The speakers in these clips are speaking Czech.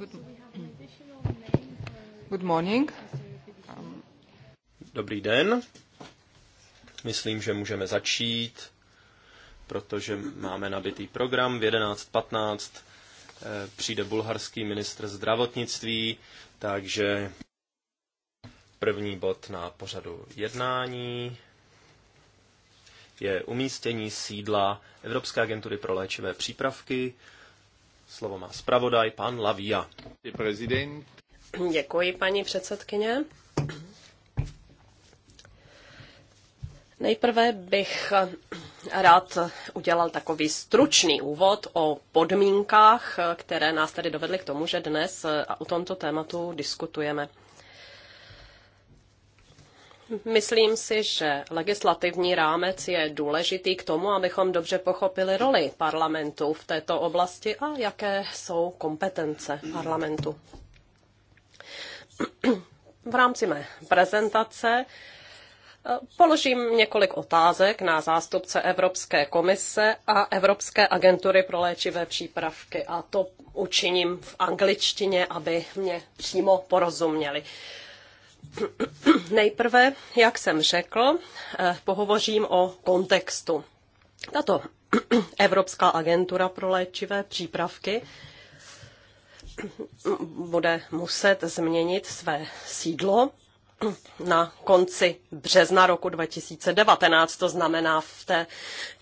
Hmm. Good, morning. Dobrý den. Myslím, že můžeme začít, protože máme nabitý program. V 11.15 eh, přijde bulharský ministr zdravotnictví, takže první bod na pořadu jednání je umístění sídla Evropské agentury pro léčivé přípravky Slovo má zpravodaj pan Lavia. Děkuji, paní předsedkyně. Nejprve bych rád udělal takový stručný úvod o podmínkách, které nás tedy dovedly k tomu, že dnes o tomto tématu diskutujeme. Myslím si, že legislativní rámec je důležitý k tomu, abychom dobře pochopili roli parlamentu v této oblasti a jaké jsou kompetence parlamentu. V rámci mé prezentace eh, Položím několik otázek na zástupce Evropské komise a Evropské agentury pro léčivé přípravky a to učiním v angličtině, aby mě přímo porozuměli. Nejprve, jak jsem řekl, eh, pohovořím o kontextu. Tato Evropská agentura pro léčivé přípravky bude muset změnit své sídlo na konci března roku 2019, to znamená v té,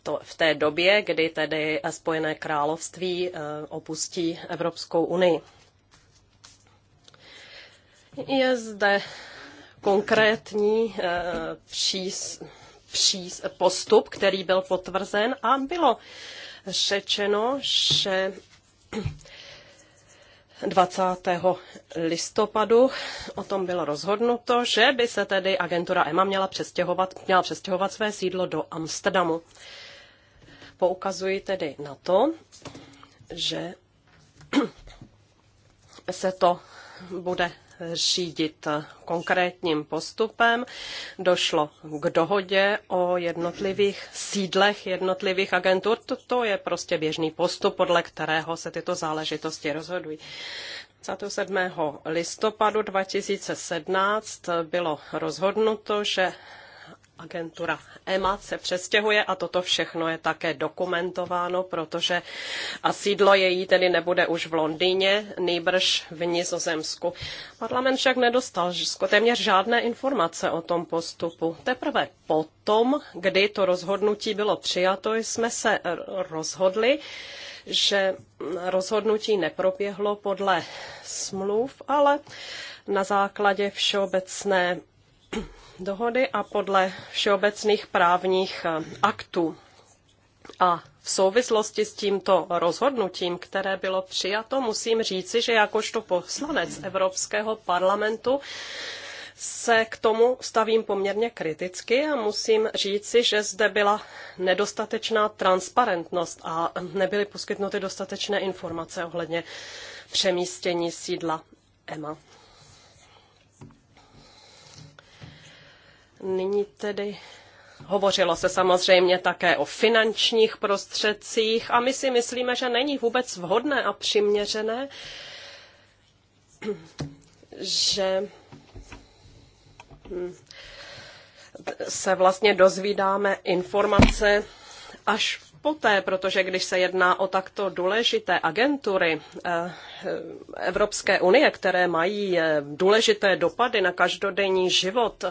to, v té době, kdy tedy Spojené království eh, opustí Evropskou unii. Je zde konkrétní eh, přís, přís, eh, postup, který byl potvrzen a bylo řečeno, že 20. listopadu o tom bylo rozhodnuto, že by se tedy agentura EMA měla přestěhovat, měla přestěhovat své sídlo do Amsterdamu. Poukazuji tedy na to, že se to bude řídit konkrétním postupem. Došlo k dohodě o jednotlivých sídlech jednotlivých agentur. To je prostě běžný postup, podle kterého se tyto záležitosti rozhodují. 27. listopadu 2017 bylo rozhodnuto, že agentura EMA se přestěhuje a toto všechno je také dokumentováno, protože a sídlo její tedy nebude už v Londýně, nýbrž v Nizozemsku. Parlament však nedostal téměř žádné informace o tom postupu. Teprve potom, kdy to rozhodnutí bylo přijato, jsme se rozhodli, že rozhodnutí neproběhlo podle smluv, ale na základě všeobecné dohody a podle všeobecných právních eh, aktů. A v souvislosti s tímto rozhodnutím, které bylo přijato, musím říci, že jakožto poslanec Evropského parlamentu se k tomu stavím poměrně kriticky a musím říci, že zde byla nedostatečná transparentnost a nebyly poskytnuty dostatečné informace ohledně přemístění sídla EMA. Nyní tedy Hovořilo se samozřejmě také o finančních prostředcích a my si myslíme, že není vůbec vhodné a přiměřené, že se vlastně dozvídáme informace až poté, protože když se jedná o takto důležité agentury eh, Evropské unie, které mají eh, důležité dopady na každodenní život,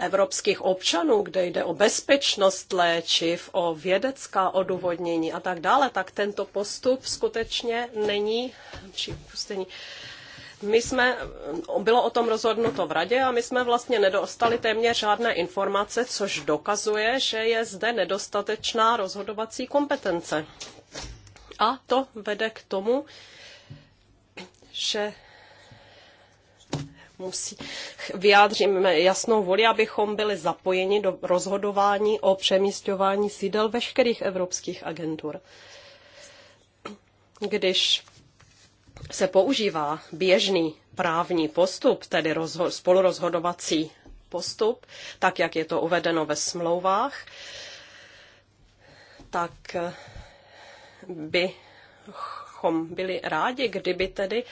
evropských občanů, kde jde o bezpečnost léčiv, o vědecká odůvodnění a tak dále, tak tento postup skutečně není připustení. My jsme, bylo o tom rozhodnuto v radě a my jsme vlastně nedostali téměř žádné informace, což dokazuje, že je zde nedostatečná rozhodovací kompetence. A to vede k tomu, že musí vyjádříme jasnou voli, abychom byli zapojeni do rozhodování o přemístování sídel veškerých evropských agentur. Když se používá běžný právní postup, tedy rozho- spolurozhodovací postup, tak jak je to uvedeno ve smlouvách, tak eh, bychom byli rádi, kdyby tedy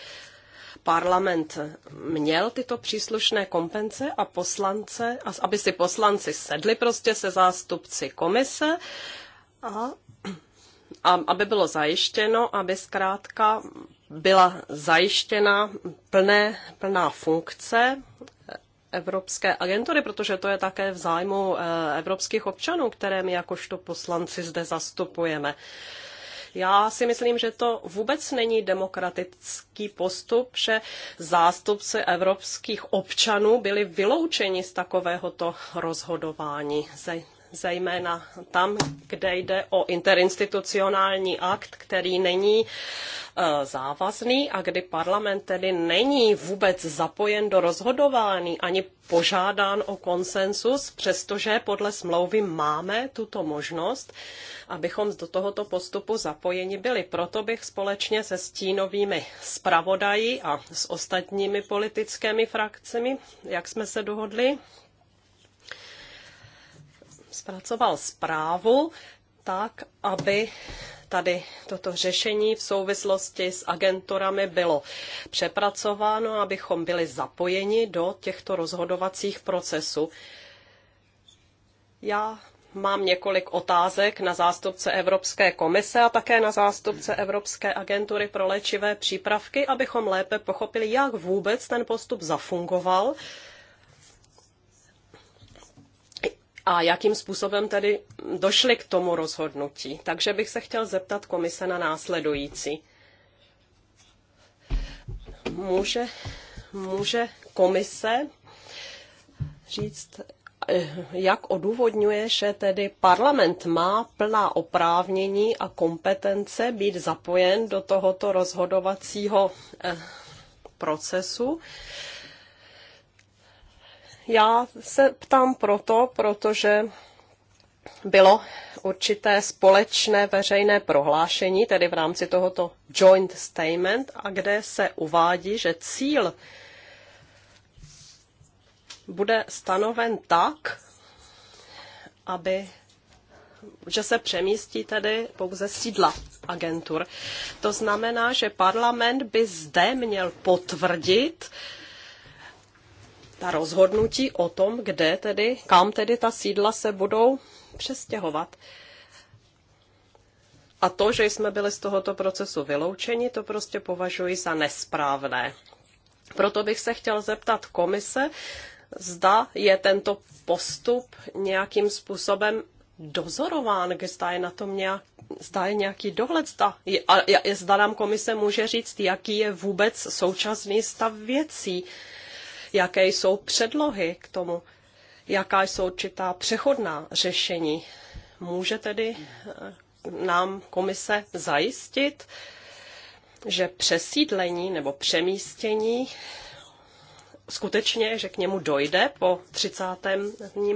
parlament měl tyto příslušné kompence a poslance, aby si poslanci sedli prostě se zástupci komise a, a aby bylo zajištěno, aby zkrátka byla zajištěna plné, plná funkce Evropské agentury, protože to je také v zájmu eh, evropských občanů, které my jakožto poslanci zde zastupujeme. Já si myslím, že to vůbec není demokratický postup, že zástupci evropských občanů byli vyloučeni z takovéhoto rozhodování zejména tam, kde jde o interinstitucionální akt, který není eh, závazný a kdy parlament tedy není vůbec zapojen do rozhodování ani požádán o konsensus, přestože podle smlouvy máme tuto možnost, abychom do tohoto postupu zapojeni byli. Proto bych společně se stínovými zpravodaji a s ostatními politickými frakcemi, jak jsme se dohodli, zpracoval zprávu tak, aby tady toto řešení v souvislosti s agenturami bylo přepracováno, abychom byli zapojeni do těchto rozhodovacích procesů. Já mám několik otázek na zástupce Evropské komise a také na zástupce Evropské agentury pro léčivé přípravky, abychom lépe pochopili, jak vůbec ten postup zafungoval a jakým způsobem tedy došli k tomu rozhodnutí. Takže bych se chtěl zeptat komise na následující. Může, může komise říct, eh, jak odůvodňuje, že tedy parlament má plná oprávnění a kompetence být zapojen do tohoto rozhodovacího eh, procesu? Já se ptám proto, protože bylo určité společné veřejné prohlášení, tedy v rámci tohoto joint statement, a kde se uvádí, že cíl bude stanoven tak, aby že se přemístí tedy pouze sídla agentur. To znamená, že parlament by zde měl potvrdit uh, ta rozhodnutí o tom, kde tedy, kam tedy ta sídla se budou přestěhovat. A to, že jsme byli z tohoto procesu vyloučeni, to prostě považuji za nesprávné. Proto bych se chtěl zeptat komise, zda je tento postup nějakým způsobem dozorován, zda je na tom nějak, zda je nějaký dohled, zda, je, a, je, zda nám komise může říct, jaký je vůbec současný stav věcí. Uh, jaké jsou předlohy k tomu, jaká jsou určitá přechodná řešení. Může tedy eh, nám komise zajistit, že přesídlení nebo přemístění skutečně, že k němu dojde po 30.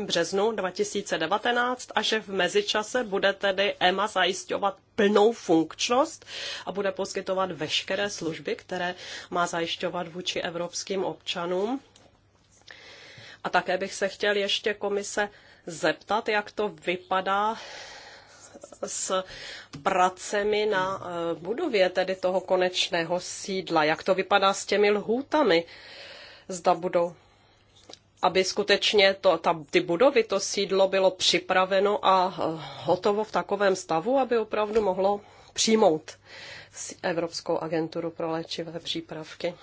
březnu 2019 a že v mezičase bude tedy EMA zajišťovat plnou funkčnost a bude poskytovat veškeré služby, které má zajišťovat vůči evropským občanům a také bych se chtěl ještě komise zeptat, jak to vypadá s pracemi na eh, budově tedy toho konečného sídla. Jak to vypadá s těmi lhůtami? Zda budou aby skutečně to, ta, ty budovy, to sídlo bylo připraveno a eh, hotovo v takovém stavu, aby opravdu mohlo přijmout Evropskou agenturu pro léčivé přípravky.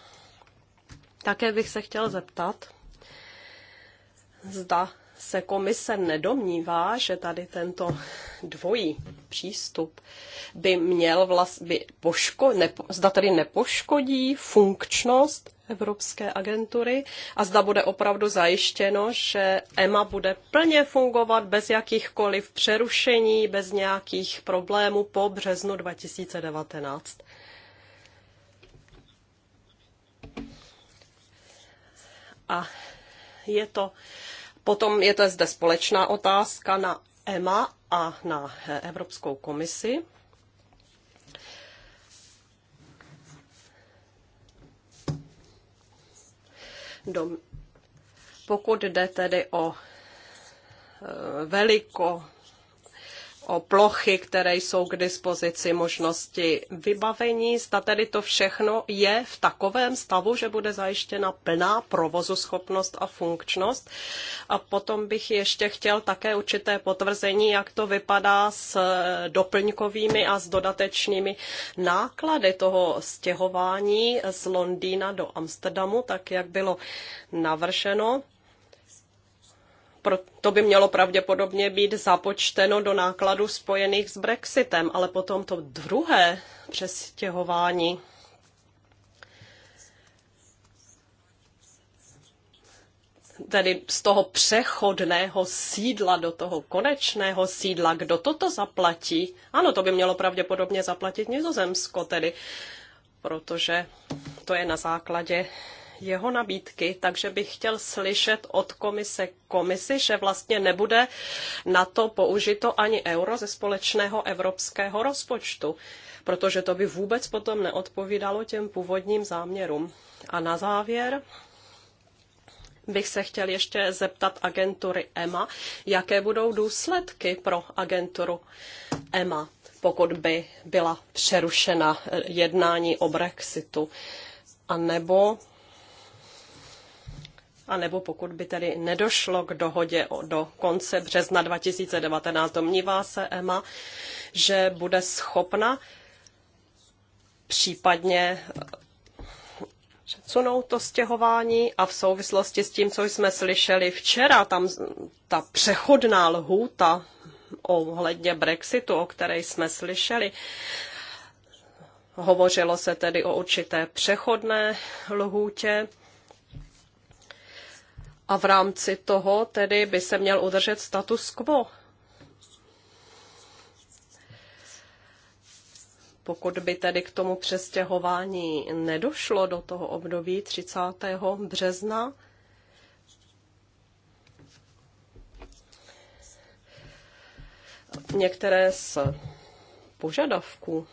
Také bych se chtěl zeptat, zda se komise nedomnívá, že tady tento dvojí přístup by měl vlastně, poško, nepo, zda tedy nepoškodí funkčnost Evropské agentury a zda bude opravdu zajištěno, že EMA bude plně fungovat bez jakýchkoliv přerušení, bez nějakých problémů po březnu 2019. A je to, potom je to zde společná otázka na EMA a na Evropskou komisi. pokud jde tedy o e, veliko, o plochy, které jsou k dispozici, možnosti vybavení. Zda tedy to všechno je v takovém stavu, že bude zajištěna plná provozuschopnost a funkčnost. A potom bych ještě chtěl také určité potvrzení, jak to vypadá s doplňkovými a s dodatečnými náklady toho stěhování z Londýna do Amsterdamu, tak jak bylo navrženo to by mělo pravděpodobně být započteno do nákladů spojených s Brexitem, ale potom to druhé přestěhování. Tedy z toho přechodného sídla do toho konečného sídla, kdo toto zaplatí? Ano, to by mělo pravděpodobně zaplatit Nizozemsko, tedy, protože to je na základě jeho nabídky, takže bych chtěl slyšet od komise komisi, že vlastně nebude na to použito ani euro ze společného evropského rozpočtu, protože to by vůbec potom neodpovídalo těm původním záměrům. A na závěr bych se chtěl ještě zeptat agentury EMA, jaké budou důsledky pro agenturu EMA, pokud by byla přerušena jednání o Brexitu. A nebo a nebo pokud by tedy nedošlo k dohodě o, do konce března 2019, domnívá se EMA, že bude schopna případně přesunout eh, to stěhování a v souvislosti s tím, co jsme slyšeli včera, tam ta přechodná lhůta ohledně Brexitu, o které jsme slyšeli, hovořilo se tedy o určité přechodné lhůtě a v rámci toho tedy by se měl udržet status quo. Pokud by tedy k tomu přestěhování nedošlo do toho období 30. března, některé z požadavků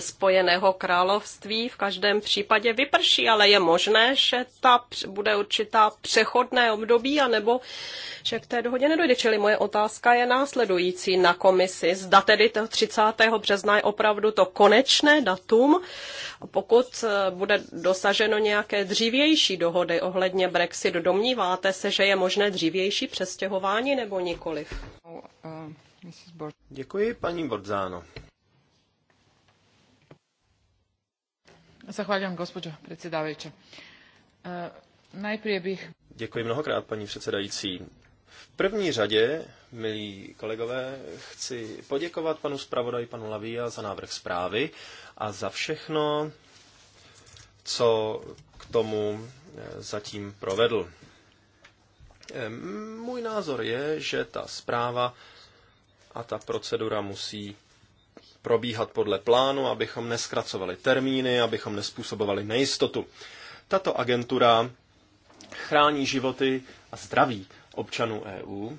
Spojeného království v každém případě vyprší, ale je možné, že ta bude určitá přechodné období, anebo že k té dohodě nedojde. Čili moje otázka je následující na komisi. Zda tedy to 30. března je opravdu to konečné datum, pokud eh, bude dosaženo nějaké dřívější dohody ohledně Brexitu, domníváte se, že je možné dřívější přestěhování nebo nikoliv? Oh, eh, Děkuji, paní Borzáno. gospođo e, Najprije bych... Děkuji mnohokrát, paní předsedající. V první řadě, milí kolegové, chci poděkovat panu zpravodaji, panu Lavia za návrh zprávy a za všechno, co k tomu e, zatím provedl. E, můj názor je, že ta zpráva a ta procedura musí probíhat podle plánu, abychom neskracovali termíny, abychom nespůsobovali nejistotu. Tato agentura chrání životy a zdraví občanů EU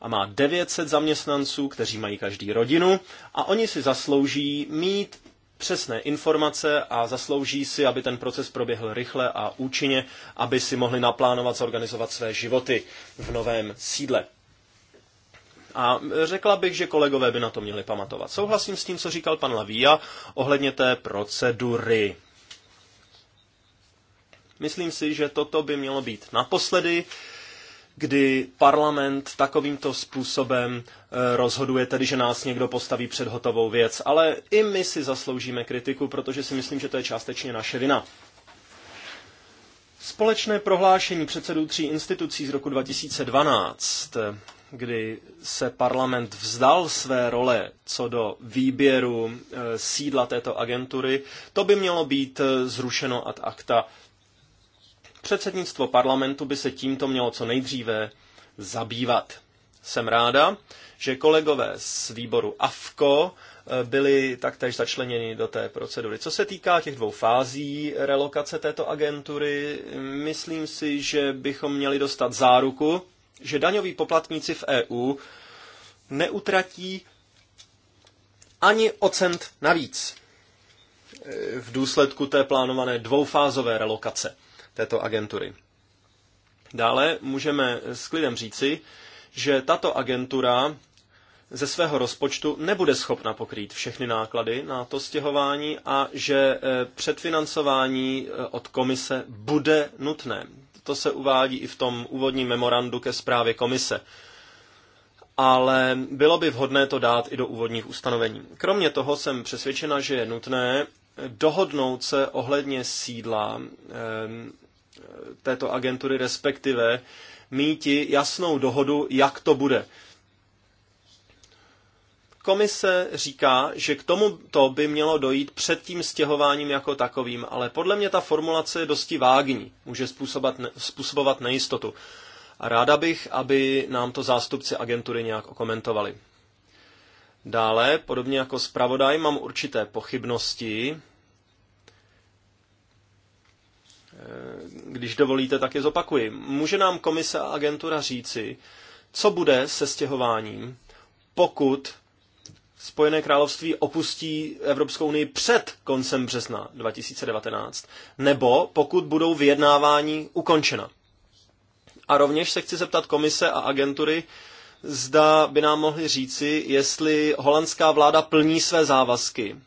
a má 900 zaměstnanců, kteří mají každý rodinu a oni si zaslouží mít přesné informace a zaslouží si, aby ten proces proběhl rychle a účinně, aby si mohli naplánovat, zorganizovat své životy v novém sídle. A řekla bych, že kolegové by na to měli pamatovat. Souhlasím s tím, co říkal pan Lavia ohledně té procedury. Myslím si, že toto by mělo být naposledy, kdy parlament takovýmto způsobem eh, rozhoduje, tedy že nás někdo postaví před hotovou věc. Ale i my si zasloužíme kritiku, protože si myslím, že to je částečně naše vina. Společné prohlášení předsedů tří institucí z roku 2012 kdy se parlament vzdal své role co do výběru e, sídla této agentury, to by mělo být e, zrušeno ad acta. Předsednictvo parlamentu by se tímto mělo co nejdříve zabývat. Jsem ráda, že kolegové z výboru AFKO e, byli taktéž začleněni do té procedury. Co se týká těch dvou fází relokace této agentury, myslím si, že bychom měli dostat záruku, že daňoví poplatníci v EU neutratí ani o cent navíc e, v důsledku té plánované dvoufázové relokace této agentury. Dále můžeme s klidem říci, že tato agentura ze svého rozpočtu nebude schopna pokrýt všechny náklady na to stěhování a že e, předfinancování e, od komise bude nutné to se uvádí i v tom úvodním memorandu ke zprávě komise. Ale bylo by vhodné to dát i do úvodních ustanovení. Kromě toho jsem přesvědčena, že je nutné dohodnout se ohledně sídla ehm, této agentury, respektive míti jasnou dohodu, jak to bude. Komise říká, že k tomuto by mělo dojít před tím stěhováním jako takovým, ale podle mě ta formulace je dosti vágní, může způsobovat nejistotu. A ráda bych, aby nám to zástupci agentury nějak okomentovali. Dále, podobně jako zpravodaj, mám určité pochybnosti. Eh, když dovolíte, tak je zopakuji. Může nám komise a agentura říci, co bude se stěhováním, pokud Spojené království opustí Evropskou unii před koncem března 2019, nebo pokud budou vyjednávání ukončena. A rovněž se chci zeptat komise a agentury, zda by nám mohli říci, jestli holandská vláda plní své závazky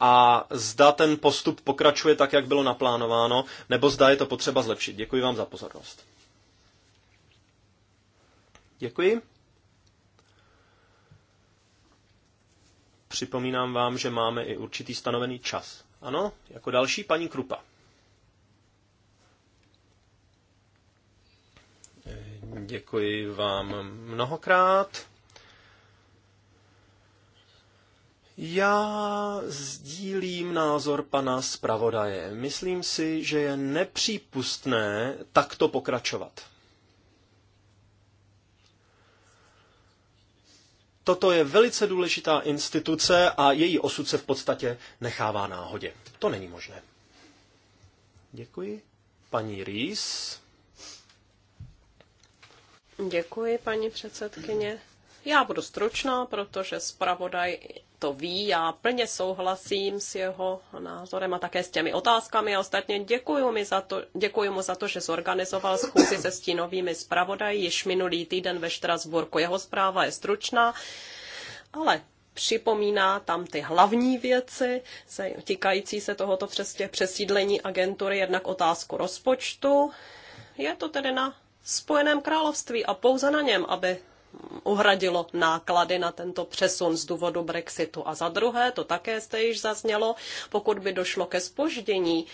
a zda ten postup pokračuje tak, jak bylo naplánováno, nebo zda je to potřeba zlepšit. Děkuji vám za pozornost. Děkuji. Připomínám vám, že máme i určitý stanovený čas. Ano, jako další paní Krupa. Děkuji vám mnohokrát. Já sdílím názor pana zpravodaje. Myslím si, že je nepřípustné takto pokračovat. Toto je velice důležitá instituce a její osud se v podstatě nechává náhodě. To není možné. Děkuji. Paní Rýs. Děkuji, paní předsedkyně. Já budu stručná, protože zpravodaj to ví, já plně souhlasím s jeho názorem a také s těmi otázkami. A ostatně děkuji, mu za to, děkuji mu za to, že zorganizoval schůzi se stínovými zpravodaji již minulý týden ve Štrasburku. Jeho zpráva je stručná, ale připomíná tam ty hlavní věci týkající se tohoto přesídlení agentury, jednak otázku rozpočtu. Je to tedy na Spojeném království a pouze na něm, aby uhradilo náklady na tento přesun z důvodu Brexitu. A za druhé, to také zde již zaznělo, pokud by došlo ke spoždění,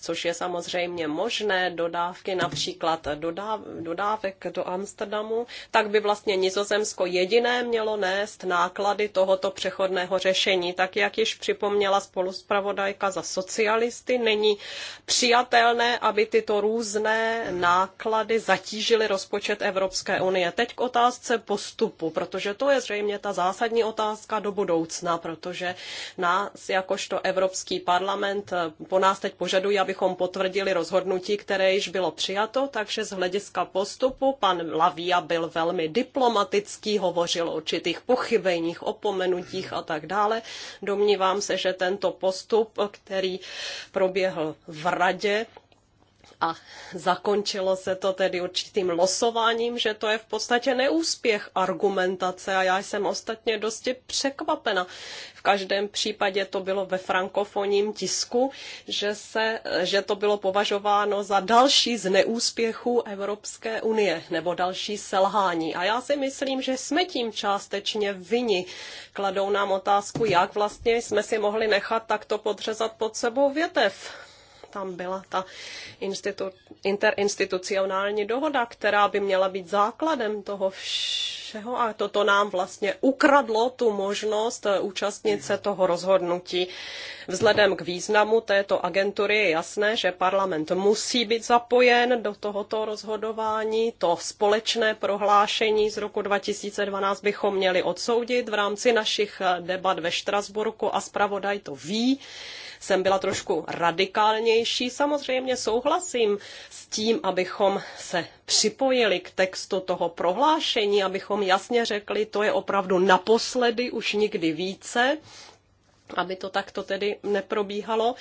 což je samozřejmě možné, dodávky například dodáv, dodávek do Amsterdamu, tak by vlastně Nizozemsko jediné mělo nést náklady tohoto přechodného řešení. Tak jak již připomněla spoluspravodajka za socialisty, není přijatelné, aby tyto různé náklady zatížily rozpočet Evropské unie. Teď k otázce postupu, protože to je zřejmě ta zásadní otázka do budoucna, protože nás jakožto Evropský parlament po nás teď požadují, abychom potvrdili rozhodnutí, které již bylo přijato, takže z hlediska postupu pan Lavia byl velmi diplomatický, hovořil o určitých pochybeních, opomenutích a tak dále. Domnívám se, že tento postup, který proběhl v radě, a zakončilo se to tedy určitým losováním, že to je v podstatě neúspěch argumentace a já jsem ostatně dosti překvapena. V každém případě to bylo ve frankofonním tisku, že, se, že to bylo považováno za další z neúspěchů Evropské unie nebo další selhání. A já si myslím, že jsme tím částečně vini. Kladou nám otázku, jak vlastně jsme si mohli nechat takto podřezat pod sebou větev tam byla ta institu- interinstitucionální dohoda, která by měla být základem toho všeho a toto nám vlastně ukradlo tu možnost eh, účastnit se toho rozhodnutí. Vzhledem k významu této agentury je jasné, že parlament musí být zapojen do tohoto rozhodování. To společné prohlášení z roku 2012 bychom měli odsoudit v rámci našich eh, debat ve Štrasburku a zpravodaj to ví jsem byla trošku radikálnější. Samozřejmě souhlasím s tím, abychom se připojili k textu toho prohlášení, abychom jasně řekli, to je opravdu naposledy, už nikdy více aby to takto tedy neprobíhalo.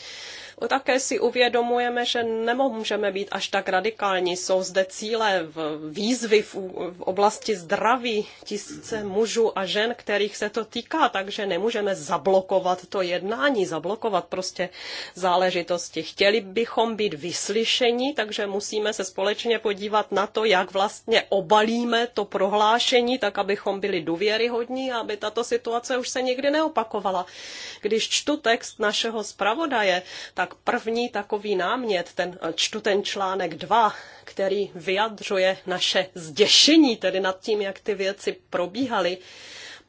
Také si uvědomujeme, že nemůžeme být až tak radikální. Jsou zde cíle v výzvy v, oblasti zdraví tisíce mužů a žen, kterých se to týká, takže nemůžeme zablokovat to jednání, zablokovat prostě záležitosti. Chtěli bychom být vyslyšeni, takže musíme se společně podívat na to, jak vlastně obalíme to prohlášení, tak abychom byli důvěryhodní a aby tato situace už se nikdy neopakovala když čtu text našeho zpravodaje, tak první takový námět, ten, čtu ten článek 2, který vyjadřuje naše zděšení tedy nad tím, jak ty věci probíhaly,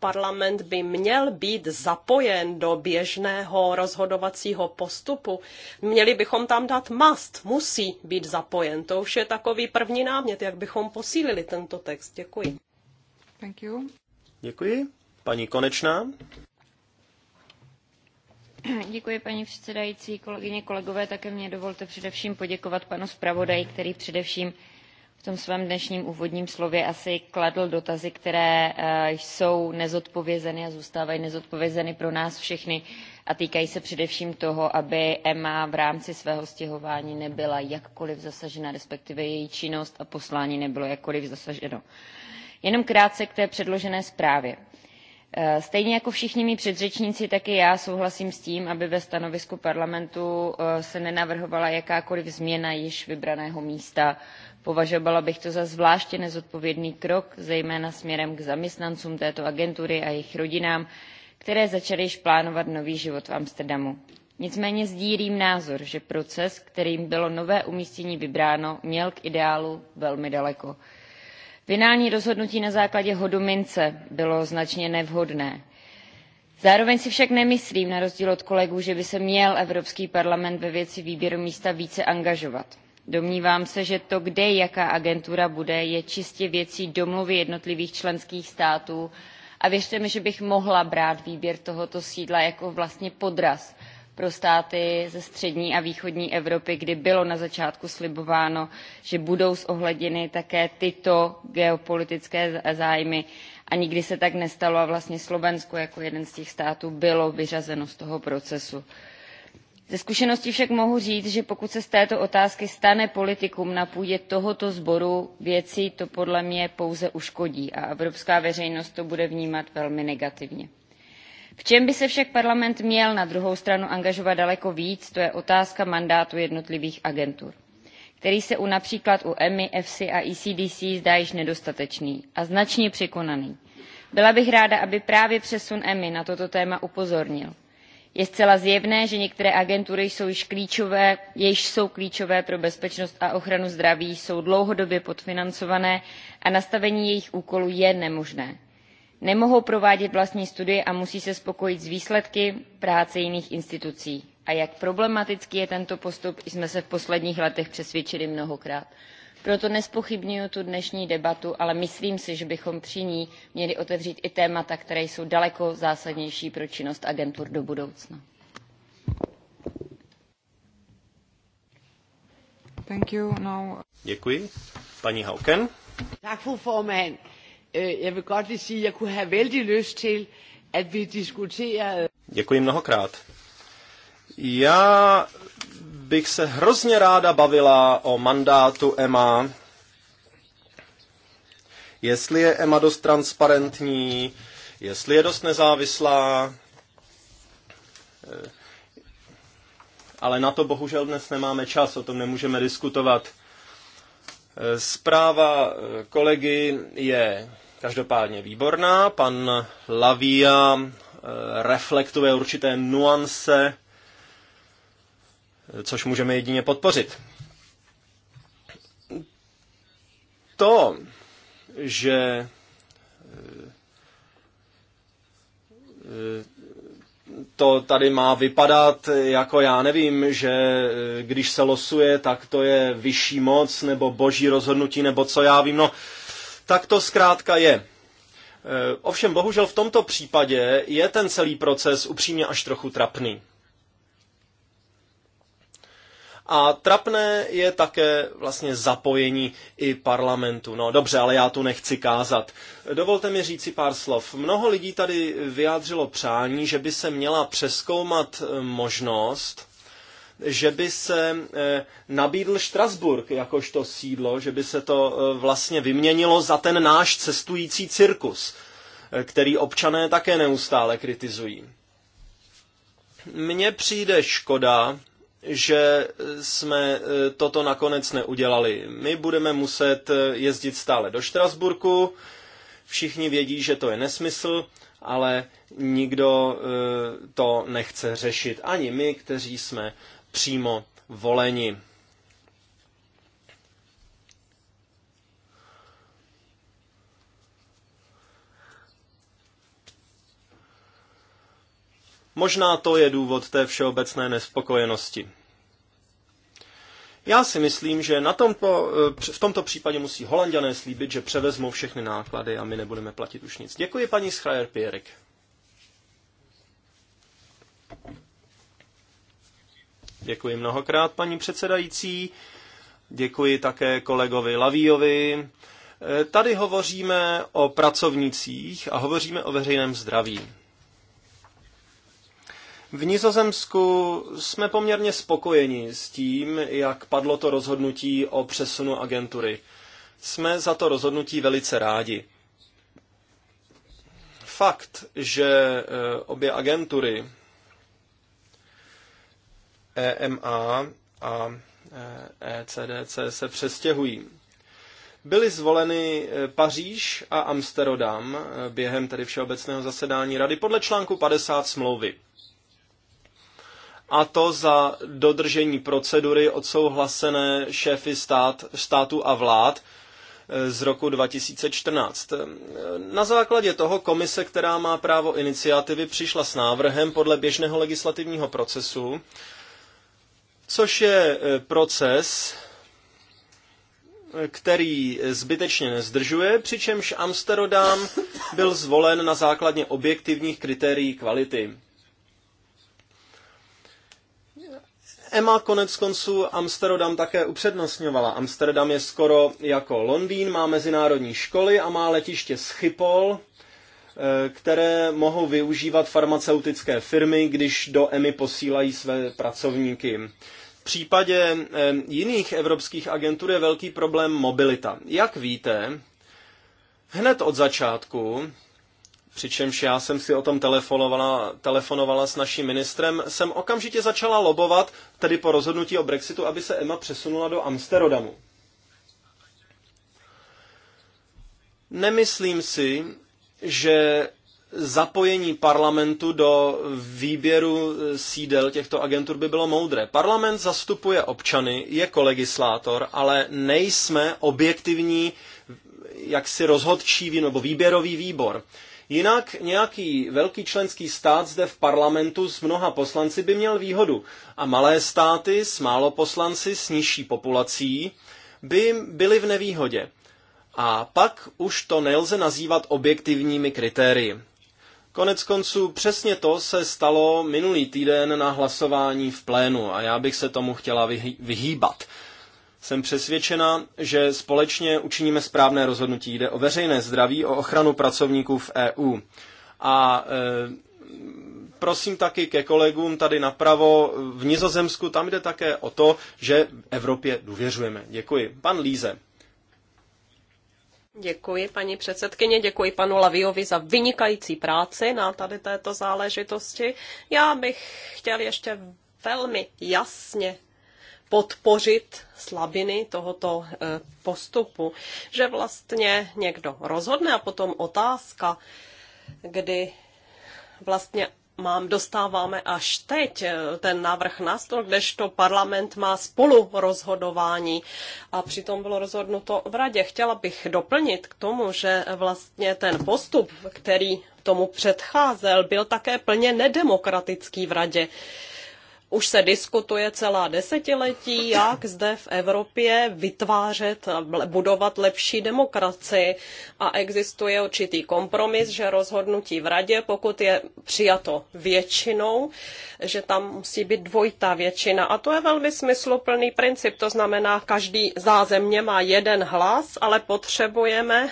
parlament by měl být zapojen do běžného rozhodovacího postupu. Měli bychom tam dát must, musí být zapojen. To už je takový první námět, jak bychom posílili tento text. Děkuji. Thank you. Děkuji. Paní Konečná. paní předsedající, kolegyně, kolegové. Také mě dovolte především poděkovat panu zpravodaji, který především v tom svém dnešním úvodním slově asi kladl dotazy, které eh, jsou nezodpovězeny a zůstávají nezodpovězeny pro nás všechny a týkají se především toho, aby EMA v rámci svého stěhování nebyla jakkoliv zasažena, respektive její činnost a poslání nebylo jakkoliv zasaženo. Jenom krátce k té předložené zprávě Eh, stejně jako všichni mí předřečníci tak i já souhlasím s tím aby ve stanovisku parlamentu eh, se nenavrhovala jakákoliv změna již vybraného místa považovala bych to za zvláště nezodpovědný krok zejména směrem k zaměstnancům této agentury a jejich rodinám které začaly již plánovat nový život v amsterdamu. nicméně sdílím názor že proces kterým bylo nové umístění vybráno měl k ideálu velmi daleko finální rozhodnutí na základě mince bylo značně nevhodné. zároveň si však nemyslím na rozdíl od kolegů že by se měl evropský parlament ve věci výběru místa více angažovat. domnívám se že to kde jaká agentura bude je čistě věcí domluvy jednotlivých členských států a věřte mi že bych mohla brát výběr tohoto sídla jako vlastně podraz pro státy ze střední a východní Evropy, kdy bylo na začátku slibováno, že budou zohledněny také tyto geopolitické zájmy a nikdy se tak nestalo a vlastně Slovensko jako jeden z těch států bylo vyřazeno z toho procesu. Ze zkušenosti však mohu říct, že pokud se z této otázky stane politikum na půdě tohoto sboru věcí, to podle mě pouze uškodí a evropská veřejnost to bude vnímat velmi negativně v čem by se však parlament měl na druhou stranu angažovat daleko víc to je otázka mandátu jednotlivých agentur který se u například u emi efsi a ecdc zdá již nedostatečný a značně překonaný. byla bych ráda aby právě přesun emi na toto téma upozornil. je zcela zjevné že některé agentury jsou již klíčové, jež jsou klíčové pro bezpečnost a ochranu zdraví jsou dlouhodobě podfinancované a nastavení jejich úkolů je nemožné nemohou provádět vlastní studie a musí se spokojit s výsledky práce jiných institucí. a jak problematický je tento postup jsme se v posledních letech přesvědčili mnohokrát. proto nezpochybňuji tu dnešní debatu ale myslím si že bychom při ní měli otevřít i témata která jsou daleko zásadnější pro činnost agentur do budoucna. Thank you. Děkuji. Paní Hauken. Øh, jeg vil godt lige sige, at jeg kunne have vældig lyst til, at vi diskuterede... Děkuji mnohokrát. Já bych se hrozně ráda bavila o mandátu EMA, jestli je EMA dost transparentní, jestli je dost nezávislá, eh, ale na to bohužel dnes nemáme čas, o tom nemůžeme diskutovat. Zpráva kolegy je každopádně výborná. Pan Lavia eh, reflektuje určité nuance, eh, což můžeme jedině podpořit. To, že eh, to tady má vypadat jako já nevím, že eh, když se losuje, tak to je vyšší moc nebo boží rozhodnutí nebo co já vím. No, tak to zkrátka je. Eh, ovšem bohužel v tomto případě je ten celý proces upřímně až trochu trapný. A trapné je také vlastně zapojení i parlamentu. No dobře, ale já tu nechci kázat. Dovolte mi říci pár slov. Mnoho lidí tady vyjádřilo přání, že by se měla přeskoumat eh, možnost, že by se eh, nabídl Štrasburg jakožto sídlo, že by se to eh, vlastně vyměnilo za ten náš cestující cirkus, který občané také neustále kritizují. Mně přijde škoda, že jsme e, toto nakonec neudělali. My budeme muset e, jezdit stále do Štrasburku, všichni vědí, že to je nesmysl, ale nikdo e, to nechce řešit. Ani my, kteří jsme přímo voleni. Možná to je důvod té všeobecné nespokojenosti. Já si myslím, že na tomto, eh, v tomto případě musí holanděné slíbit, že převezmou všechny náklady a my nebudeme platit už nic. Děkuji paní Schreier Pierik. Děkuji mnohokrát, paní předsedající. Děkuji také kolegovi Lavíjovi. Eh, tady hovoříme o pracovnicích a hovoříme o veřejném zdraví. V Nizozemsku jsme poměrně spokojeni s tím, jak padlo to rozhodnutí o přesunu agentury. Jsme za to rozhodnutí velice rádi. Fakt, že eh, obě agentury EMA a ECDC eh, e se přestěhují. Byly zvoleny eh, Paříž a Amsterdam během tedy všeobecného zasedání rady podle článku 50 smlouvy a to za dodržení procedury odsouhlasené šéfy stát, státu a vlád eh, z roku 2014. Eh, na základě toho komise, která má právo iniciativy, přišla s návrhem podle běžného legislativního procesu, což je eh, proces, který zbytečně nezdržuje, přičemž Amsterdam byl zvolen na základě objektivních kritérií kvality. EMA konec konců Amsterdam také upřednostňovala. Amsterdam je skoro jako Londýn, má mezinárodní školy a má letiště Schiphol, eh, které mohou využívat farmaceutické firmy, když do EMI posílají své pracovníky. V případě eh, jiných evropských agentur je velký problém mobilita. Jak víte, hned od začátku přičemž já jsem si o tom telefonovala, telefonovala s naším ministrem, jsem okamžitě začala lobovat, tedy po rozhodnutí o Brexitu, aby se Emma přesunula do Amsterdamu. Nemyslím si, že zapojení parlamentu do výběru sídel těchto agentur by bylo moudré. Parlament zastupuje občany, je kolegislátor, ale nejsme objektivní jaksi rozhodčí nebo výběrový výbor. Jinak nějaký velký členský stát zde v parlamentu s mnoha poslanci by měl výhodu a malé státy s málo poslanci s nižší populací by byly v nevýhodě. A pak už to nelze nazývat objektivními kritérii. Konec konců přesně to se stalo minulý týden na hlasování v plénu a já bych se tomu chtěla vyhýbat. Jsem přesvědčena, že společně učiníme správné rozhodnutí. Jde o veřejné zdraví, o ochranu pracovníků v EU. A e, prosím taky ke kolegům tady napravo v Nizozemsku, tam jde také o to, že Evropě důvěřujeme. Děkuji. Pan Líze. Děkuji, paní předsedkyně, děkuji panu Laviovi za vynikající práci na tady této záležitosti. Já bych chtěl ještě velmi jasně podpořit slabiny tohoto eh, postupu, že vlastně někdo rozhodne a potom otázka, kdy vlastně mám, dostáváme až teď eh, ten návrh na stůl, kdežto parlament má spolu rozhodování a přitom bylo rozhodnuto v radě. Chtěla bych doplnit k tomu, že vlastně ten postup, který tomu předcházel, byl také plně nedemokratický v radě už se diskutuje celá desetiletí, jak zde v Evropě vytvářet, budovat lepší demokracii. A existuje určitý kompromis, že rozhodnutí v radě, pokud je přijato většinou, že tam musí být dvojitá většina. A to je velmi smysluplný princip. To znamená, každý zázemě má jeden hlas, ale potřebujeme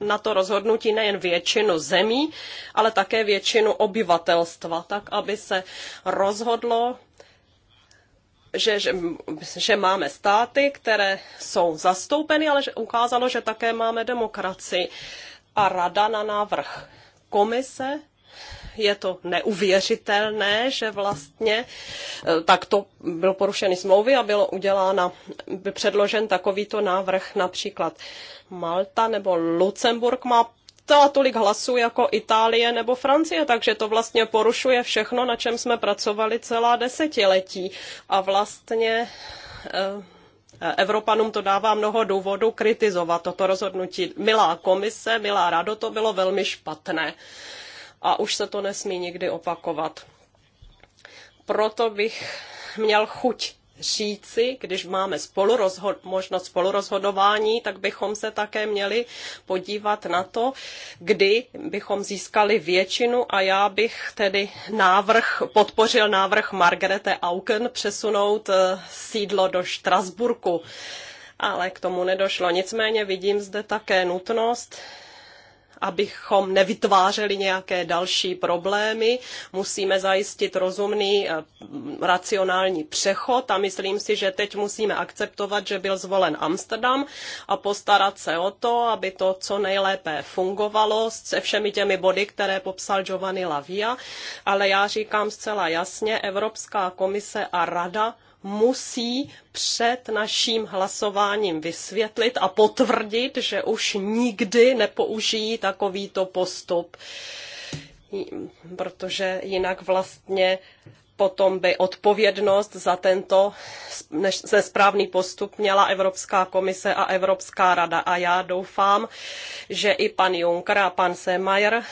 na to rozhodnutí nejen většinu zemí, ale také většinu obyvatelstva, tak aby se rozhodlo zaznělo, že, že, že máme státy, které jsou zastoupeny, ale že ukázalo, že také máme demokracii. A rada na návrh komise je to neuvěřitelné, že vlastně e, takto byl porušeny smlouvy a bylo udělána, by předložen takovýto návrh například Malta nebo Lucemburk má ta tolik hlasů jako Itálie nebo Francie, takže to vlastně porušuje všechno, na čem jsme pracovali celá desetiletí. A vlastně eh, Evropanům to dává mnoho důvodů kritizovat toto rozhodnutí. Milá komise, milá rado, to bylo velmi špatné. A už se to nesmí nikdy opakovat. Proto bych měl chuť říci, když máme spolurozhod- možnost spolurozhodování, tak bychom se také měli podívat na to, kdy bychom získali většinu a já bych tedy návrh, podpořil návrh Margarete Auken přesunout eh, sídlo do Štrasburku ale k tomu nedošlo. Nicméně vidím zde také nutnost abychom nevytvářeli nějaké další problémy. Musíme zajistit rozumný, eh, racionální přechod a myslím si, že teď musíme akceptovat, že byl zvolen Amsterdam a postarat se o to, aby to co nejlépe fungovalo se všemi těmi body, které popsal Giovanni Lavia. Ale já říkám zcela jasně, Evropská komise a rada musí před naším hlasováním vysvětlit a potvrdit, že už nikdy nepoužijí takovýto postup, protože jinak vlastně potom by odpovědnost za tento nesprávný správný postup měla Evropská komise a Evropská rada. A já doufám, že i pan Juncker a pan Semajer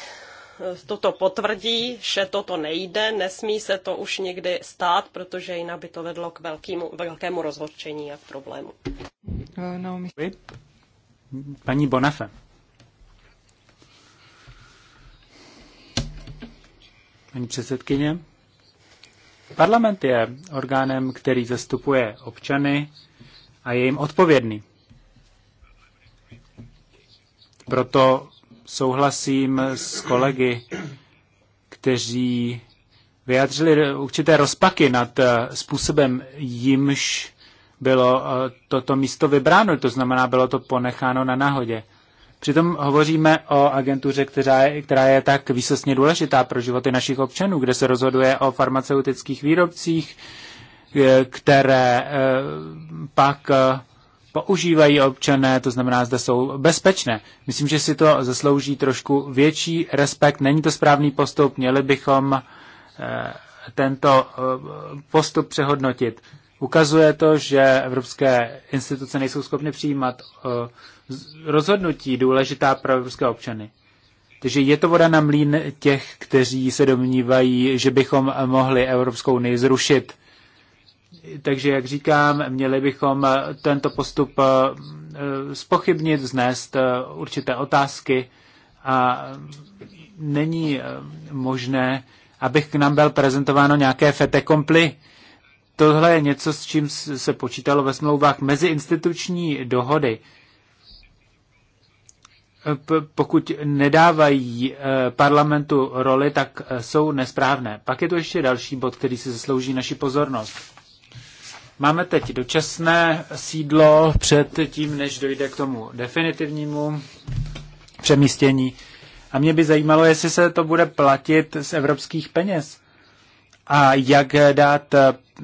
toto potvrdí, že toto nejde, nesmí se to už nikdy stát, protože jinak by to vedlo k velkému, velkému rozhorčení a k problému. No, my... Paní Bonafe. Paní předsedkyně. Parlament je orgánem, který zastupuje občany a je jim odpovědný. Proto souhlasím s kolegy, kteří vyjádřili určité rozpaky nad eh, způsobem, jimž bylo eh, toto místo vybráno, to znamená, bylo to ponecháno na náhodě. Přitom hovoříme o agentuře, která je, která je tak výsostně důležitá pro životy našich občanů, kde se rozhoduje o farmaceutických výrobcích, eh, které pak používají občané, to znamená, zde jsou bezpečné. Myslím, že si to zaslouží trošku větší respekt. Není to správný postup, měli bychom eh, tento eh, postup přehodnotit. Ukazuje to, že evropské instituce nejsou schopny přijímat eh, rozhodnutí důležitá pro evropské občany. Takže je to voda na mlín těch, kteří se domnívají, že bychom mohli Evropskou unii zrušit takže, jak říkám, měli bychom eh, tento postup eh, eh, spochybnit, vznést určité otázky a mm, není možné, abych k nám byl prezentováno nějaké fete komply. Tohle je něco, s čím se počítalo ve smlouvách meziinstituční dohody. Pokud nedávají parlamentu roli, tak jsou nesprávné. Pak je to ještě další bod, který si zaslouží naši pozornost Máme teď dočasné sídlo před tím, než dojde k tomu definitivnímu přemístění. A mě by zajímalo, jestli se to bude platit z evropských peněz. A jak dát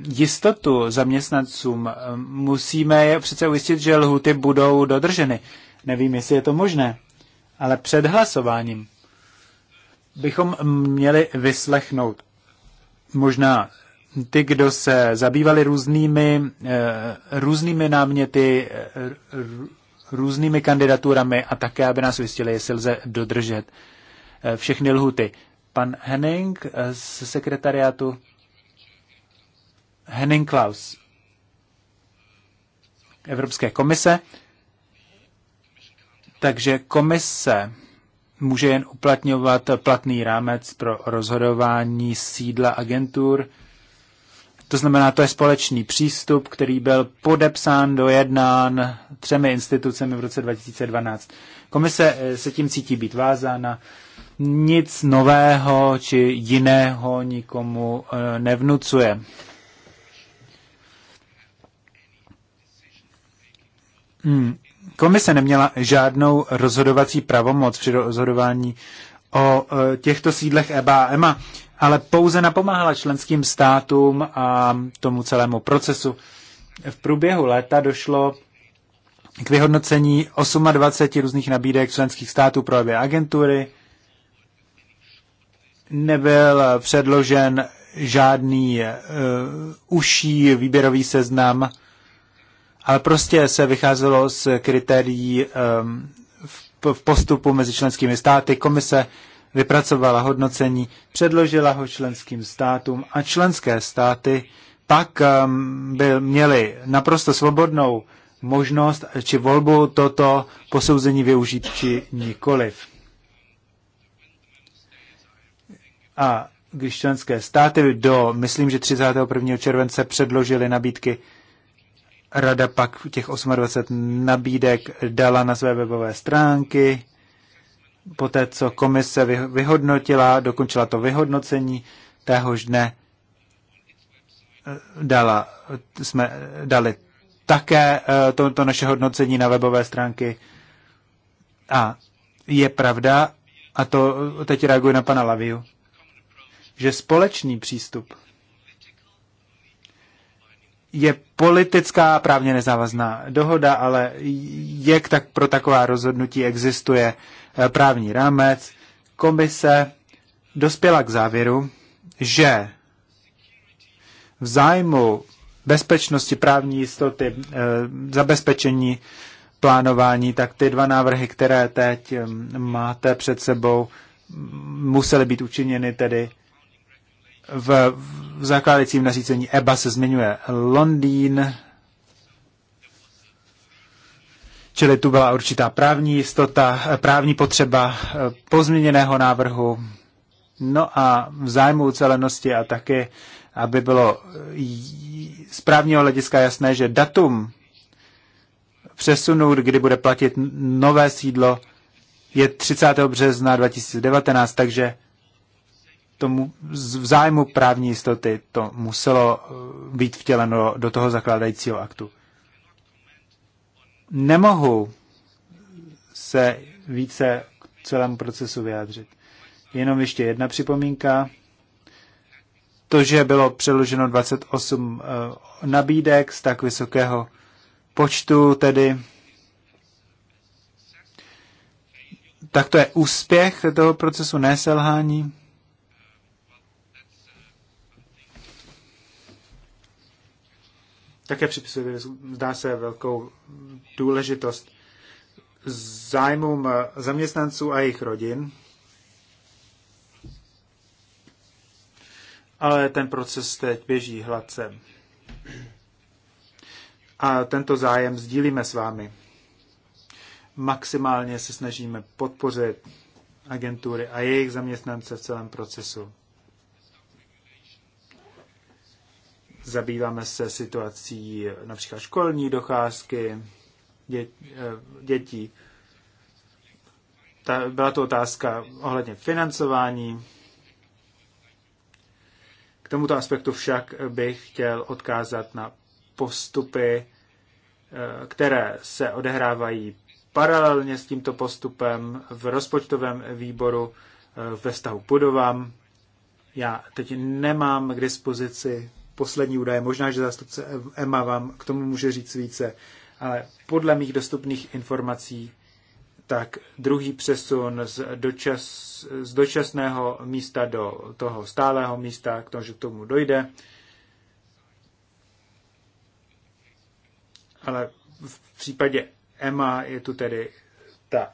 jistotu zaměstnancům? Musíme je přece ujistit, že lhuty budou dodrženy. Nevím, jestli je to možné, ale před hlasováním bychom měli vyslechnout možná ty, kdo se zabývali různými, eh, různými náměty, eh, různými kandidaturami a také, aby nás ujistili, jestli lze dodržet eh, všechny lhuty. Pan Henning z sekretariátu Henning Klaus Evropské komise. Takže komise může jen uplatňovat platný rámec pro rozhodování sídla agentur, to znamená, to je společný přístup, který byl podepsán, dojednán třemi institucemi v roce 2012. Komise eh, se tím cítí být vázána, nic nového či jiného nikomu eh, nevnucuje. Hmm. Komise neměla žádnou rozhodovací pravomoc při rozhodování o eh, těchto sídlech EBA a EMA ale pouze napomáhala členským státům a tomu celému procesu. V průběhu léta došlo k vyhodnocení 28 různých nabídek členských států pro obě agentury. Nebyl předložen žádný uh, eh, uší výběrový seznam, ale prostě se vycházelo z kritérií um, v, v postupu mezi členskými státy. Komise uh, vypracovala hodnocení, předložila ho členským státům a členské státy pak um, by měly naprosto svobodnou možnost či volbu toto posouzení využít či nikoliv. A když členské státy do, myslím, že 31. července předložili nabídky, rada pak těch 28 nabídek dala na své webové stránky, poté co komise vyhodnotila, dokončila to vyhodnocení, téhož dne dala, jsme dali také eh, to, to naše hodnocení na webové stránky. A je pravda, a to teď reaguje na pana Laviu, že společný přístup je politická právně nezávazná dohoda, ale jak tak pro taková rozhodnutí existuje Eh, právní rámec, komise dospěla k závěru, že v zájmu bezpečnosti, právní jistoty, eh, zabezpečení plánování, tak ty dva návrhy, které teď máte před sebou, musely být učiněny tedy v, v zakládajícím nařízení EBA se zmiňuje Londýn, Čili tu byla určitá právní jistota, právní potřeba eh, pozměněného návrhu. No a v zájmu ucelenosti a taky, aby bylo z právního hlediska jasné, že datum přesunout, kdy bude platit nové sídlo, je 30. března 2019, takže tomu v zájmu právní jistoty to muselo eh, být vtěleno do toho zakládajícího aktu nemohu se více k celému procesu vyjádřit. Jenom ještě jedna připomínka. To, že bylo přeloženo 28 eh, nabídek z tak vysokého počtu, tedy tak to je úspěch toho procesu, ne selhání. Také připisuje, zdá se, velkou důležitost zájmům zaměstnanců a jejich rodin, ale ten proces teď běží hladce. A tento zájem sdílíme s vámi. Maximálně se snažíme podpořit agentury a jejich zaměstnance v celém procesu. Zabýváme se situací například školní docházky, Eh, dětí. Ta, byla to otázka ohledně financování. K tomuto aspektu však bych chtěl odkázat na postupy, eh, které se odehrávají paralelně s tímto postupem v rozpočtovém výboru eh, ve vztahu budovám. Já teď nemám k dispozici poslední údaje, možná, že zástupce EMA vám k tomu může říct více, ale podle mých dostupných informací, tak druhý přesun z, dočas, z dočasného místa do toho stálého místa, k tomu, že k tomu dojde. Ale v případě EMA je tu tedy ta,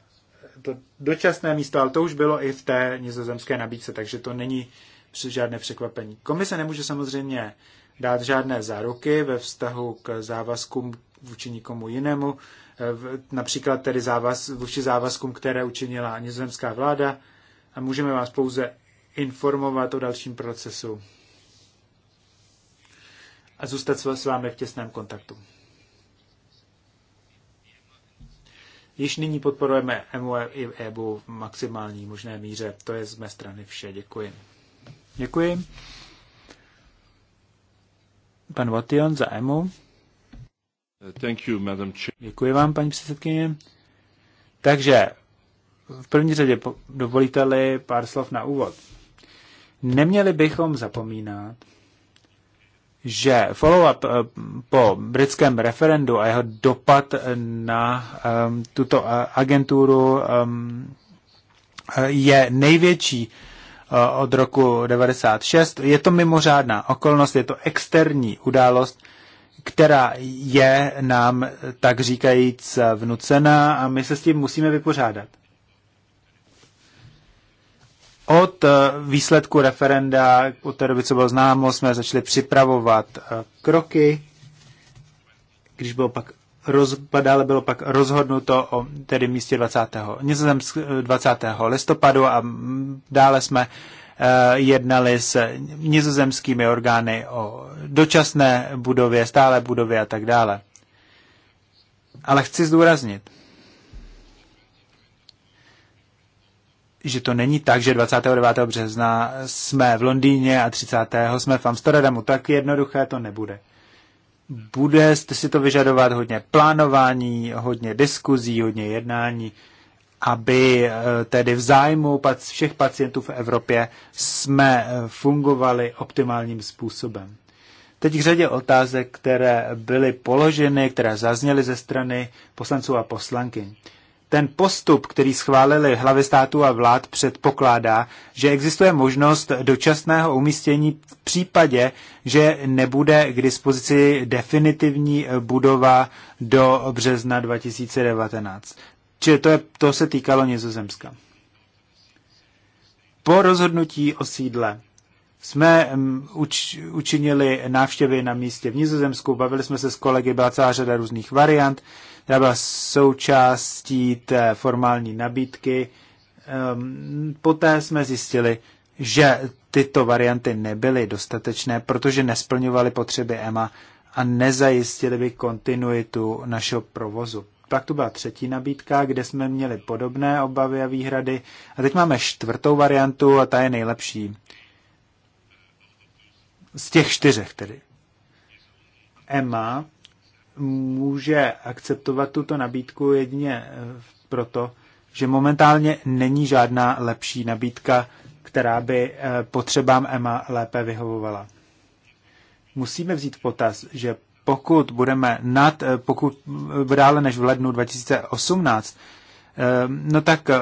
to dočasné místo, ale to už bylo i v té nizozemské nabídce, takže to není žádné překvapení. Komise nemůže samozřejmě dát žádné záruky ve vztahu k závazkům vůči nikomu jinému, eh, například tedy závaz, vůči závazkům, které učinila nizozemská vláda a můžeme vás pouze informovat o dalším procesu a zůstat s vámi v těsném kontaktu. Již nyní podporujeme EMU e, i EBU v maximální možné míře. To je z mé strany vše. Děkuji. Děkuji. Pan Vatian za EMU. Děkuji vám, paní předsedkyně. Takže v první řadě dovolíte-li pár slov na úvod. Neměli bychom zapomínat, že follow-up eh, po britském referendu a jeho dopad na um, tuto eh, agenturu um, je největší uh, od roku 1996. Je to mimořádná okolnost, je to externí událost, která je nám, tak říkajíc, vnucená a my se s tím musíme vypořádat. Od eh, výsledku referenda, od té doby, co bylo známo, jsme začali připravovat eh, kroky. Když bylo pak rozpadále bylo pak rozhodnuto o tedy místě 20. 20. Eh, listopadu a dále jsme Eh, jednali s nizozemskými orgány o dočasné budově, stále budově a tak dále. Ale chci zdůraznit, že to není tak, že 29. března jsme v Londýně a 30. jsme v Amsterdamu. Tak jednoduché to nebude. Bude si to vyžadovat hodně plánování, hodně diskuzí, hodně jednání aby eh, tedy v zájmu všech pacientů v Evropě jsme eh, fungovali optimálním způsobem. Teď k řadě otázek, které byly položeny, které zazněly ze strany poslanců a poslanky. Ten postup, který schválili hlavy států a vlád, předpokládá, že existuje možnost dočasného umístění v případě, že nebude k dispozici definitivní budova do března 2019. Čili to, je, to se týkalo Nizozemska. Po rozhodnutí o sídle jsme mm, uč, učinili návštěvy na místě v Nizozemsku, bavili jsme se s kolegy, byla celá řada různých variant, která byla součástí té formální nabídky. Ehm, poté jsme zjistili, že tyto varianty nebyly dostatečné, protože nesplňovaly potřeby EMA a nezajistili by kontinuitu našeho provozu pak tu byla třetí nabídka, kde jsme měli podobné obavy a výhrady. A teď máme čtvrtou variantu a ta je nejlepší. Z těch čtyřech tedy. Emma může akceptovat tuto nabídku jedině eh, proto, že momentálně není žádná lepší nabídka, která by eh, potřebám Emma lépe vyhovovala. Musíme vzít v potaz, že pokud budeme nad, eh, pokud dále než v lednu 2018, eh, no tak eh,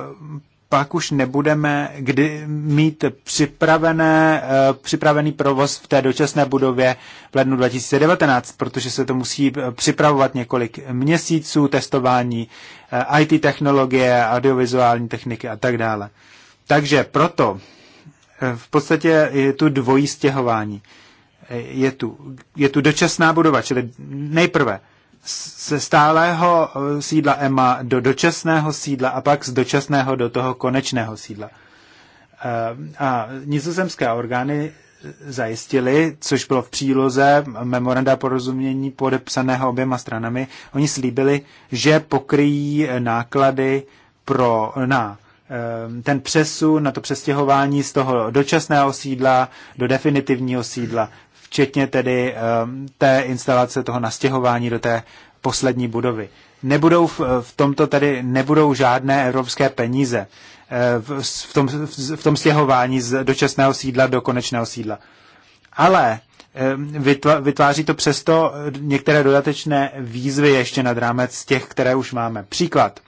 pak už nebudeme kdy mít připravené, připravený provoz v té dočasné budově v lednu 2019, protože se to musí připravovat několik měsíců testování IT technologie, audiovizuální techniky a tak dále. Takže proto v podstatě je tu dvojí stěhování je tu, je tu dočasná budova, čili nejprve ze stálého eh, sídla EMA do dočasného sídla a pak z dočasného do toho konečného sídla. Eh, a nizozemské orgány zajistili, což bylo v příloze memoranda porozumění podepsaného oběma stranami, oni slíbili, že pokryjí náklady pro, na eh, ten přesun, na to přestěhování z toho dočasného sídla do definitivního sídla včetně tedy eh, té instalace toho nastěhování do té poslední budovy. Nebudou v, v tomto tedy nebudou žádné evropské peníze eh, v, v, tom, v tom stěhování z dočasného sídla do konečného sídla. Ale eh, vytváří to přesto některé dodatečné výzvy ještě nad rámec těch, které už máme. Příklad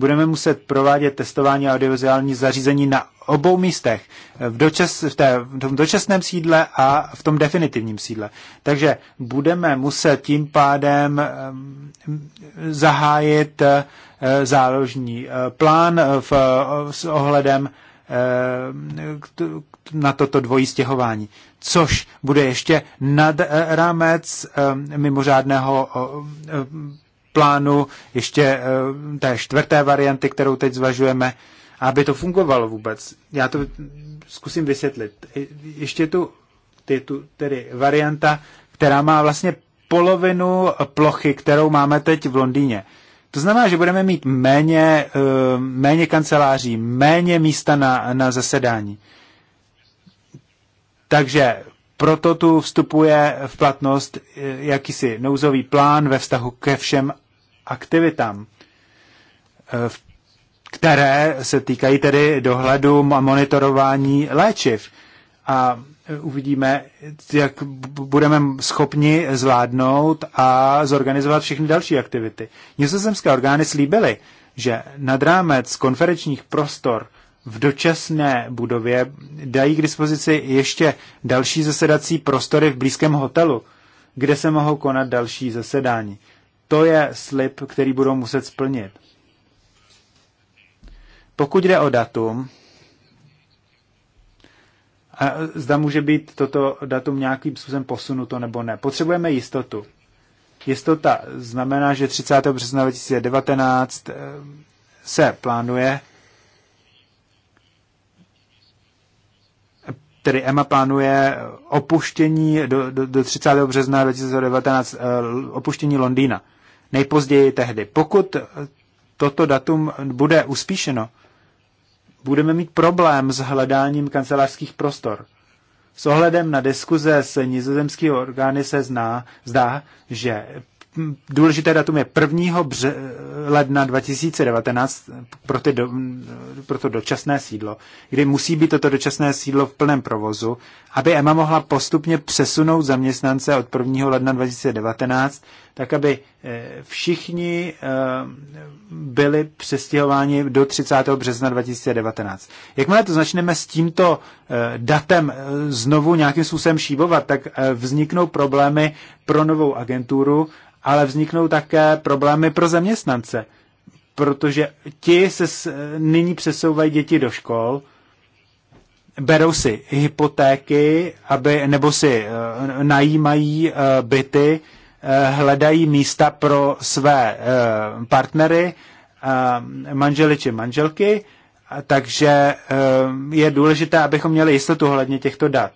budeme muset provádět testování audiovizuální zařízení na obou místech, v, dočas, v, té, v tom dočasném sídle a v tom definitivním sídle. Takže budeme muset tím pádem ehm, zahájit eh, záložní eh, plán eh, v, s ohledem ehm, na toto dvojí stěhování, což bude ještě nad rámec ehm, mimořádného plánu ještě eh, té čtvrté varianty, kterou teď zvažujeme, aby to fungovalo vůbec. Já to zkusím vysvětlit. Ještě tu, ty, tu tedy varianta, která má vlastně polovinu plochy, kterou máme teď v Londýně. To znamená, že budeme mít méně, eh, méně kanceláří, méně místa na, na zasedání. Takže proto tu vstupuje v platnost eh, jakýsi nouzový plán ve vztahu ke všem aktivitám, eh, které se týkají tedy dohledu a monitorování léčiv. A eh, uvidíme, jak budeme schopni zvládnout a zorganizovat všechny další aktivity. Nizozemské orgány slíbily, že nad rámec konferenčních prostor v dočasné budově dají k dispozici ještě další zasedací prostory v blízkém hotelu, kde se mohou konat další zasedání. To je slib, který budou muset splnit. Pokud jde o datum, a zda může být toto datum nějakým způsobem posunuto nebo ne. Potřebujeme jistotu. Jistota znamená, že 30. března 2019 eh, se plánuje tedy EMA plánuje opuštění do, do, do 30. března 2019 eh, opuštění Londýna. Nejpozději tehdy. Pokud toto datum bude uspíšeno, budeme mít problém s hledáním kancelářských prostor. S ohledem na diskuze s nizozemskými orgány se zná, zdá, že důležité datum je 1. Bře- ledna 2019 pro, ty do, pro to dočasné sídlo, kdy musí být toto dočasné sídlo v plném provozu, aby EMA mohla postupně přesunout zaměstnance od 1. ledna 2019, tak aby eh, všichni eh, byli přestěhováni do 30. března 2019. Jakmile to začneme s tímto eh, datem znovu nějakým způsobem šíbovat, tak vzniknou problémy pro novou agenturu ale vzniknou také problémy pro zaměstnance, protože ti se s nyní přesouvají děti do škol, berou si hypotéky, aby, nebo si uh, najímají uh, byty, uh, hledají místa pro své uh, partnery, uh, manželi či manželky, a takže uh, je důležité, abychom měli jistotu hledně těchto dat.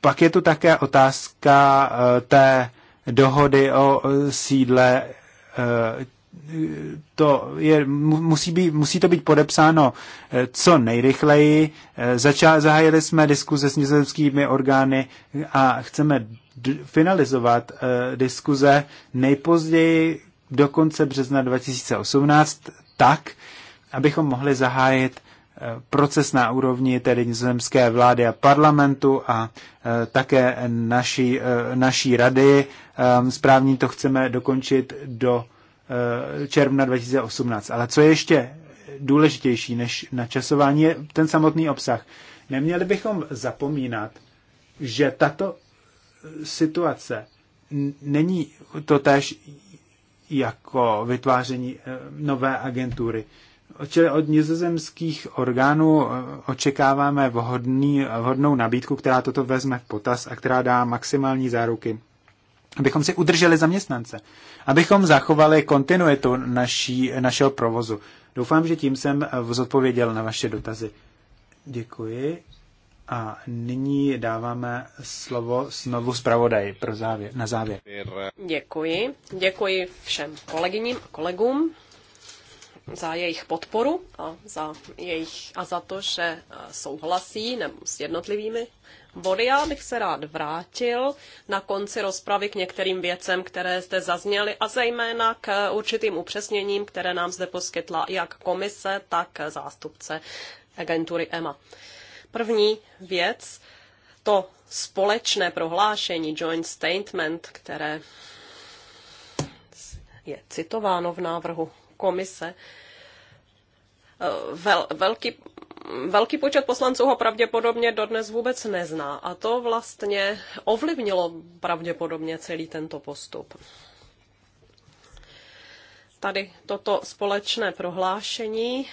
Pak je tu také otázka uh, té dohody o e, sídle, e, to je, musí, být, musí to být podepsáno e, co nejrychleji. Zača, zahájili jsme diskuze s nizozemskými orgány a chceme finalizovat diskuze nejpozději do konce března 2018 tak, abychom mohli zahájit proces na úrovni tedy nizozemské vlády a parlamentu a e, také naší, e, naší rady. E, Správní to chceme dokončit do června 2018. Ale co je ještě důležitější než načasování je ten samotný obsah. Neměli bychom zapomínat, že tato situace není to jako vytváření nové agentury. Čili od nizozemských orgánů eh, očekáváme vhodný, vhodnou nabídku, která toto vezme v potaz a která dá maximální záruky, abychom si udrželi zaměstnance, abychom zachovali kontinuitu naší, našeho provozu. Doufám, že tím jsem eh, zodpověděl na vaše dotazy. Děkuji. A nyní dáváme slovo znovu zpravodaji pro závěr, na závěr. Děkuji. Děkuji všem kolegyním a kolegům za jejich podporu a za, jejich, a za to, že e, souhlasí nebo s jednotlivými body. Já bych se rád vrátil na konci rozpravy k některým věcem, které zde zazněly a zejména k e, určitým upřesněním, které nám zde poskytla jak komise, tak zástupce agentury EMA. První věc, to společné prohlášení, joint statement, které je citováno v návrhu komise. Eh, vel, velký, velký počet poslanců ho pravděpodobně dodnes vůbec nezná a to vlastně ovlivnilo pravděpodobně celý tento postup. Tady toto společné prohlášení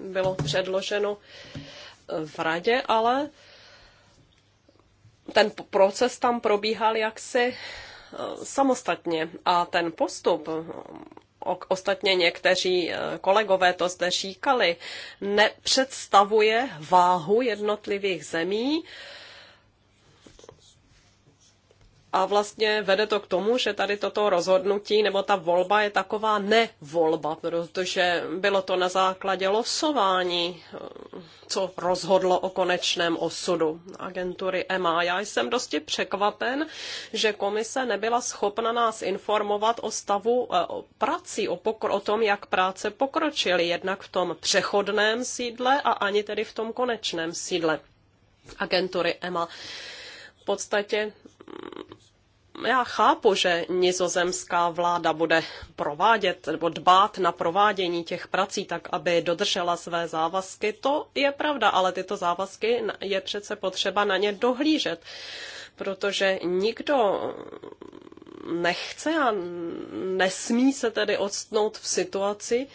bylo předloženo v radě, ale ten proces tam probíhal jaksi Eh, samostatně a ten postup eh, ostatně někteří eh, kolegové to zde říkali, nepředstavuje váhu jednotlivých zemí, a vlastně vede to k tomu, že tady toto rozhodnutí nebo ta volba je taková nevolba, protože bylo to na základě losování, co rozhodlo o konečném osudu agentury EMA. Já jsem dosti překvapen, že komise nebyla schopna nás informovat o stavu e, o prací, o, pokro, o tom, jak práce pokročily, jednak v tom přechodném sídle a ani tedy v tom konečném sídle agentury EMA. V podstatě já chápu, že nizozemská vláda bude provádět nebo dbát na provádění těch prací tak, aby dodržela své závazky. To je pravda, ale tyto závazky je přece potřeba na ně dohlížet, protože nikdo nechce a nesmí se tedy odstnout v situaci,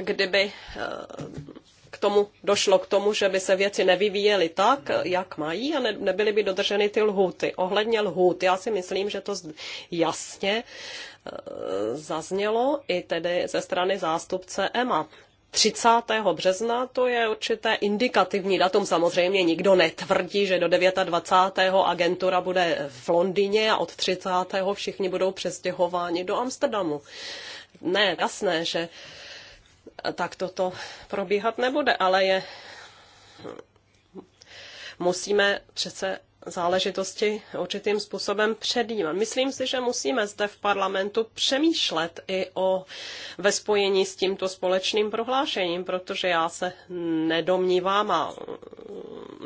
kdyby k tomu došlo k tomu, že by se věci nevyvíjely tak, jak mají a ne, nebyly by dodrženy ty lhůty. Ohledně lhůt, já si myslím, že to jasně eh, zaznělo i tedy ze strany zástupce EMA. 30. března to je určité indikativní datum. Samozřejmě nikdo netvrdí, že do 29. agentura bude v Londýně a od 30. všichni budou přestěhováni do Amsterdamu. Ne, jasné, že uh, tak toto probíhat nebude, ale je musíme přece záležitosti určitým způsobem předjímat. Myslím si, že musíme zde v parlamentu přemýšlet i o ve spojení s tímto společným prohlášením, protože já se nedomnívám a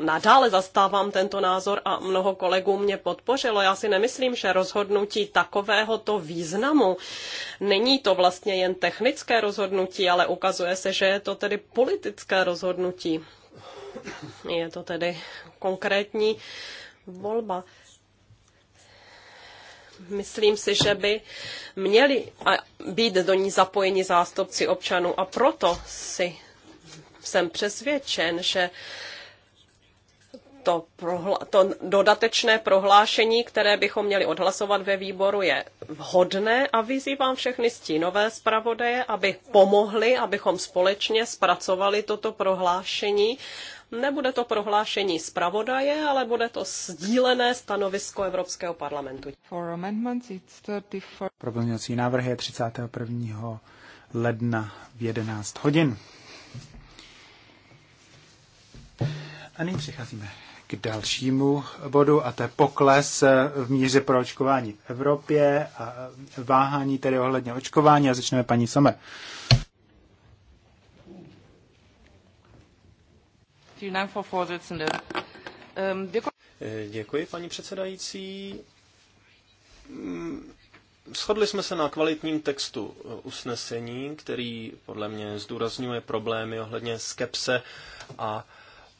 nadále zastávám tento názor a mnoho kolegů mě podpořilo. Já si nemyslím, že rozhodnutí takovéhoto významu není to vlastně jen technické rozhodnutí, ale ukazuje se, že je to tedy politické rozhodnutí. Je to tedy konkrétní volba. Myslím si, že by měli být do ní zapojeni zástupci občanů a proto si jsem přesvědčen, že to, prohla- to dodatečné prohlášení, které bychom měli odhlasovat ve výboru, je vhodné a vyzývám všechny stínové zpravodaje, aby pomohli, abychom společně zpracovali toto prohlášení Nebude to prohlášení zpravodaje, ale bude to sdílené stanovisko Evropského parlamentu. Pro návrh je 31. ledna v 11 hodin. A nyní přicházíme k dalšímu bodu a to je pokles eh, v míře pro očkování v Evropě a eh, váhání tedy ohledně očkování a začneme paní Somer. Ähm, eh, děkuji, paní předsedající. Mm, shodli jsme se na kvalitním textu eh, usnesení, který podle mě zdůrazňuje problémy ohledně skepse a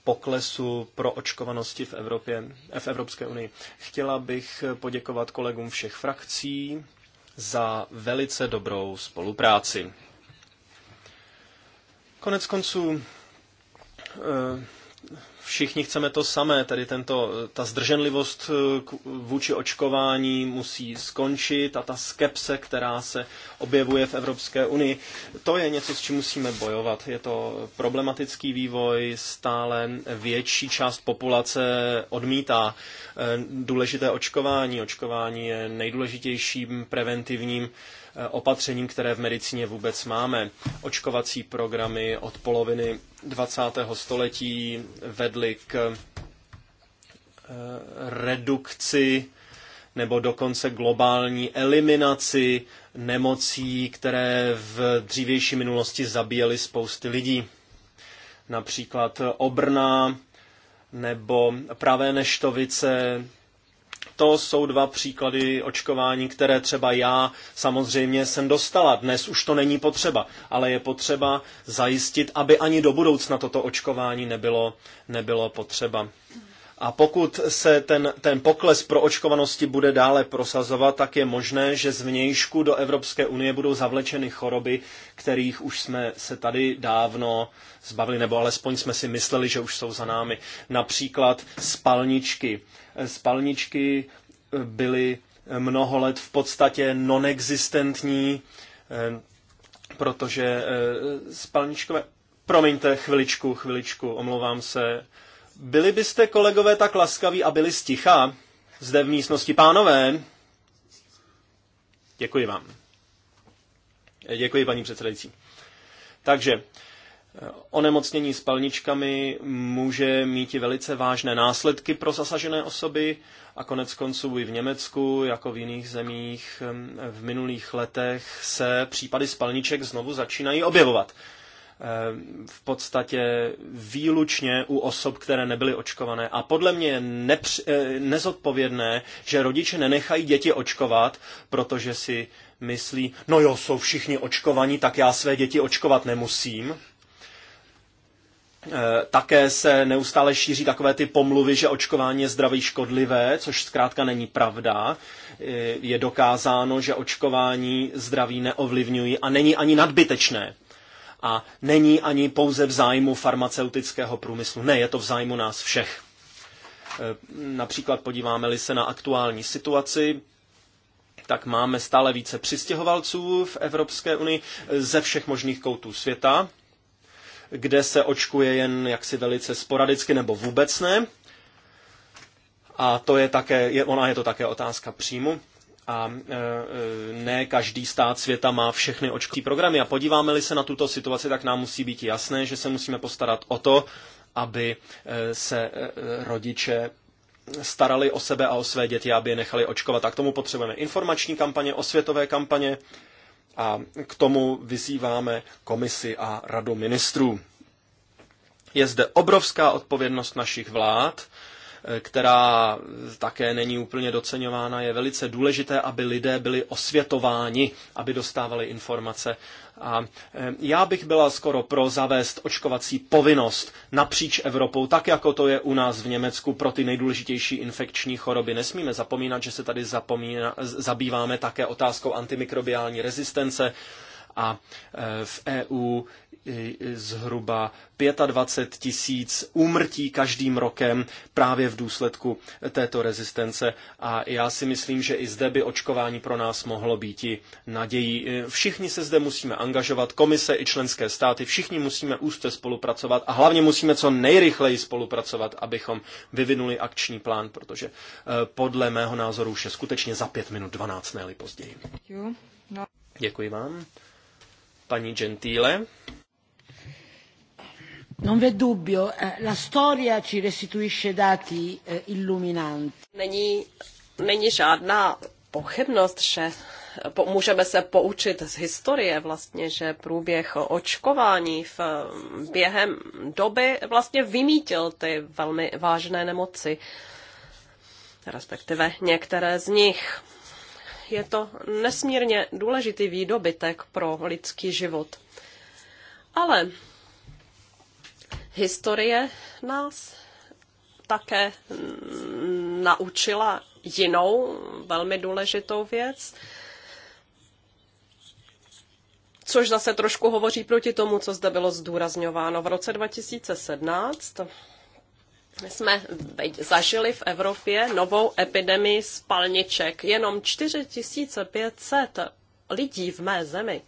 poklesu pro očkovanosti v, Evropě, eh, v Evropské unii. Chtěla bych poděkovat kolegům všech frakcí za velice dobrou spolupráci. Konec konců Eh, všichni chceme to samé, tedy tento, eh, ta zdrženlivost eh, vůči očkování musí skončit a ta skepse, která se objevuje v Evropské unii, to je něco, s čím musíme bojovat. Je to problematický vývoj, stále větší část populace odmítá důležité očkování. Očkování je nejdůležitějším preventivním Eh, opatřením, které v medicíně vůbec máme. Očkovací programy od poloviny 20. století vedly k eh, redukci nebo dokonce globální eliminaci nemocí, které v dřívější minulosti zabíjely spousty lidí. Například obrna nebo pravé neštovice, to jsou dva příklady očkování, které třeba já samozřejmě jsem dostala. Dnes už to není potřeba, ale je potřeba zajistit, aby ani do budoucna toto očkování nebylo, nebylo potřeba. A pokud se ten, ten pokles pro očkovanosti bude dále prosazovat, tak je možné, že z vnějšku do Evropské unie budou zavlečeny choroby, kterých už jsme se tady dávno zbavili, nebo alespoň jsme si mysleli, že už jsou za námi. Například spalničky. Spalničky eh, byly eh, mnoho let v podstatě nonexistentní, eh, protože spalničkové... Promiňte, chviličku, chviličku, omlouvám se, byli byste, kolegové, tak laskaví a byli sticha zde v místnosti. Pánové, děkuji vám. Eh, děkuji, paní předsedající. Takže eh, onemocnění spalničkami může mít i velice vážné následky pro zasažené osoby a konec konců i v Německu, jako v jiných zemích eh, v minulých letech se případy spalniček znovu začínají objevovat. Eh, v podstatě výlučně u osob, které nebyly očkované. A podle mě je nepř- eh, nezodpovědné, že rodiče nenechají děti očkovat, protože si myslí, no jo, jsou všichni očkovaní, tak já své děti očkovat nemusím. Eh, také se neustále šíří takové ty pomluvy, že očkování je zdraví škodlivé, což zkrátka není pravda. Je dokázáno, že očkování zdraví neovlivňují a není ani nadbytečné a není ani pouze v zájmu farmaceutického průmyslu. Ne, je to v zájmu nás všech. E, například podíváme-li se na aktuální situaci, tak máme stále více přistěhovalců v Evropské unii ze všech možných koutů světa, kde se očkuje jen jaksi velice sporadicky nebo vůbec ne. A to je také, je, ona je to také otázka příjmu a e, e, ne každý stát světa má všechny očkovací programy. A podíváme-li se na tuto situaci, tak nám musí být jasné, že se musíme postarat o to, aby e, se rodiče starali o sebe a o své děti, aby je nechali očkovat. A k tomu potřebujeme informační kampaně, osvětové kampaně a k tomu vyzýváme komisi a radu ministrů. Je zde obrovská odpovědnost našich vlád, Eh, která také není úplně doceňována, je velice důležité, aby lidé byli osvětováni, aby dostávali informace. A eh, já bych byla skoro pro zavést očkovací povinnost napříč Evropou, tak jako to je u nás v Německu pro ty nejdůležitější infekční choroby. Nesmíme zapomínat, že se tady zapomíná, zabýváme také otázkou antimikrobiální rezistence a eh, v EU zhruba 25 tisíc úmrtí každým rokem právě v důsledku této rezistence. A já si myslím, že i zde by očkování pro nás mohlo být i nadějí. Všichni se zde musíme angažovat, komise i členské státy, všichni musíme úzce spolupracovat a hlavně musíme co nejrychleji spolupracovat, abychom vyvinuli akční plán, protože eh, podle mého názoru už je skutečně za pět minut 12, ne později. No. Děkuji vám. Paní Gentile. Non v'è dubbio, eh, la storia ci restituisce dati eh, illuminanti. Není, není žádná pochybnost, že po, můžeme se poučit z historie vlastně, že průběh očkování v, během doby vlastně vymítil ty velmi vážné nemoci, respektive některé z nich. Je to nesmírně důležitý výdobytek pro lidský život. Ale Historie nás také naučila jinou velmi důležitou věc, což zase trošku hovoří proti tomu, co zde bylo zdůrazňováno. V roce 2017 jsme zažili v Evropě novou epidemii spalniček. Jenom 4500 lidí v mé zemi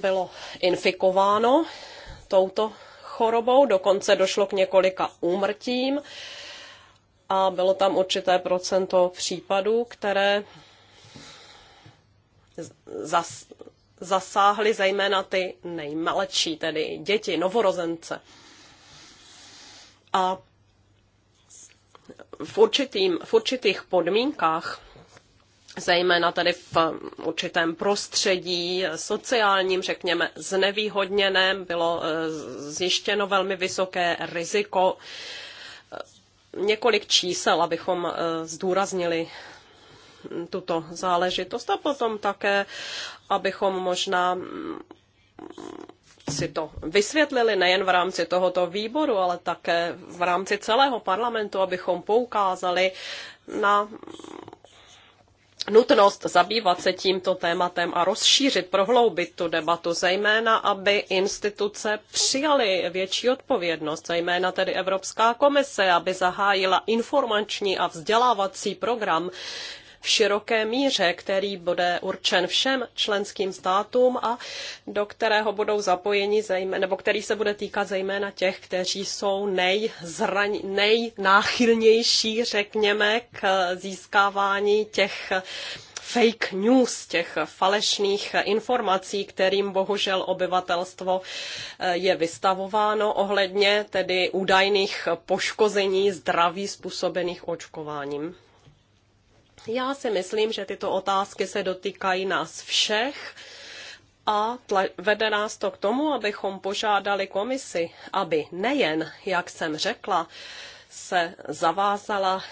bylo infikováno touto chorobou, dokonce došlo k několika úmrtím a bylo tam určité procento případů, které zas, zasáhly zejména ty nejmladší, tedy děti, novorozence. A v, určitým, v určitých podmínkách zejména tedy v um, určitém prostředí sociálním, řekněme, znevýhodněném, bylo uh, zjištěno velmi vysoké riziko. Uh, několik čísel, abychom uh, zdůraznili mm, tuto záležitost a potom také, abychom možná mm, si to vysvětlili nejen v rámci tohoto výboru, ale také v rámci celého parlamentu, abychom poukázali na mm, nutnost zabývat se tímto tématem a rozšířit, prohloubit tu debatu, zejména aby instituce přijaly větší odpovědnost, zejména tedy Evropská komise, aby zahájila informační a vzdělávací program, v široké míře, který bude určen všem členským státům a do kterého budou zapojeni, zejména, nebo který se bude týkat zejména těch, kteří jsou nejzraň, nejnáchylnější, řekněme, k získávání těch fake news, těch falešných informací, kterým bohužel obyvatelstvo eh, je vystavováno ohledně tedy údajných poškození zdraví způsobených očkováním. Já si myslím, že tyto otázky se dotýkají nás všech a vede nás to k tomu, abychom požádali komisi, aby nejen, jak jsem řekla, se zavázala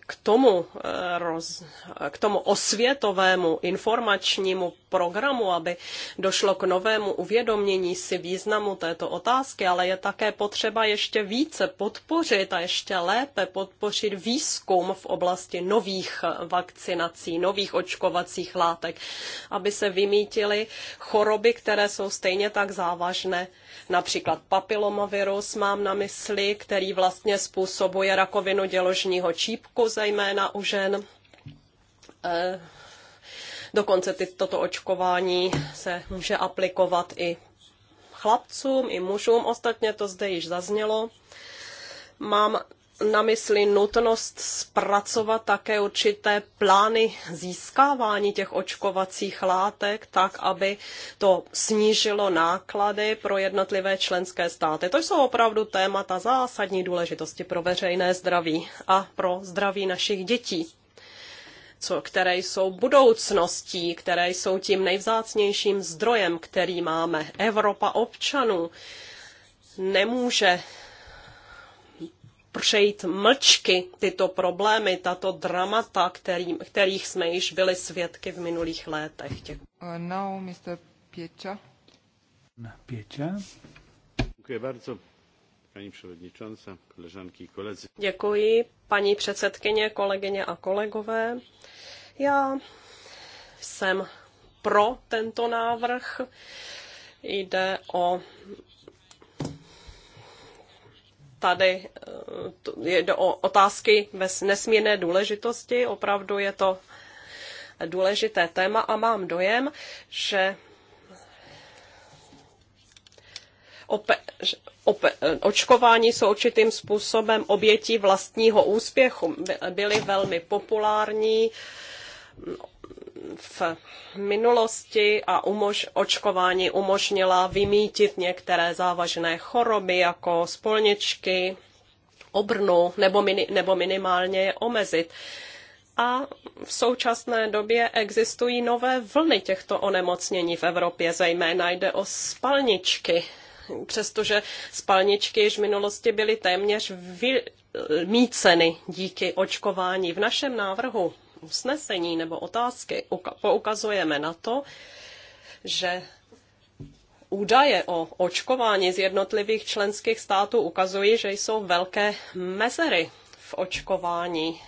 k tomu, eh, roz, k tomu osvětovému informačnímu programu, aby došlo k novému uvědomění si významu této otázky, ale je také potřeba ještě více podpořit a ještě lépe podpořit výzkum v oblasti nových eh, vakcinací, nových očkovacích látek, aby se vymítily choroby, které jsou stejně tak závažné. Například papilomavirus mám na mysli, který vlastně způsobuje rakovinu děložního čípku, věku, zejména u žen. Eh, dokonce toto očkování se může aplikovat i chlapcům, i mužům. Ostatně to zde již zaznělo. Mám na mysli nutnost zpracovat také určité plány získávání těch očkovacích látek, tak aby to snížilo náklady pro jednotlivé členské státy. To jsou opravdu témata zásadní důležitosti pro veřejné zdraví a pro zdraví našich dětí. Co, které jsou budoucností, které jsou tím nejvzácnějším zdrojem, který máme. Evropa občanů nemůže přejít mlčky tyto problémy, tato dramata, kterým, kterých jsme již byli svědky v minulých létech. Děkuji. Uh, now, Mr. Piecza. Na Piecza. Děkuji bardzo. Paní předsedničanca, koleżanki i koledzy. Děkuji, paní předsedkyně, kolegyně a kolegové. Já jsem pro tento návrh. Jde o tady eh, je o otázky bez nesmírné důležitosti. Opravdu je to důležité téma a mám dojem, že ope, ope, očkování jsou určitým způsobem obětí vlastního úspěchu. Byly velmi populární v minulosti a umož, očkování umožnila vymítit některé závažné choroby jako spolničky, obrnu nebo, mini, nebo minimálně je omezit. A v současné době existují nové vlny těchto onemocnění v Evropě, zejména jde o spalničky, přestože spalničky již v minulosti byly téměř vymíceny díky očkování. V našem návrhu usnesení nebo otázky poukazujeme na to, že údaje o očkování z jednotlivých členských států ukazují, že jsou velké mezery v očkování.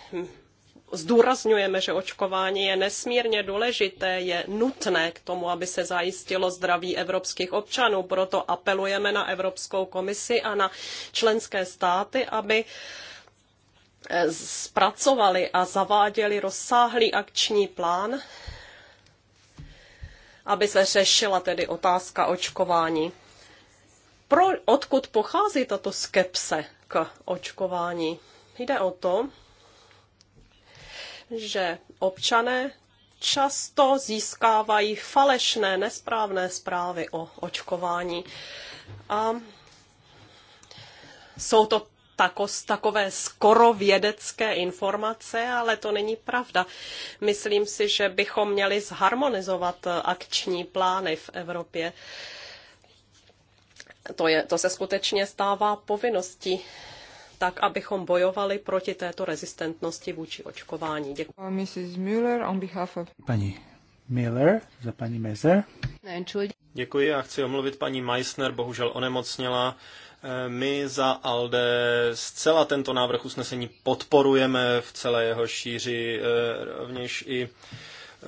Zdůrazňujeme, že očkování je nesmírně důležité, je nutné k tomu, aby se zajistilo zdraví evropských občanů. Proto apelujeme na Evropskou komisi a na členské státy, aby uh, Eh, zpracovali a zaváděli rozsáhlý akční plán, aby se řešila tedy otázka očkování. Pro, odkud pochází tato skepse k očkování? Jde o to, že občané často získávají falešné, nesprávné zprávy o očkování. A jsou to takos, takové skoro vědecké informace, ale to není pravda. Myslím si, že bychom měli zharmonizovat akční plány v Evropě. To, je, to se skutečně stává povinností tak, abychom bojovali proti této rezistentnosti vůči očkování. Děkuji. Müller Paní Miller za paní Mezer. Děkuji, já chci omluvit paní Meissner, bohužel onemocněla my za ALDE zcela tento návrh usnesení podporujeme v celé jeho šíři, eh, rovněž i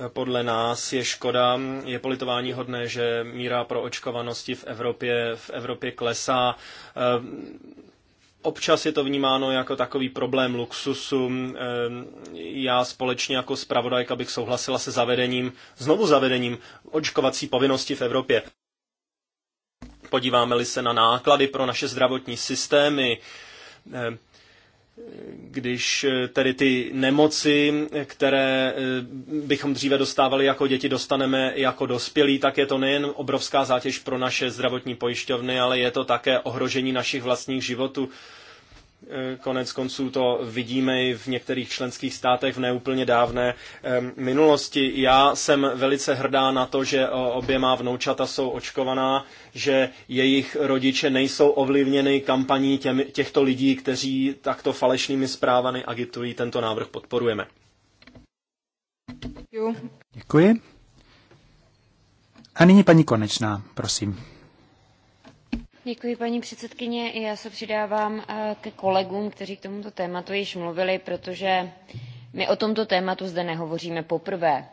eh, podle nás je škoda, je politování hodné, že míra pro očkovanosti v Evropě, v Evropě klesá. Eh, občas je to vnímáno jako takový problém luxusu. Já společně jako zpravodajka bych souhlasila se zavedením, znovu zavedením očkovací povinnosti v Evropě. Podíváme-li se na náklady pro naše zdravotní systémy, eh, když eh, tedy ty nemoci, které eh, bychom dříve dostávali jako děti, dostaneme jako dospělí, tak je to nejen obrovská zátěž pro naše zdravotní pojišťovny, ale je to také ohrožení našich vlastních životů. Eh, konec konců to vidíme i v některých členských státech v neúplně dávné minulosti. Já jsem velice hrdá na to, že obě má vnoučata jsou očkovaná, že jejich rodiče nejsou ovlivněny kampaní těmi, těchto lidí, kteří takto falešnými zprávami agitují. Tento návrh podporujeme. Děkuji. A nyní paní Konečná, prosím. Děkuji, paní předsedkyně. Já se přidávám eh, ke kolegům, kteří k tomuto tématu již mluvili, protože my o tomto tématu zde nehovoříme poprvé,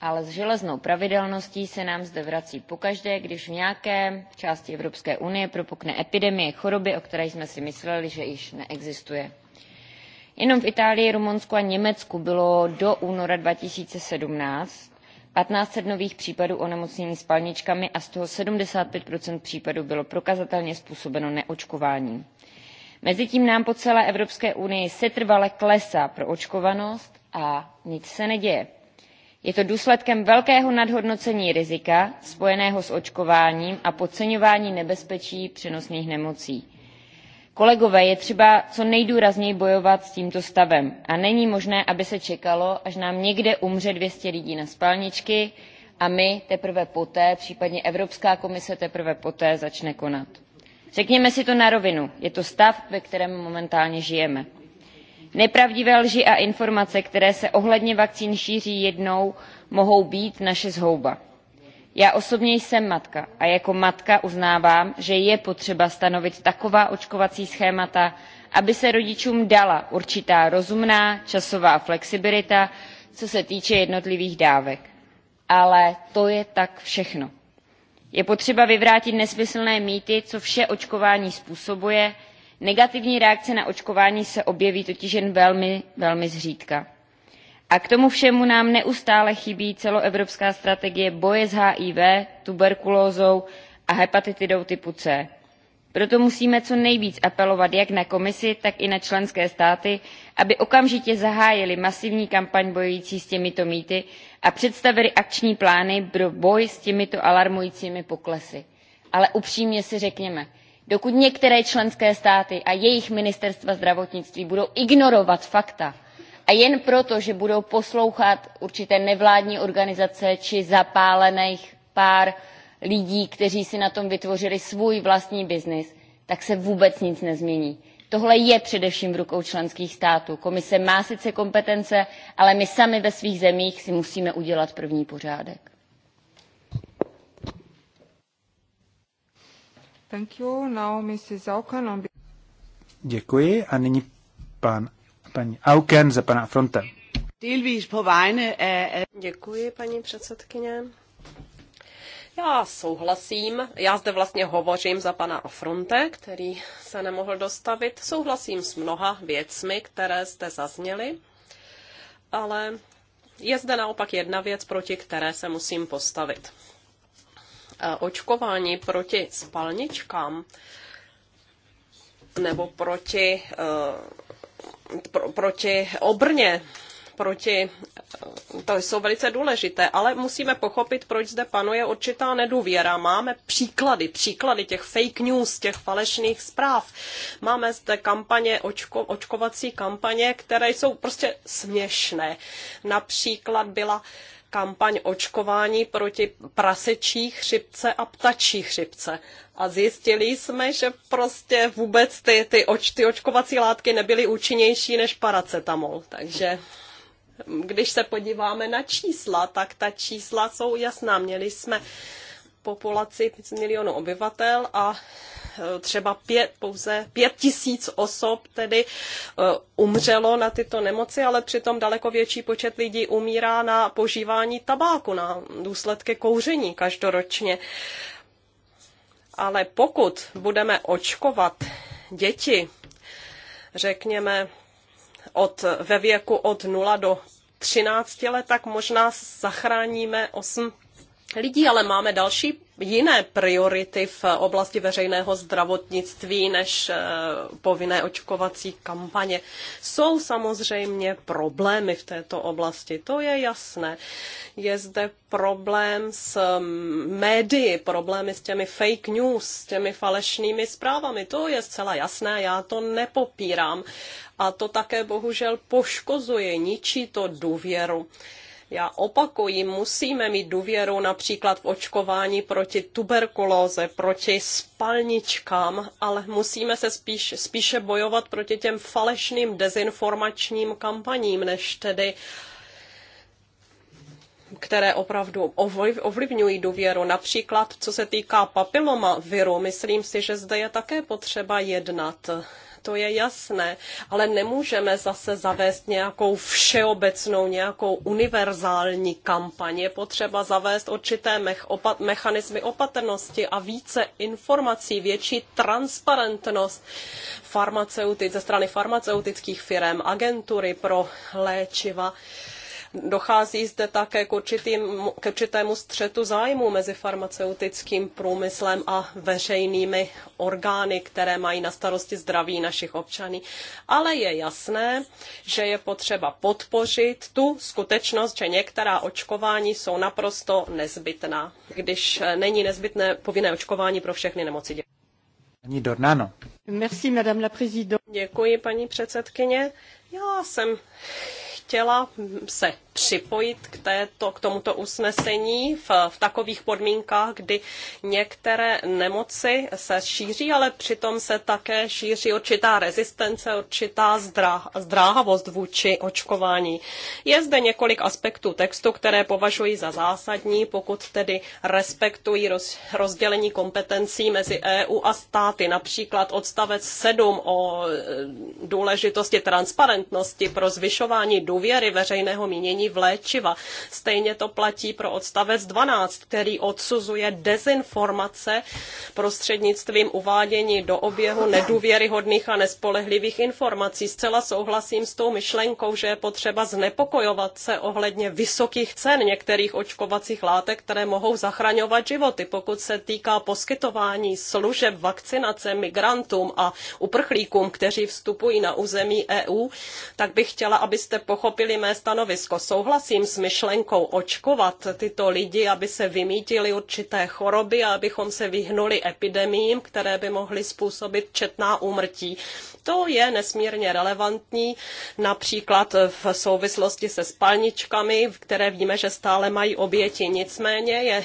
ale s železnou pravidelností se nám zde vrací pokaždé, když v nějaké části Evropské unie propukne epidemie choroby, o které jsme si mysleli, že již neexistuje. Jenom v Itálii, Rumunsku a Německu bylo do února 2017 1500 nových případů onemocnění spalničkami a z toho 75 případů bylo prokazatelně způsobeno neočkováním. Mezitím nám po celé Evropské unii setrvale klesá proočkovanost a nic se neděje. Je to důsledkem velkého nadhodnocení rizika spojeného s očkováním a podceňování nebezpečí přenosných nemocí kolegové je třeba co nejdůrazněji bojovat s tímto stavem a není možné aby se čekalo až nám někde umře two hundred lidí na spalničky a my teprve poté případně evropská komise teprve poté začne konat. řekněme si to na rovinu je to stav ve kterém momentálně žijeme. nepravdivé lži a informace které se ohledně vakcín šíří jednou mohou být naše zhouba já osobně jsem matka a jako matka uznávám že je potřeba stanovit taková očkovací schémata aby se rodičům dala určitá rozumná časová flexibilita co se týče jednotlivých dávek. ale to je tak všechno. je potřeba vyvrátit nesmyslné mýty co vše očkování způsobuje negativní reakce na očkování se objeví totiž jen velmi velmi zřídka a k tomu všemu nám neustále chybí celoevropská strategie boje s hiv tuberkulózou a hepatitidou typu c. proto musíme co nejvíc apelovat jak na komisi tak i na členské státy aby okamžitě zahájily masivní kampaň bojující s těmito mýty a představily akční plány pro boj s těmito alarmujícími poklesy. ale upřímně si řekněme dokud některé členské státy a jejich ministerstva zdravotnictví budou ignorovat fakta a jen proto že budou poslouchat určité nevládní organizace či zapálených pár lidí kteří si na tom vytvořili svůj vlastní byznys tak se vůbec nic nezmění. tohle je především v rukou členských států. komise má sice kompetence ale my sami ve svých zemích si musíme udělat první pořádek. Děkuji a nyní pan paní Auken za pana Fronte. Děkuji, paní předsedkyně. Já souhlasím, já zde vlastně hovořím za pana Afronte, který se nemohl dostavit. Souhlasím s mnoha věcmi, které jste zazněli, ale je zde naopak jedna věc, proti které se musím postavit. Očkování proti spalničkám nebo proti eh, pro, proti obrně, proti, to jsou velice důležité, ale musíme pochopit, proč zde panuje určitá nedůvěra. Máme příklady, příklady těch fake news, těch falešných zpráv. Máme zde kampaně, očko, očkovací kampaně, které jsou prostě směšné. Například byla kampaň očkování proti prasečí chřipce a ptačí chřipce. A zjistili jsme, že prostě vůbec ty, ty, oč, ty očkovací látky nebyly účinnější než paracetamol. Takže mm, když se podíváme na čísla, tak ta čísla jsou jasná. Měli jsme populaci 5 milionů obyvatel a třeba pět, pouze pět tisíc osob tedy eh, umřelo na tyto nemoci, ale přitom daleko větší počet lidí umírá na požívání tabáku, na důsledky kouření každoročně. Ale pokud budeme očkovat děti, řekněme, od, ve věku od 0 do 13 let, tak možná zachráníme 8 lidí, ale máme další jiné priority v oblasti veřejného zdravotnictví než eh, povinné očkovací kampaně. Jsou samozřejmě problémy v této oblasti, to je jasné. Je zde problém s mm, médii, problémy s těmi fake news, s těmi falešnými zprávami, to je zcela jasné, já to nepopírám. A to také bohužel poškozuje, ničí to důvěru já opakuji, musíme mít důvěru například v očkování proti tuberkulóze, proti spalničkám, ale musíme se spíš, spíše bojovat proti těm falešným dezinformačním kampaním, než tedy které opravdu ovlivňují důvěru. Například, co se týká papiloma viru, myslím si, že zde je také potřeba jednat to je jasné, ale nemůžeme zase zavést nějakou všeobecnou, nějakou univerzální kampaň. Je potřeba zavést určité mech, opat, mechanismy opatrnosti a více informací, větší transparentnost farmaceutic, ze strany farmaceutických firm, agentury pro léčiva dochází zde také k, určitým, k určitému střetu zájmu mezi farmaceutickým průmyslem a veřejnými orgány, které mají na starosti zdraví našich občanů. Ale je jasné, že je potřeba podpořit tu skutečnost, že některá očkování jsou naprosto nezbytná, když není nezbytné povinné očkování pro všechny nemoci. Paní Dornano. Merci, madame la Děkuji, paní předsedkyně. Já jsem chtěla se připojit k, této, k tomuto usnesení v, v takových podmínkách, kdy některé nemoci se šíří, ale přitom se také šíří určitá rezistence, určitá zdrá, zdráhavost vůči očkování. Je zde několik aspektů textu, které považuji za zásadní, pokud tedy respektují roz, rozdělení kompetencí mezi EU a státy, například odstavec 7 o e, důležitosti transparentnosti pro zvyšování důvěry veřejného mínění používání v léčiva. Stejně to platí pro odstavec 12, který odsuzuje dezinformace prostřednictvím uvádění do oběhu nedůvěryhodných a nespolehlivých informací. Zcela souhlasím s tou myšlenkou, že je potřeba znepokojovat se ohledně vysokých cen některých očkovacích látek, které mohou zachraňovat životy. Pokud se týká poskytování služeb vakcinace migrantům a uprchlíkům, kteří vstupují na území EU, tak bych chtěla, abyste pochopili mé stanovisko souhlasím s myšlenkou očkovat tyto lidi, aby se vymítili určité choroby a abychom se vyhnuli epidemiím, které by mohly způsobit četná úmrtí. To je nesmírně relevantní například v souvislosti se spalničkami, které víme, že stále mají oběti. Nicméně je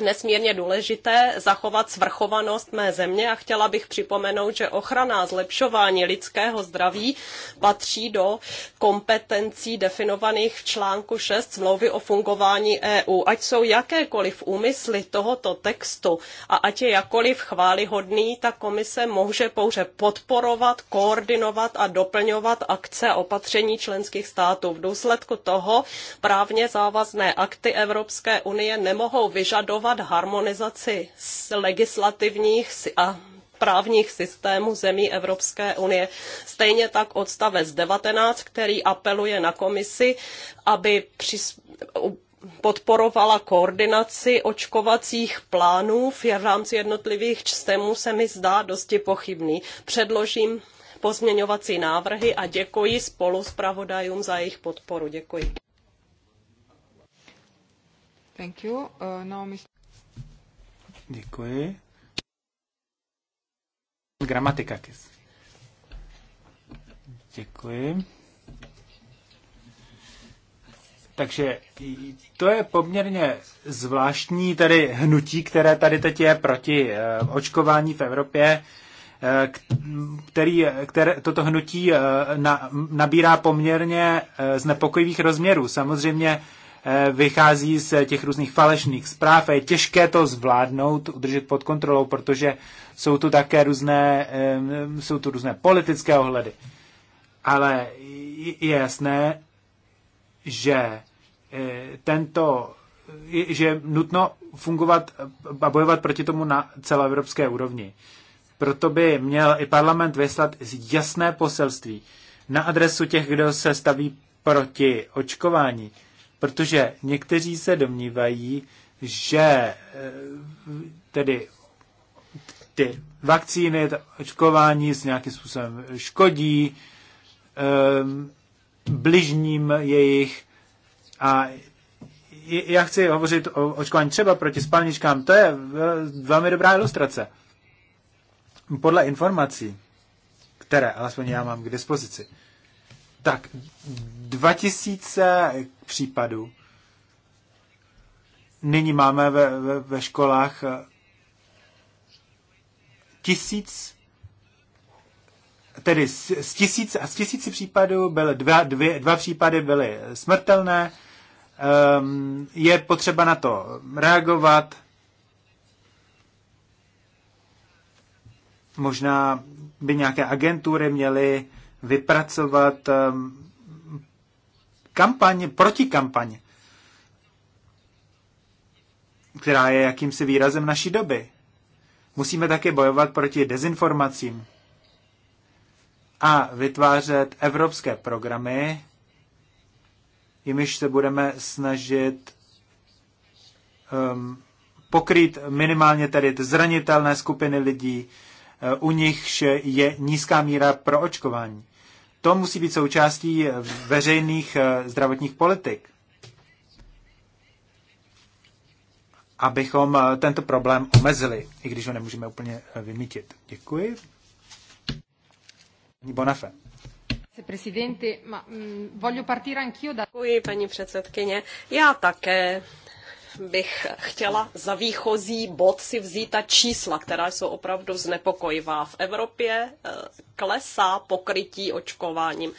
nesmírně důležité zachovat svrchovanost mé země a chtěla bych připomenout, že ochrana a zlepšování lidského zdraví patří do kompetencí definovaných v článku 6 smlouvy o fungování EU. Ať jsou jakékoliv úmysly tohoto textu a ať je jakoliv chválihodný, ta komise může pouze podporovat, koordinovat a doplňovat akce a opatření členských států. V důsledku toho právně závazné akty Evropské unie nemohou vyžadovat prosazovat harmonizaci legislativních a právních systémů zemí Evropské unie. Stejně tak odstavec 19, který apeluje na komisi, aby přis, podporovala koordinaci očkovacích plánů v rámci jednotlivých systémů se mi zdá dosti pochybný. Předložím pozměňovací návrhy a děkuji spolu s za jejich podporu. Děkuji. Thank you. Uh, Děkuji. Gramatika. Děkuji. Takže to je poměrně zvláštní tady hnutí, které tady teď je proti eh, očkování v Evropě, eh, který, které, toto hnutí eh, na, nabírá poměrně znepokojivých rozměrů. Samozřejmě Eh, vychází z těch různých falešných zpráv a je těžké to zvládnout, udržet pod kontrolou, protože jsou tu také různé, jsou tu různé politické ohledy. Ale je jasné, že eh, tento, že je nutno fungovat a bojovat proti tomu na celoevropské úrovni. Proto by měl i parlament vyslat jasné poselství na adresu těch, kdo se staví proti očkování protože někteří se domnívají, že eh, tedy ty vakcíny, to očkování s nějakým způsobem škodí um, bližním jejich a já chci hovořit o očkování třeba proti spalničkám, to je velmi dobrá ilustrace. Podle informací, které alespoň já mám k dispozici, tak, 2000 případů. Nyní máme ve, ve, ve školách eh, tisíc, tedy z, z tisíc a z tisíci případů byly dva, dvě, dva případy byly smrtelné. Um, je potřeba na to reagovat. Možná by nějaké agentury měly vypracovat ehm, kampaň, protikampaň, která je jakýmsi výrazem naší doby. Musíme také bojovat proti dezinformacím a vytvářet evropské programy, jimiž se budeme snažit um, pokrýt minimálně tedy zranitelné skupiny lidí, eh, u nichž je nízká míra pro očkování. To musí být součástí eh, veřejných eh, zdravotních politik. abychom eh, tento problém omezili, i když ho nemůžeme úplně vymítit. Děkuji. Bonafé. Mm, Děkuji, paní předsedkyně. Já také bych chtěla za výchozí bod si vzít ta čísla, která jsou opravdu znepokojivá. V Evropě eh, klesá pokrytí očkováním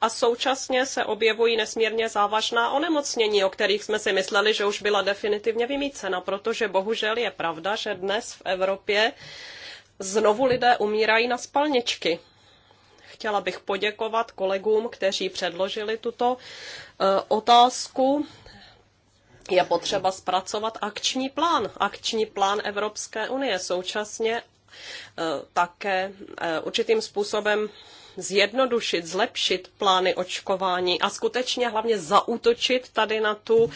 a současně se objevují nesmírně závažná onemocnění, o kterých jsme si mysleli, že už byla definitivně vymícena, protože bohužel je pravda, že dnes v Evropě znovu lidé umírají na spalničky chtěla bych poděkovat kolegům, kteří předložili tuto eh, otázku je potřeba zpracovat akční plán, akční plán Evropské unie. Současně eh, také eh, určitým způsobem zjednodušit, zlepšit plány očkování a skutečně hlavně zaútočit tady na, tu,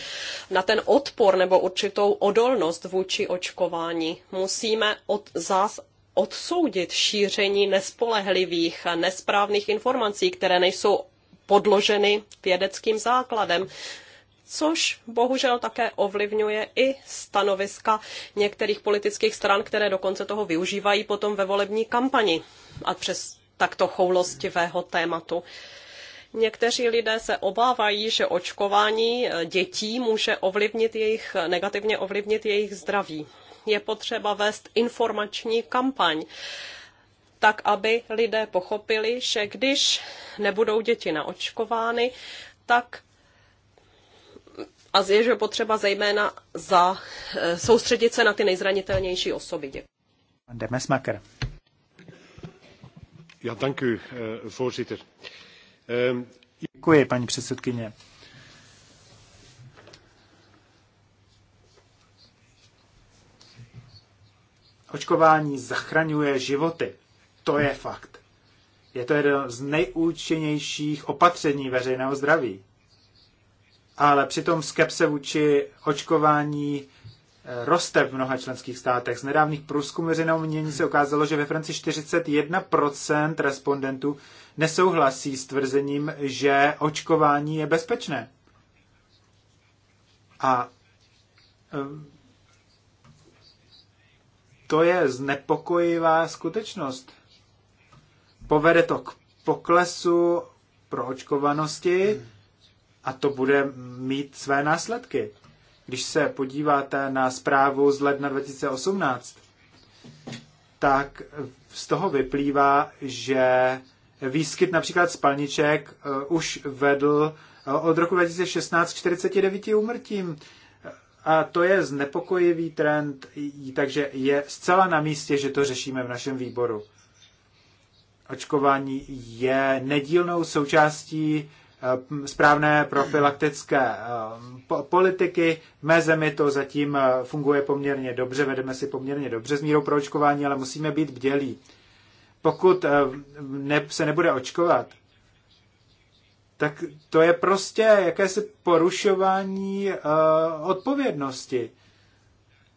na ten odpor nebo určitou odolnost vůči očkování. Musíme od, zás odsoudit šíření nespolehlivých a nesprávných informací, které nejsou podloženy vědeckým základem což bohužel také ovlivňuje i stanoviska některých politických stran, které dokonce toho využívají potom ve volební kampani a přes takto choulostivého tématu. Někteří lidé se obávají, že očkování eh, dětí může ovlivnit jejich, eh, negativně ovlivnit jejich zdraví. Je potřeba vést informační kampaň, tak aby lidé pochopili, že když nebudou děti naočkovány, tak a je, že potřeba zejména za, eh, soustředit se na ty nejzranitelnější osoby. Děkuji. Pan Demesmaker. Já děkuji, eh, voorzitter. Ehm, děkuji, paní předsedkyně. Očkování zachraňuje životy. To je fakt. Je to jedno z nejúčinnějších opatření veřejného zdraví ale přitom skepse vůči očkování eh, roste v mnoha členských státech. Z nedávných průzkumů veřejného mění se ukázalo, že ve Francii 41% respondentů nesouhlasí s tvrzením, že očkování je bezpečné. A eh, to je znepokojivá skutečnost. Povede to k poklesu pro proočkovanosti a to bude mít své následky. Když se podíváte na zprávu z ledna 2018, tak z toho vyplývá, že výskyt například spalniček eh, už vedl eh, od roku 2016 k 49 úmrtím. A to je znepokojivý trend, takže je zcela na místě, že to řešíme v našem výboru. Očkování je nedílnou součástí Eh, správné profilaktické eh, politiky. V mé zemi to zatím eh, funguje poměrně dobře, vedeme si poměrně dobře s mírou pro očkování, ale musíme být bdělí. Pokud se nebude očkovat, tak to je prostě jakési porušování odpovědnosti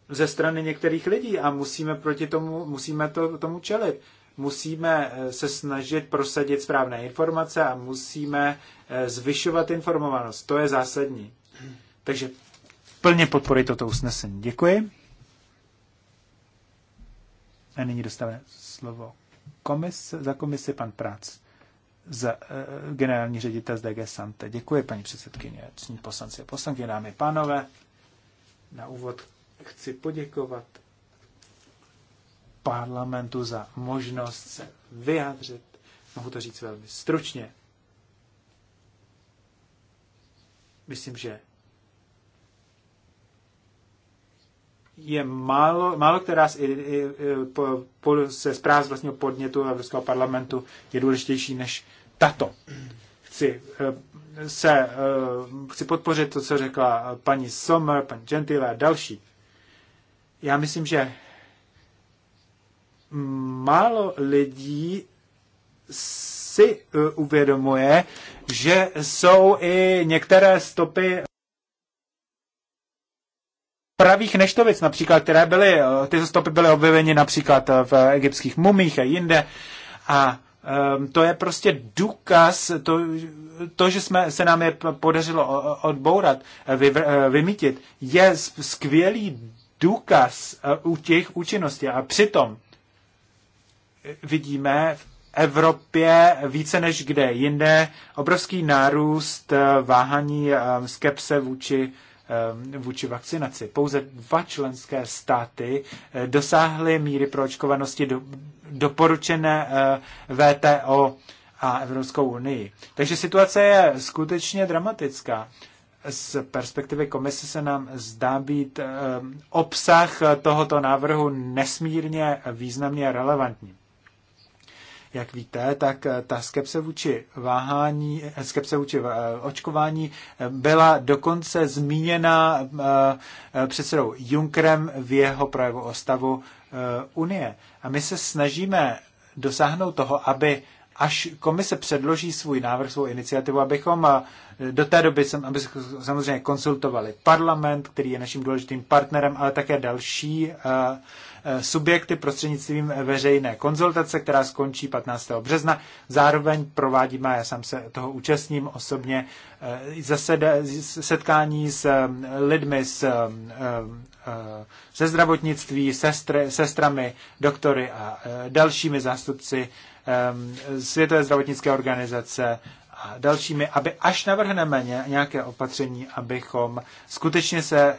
ze strany některých lidí a musíme proti tomu, musíme to, tomu čelit musíme eh, se snažit prosadit správné informace a musíme eh, zvyšovat informovanost. To je zásadní. Takže plně podporuji toto usnesení. Děkuji. A nyní dostane slovo komis, za komisi pan Prác, za uh, generální ředitel z DG Sante. Děkuji, paní předsedkyně, poslanci a poslanky, dámy pánové. Na úvod chci poděkovat parlamentu za možnost se vyjádřit. Mohu to říct velmi stručně. Myslím, že je málo, málo která z, i, i, po, po, se zpráv z vlastního podnětu Evropského parlamentu je důležitější než tato. Chci, eh, se, eh, chci podpořit to, co řekla paní Sommer, paní Gentile a další. Já myslím, že málo lidí si eh, uvědomuje, že jsou i některé stopy pravých neštovic například, které byly, eh, ty stopy byly objeveny například eh, v egyptských mumích a jinde. A um, to je prostě důkaz, to, to že jsme, se nám je podařilo odbourat, vy, vymítit, je skvělý důkaz u těch účinností A přitom vidíme v Evropě více než kde jinde obrovský nárůst eh, váhaní eh, skepse vůči eh, vůči vakcinaci. Pouze dva členské státy dosáhly míry proočkovanosti do, doporučené VTO a Evropskou unii. Takže situace je skutečně dramatická. Z perspektivy komise se nám zdá být obsah tohoto návrhu nesmírně významně relevantní. Jak víte, tak eh, ta skepse vůči váhání, eh, skepse vůči eh, očkování byla dokonce zmíněna předsedou Junkrem v jeho projevu o stavu Unie. A my se snažíme dosáhnout toho, aby až komise předloží svůj návrh, svou iniciativu, abychom do té doby aby samozřejmě konsultovali parlament, který je naším důležitým partnerem, ale také další Eh, subjekty prostřednictvím eh, veřejné konzultace, která skončí 15. března. Zároveň provádíme, já sám se toho účastním osobně, eh, setkání s lidmi z, ze zdravotnictví, sestry, sestrami, doktory a dalšími zástupci Světové zdravotnické organizace, a dalšími, aby až navrhneme nějaké opatření, abychom skutečně se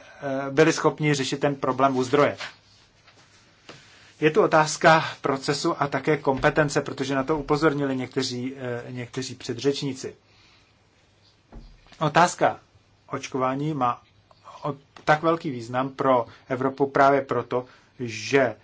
byli schopni řešit ten problém u zdroje. Je tu otázka procesu a také kompetence, protože na to upozornili někteří, eh, někteří předřečníci. Otázka očkování má tak velký význam pro Evropu právě proto, že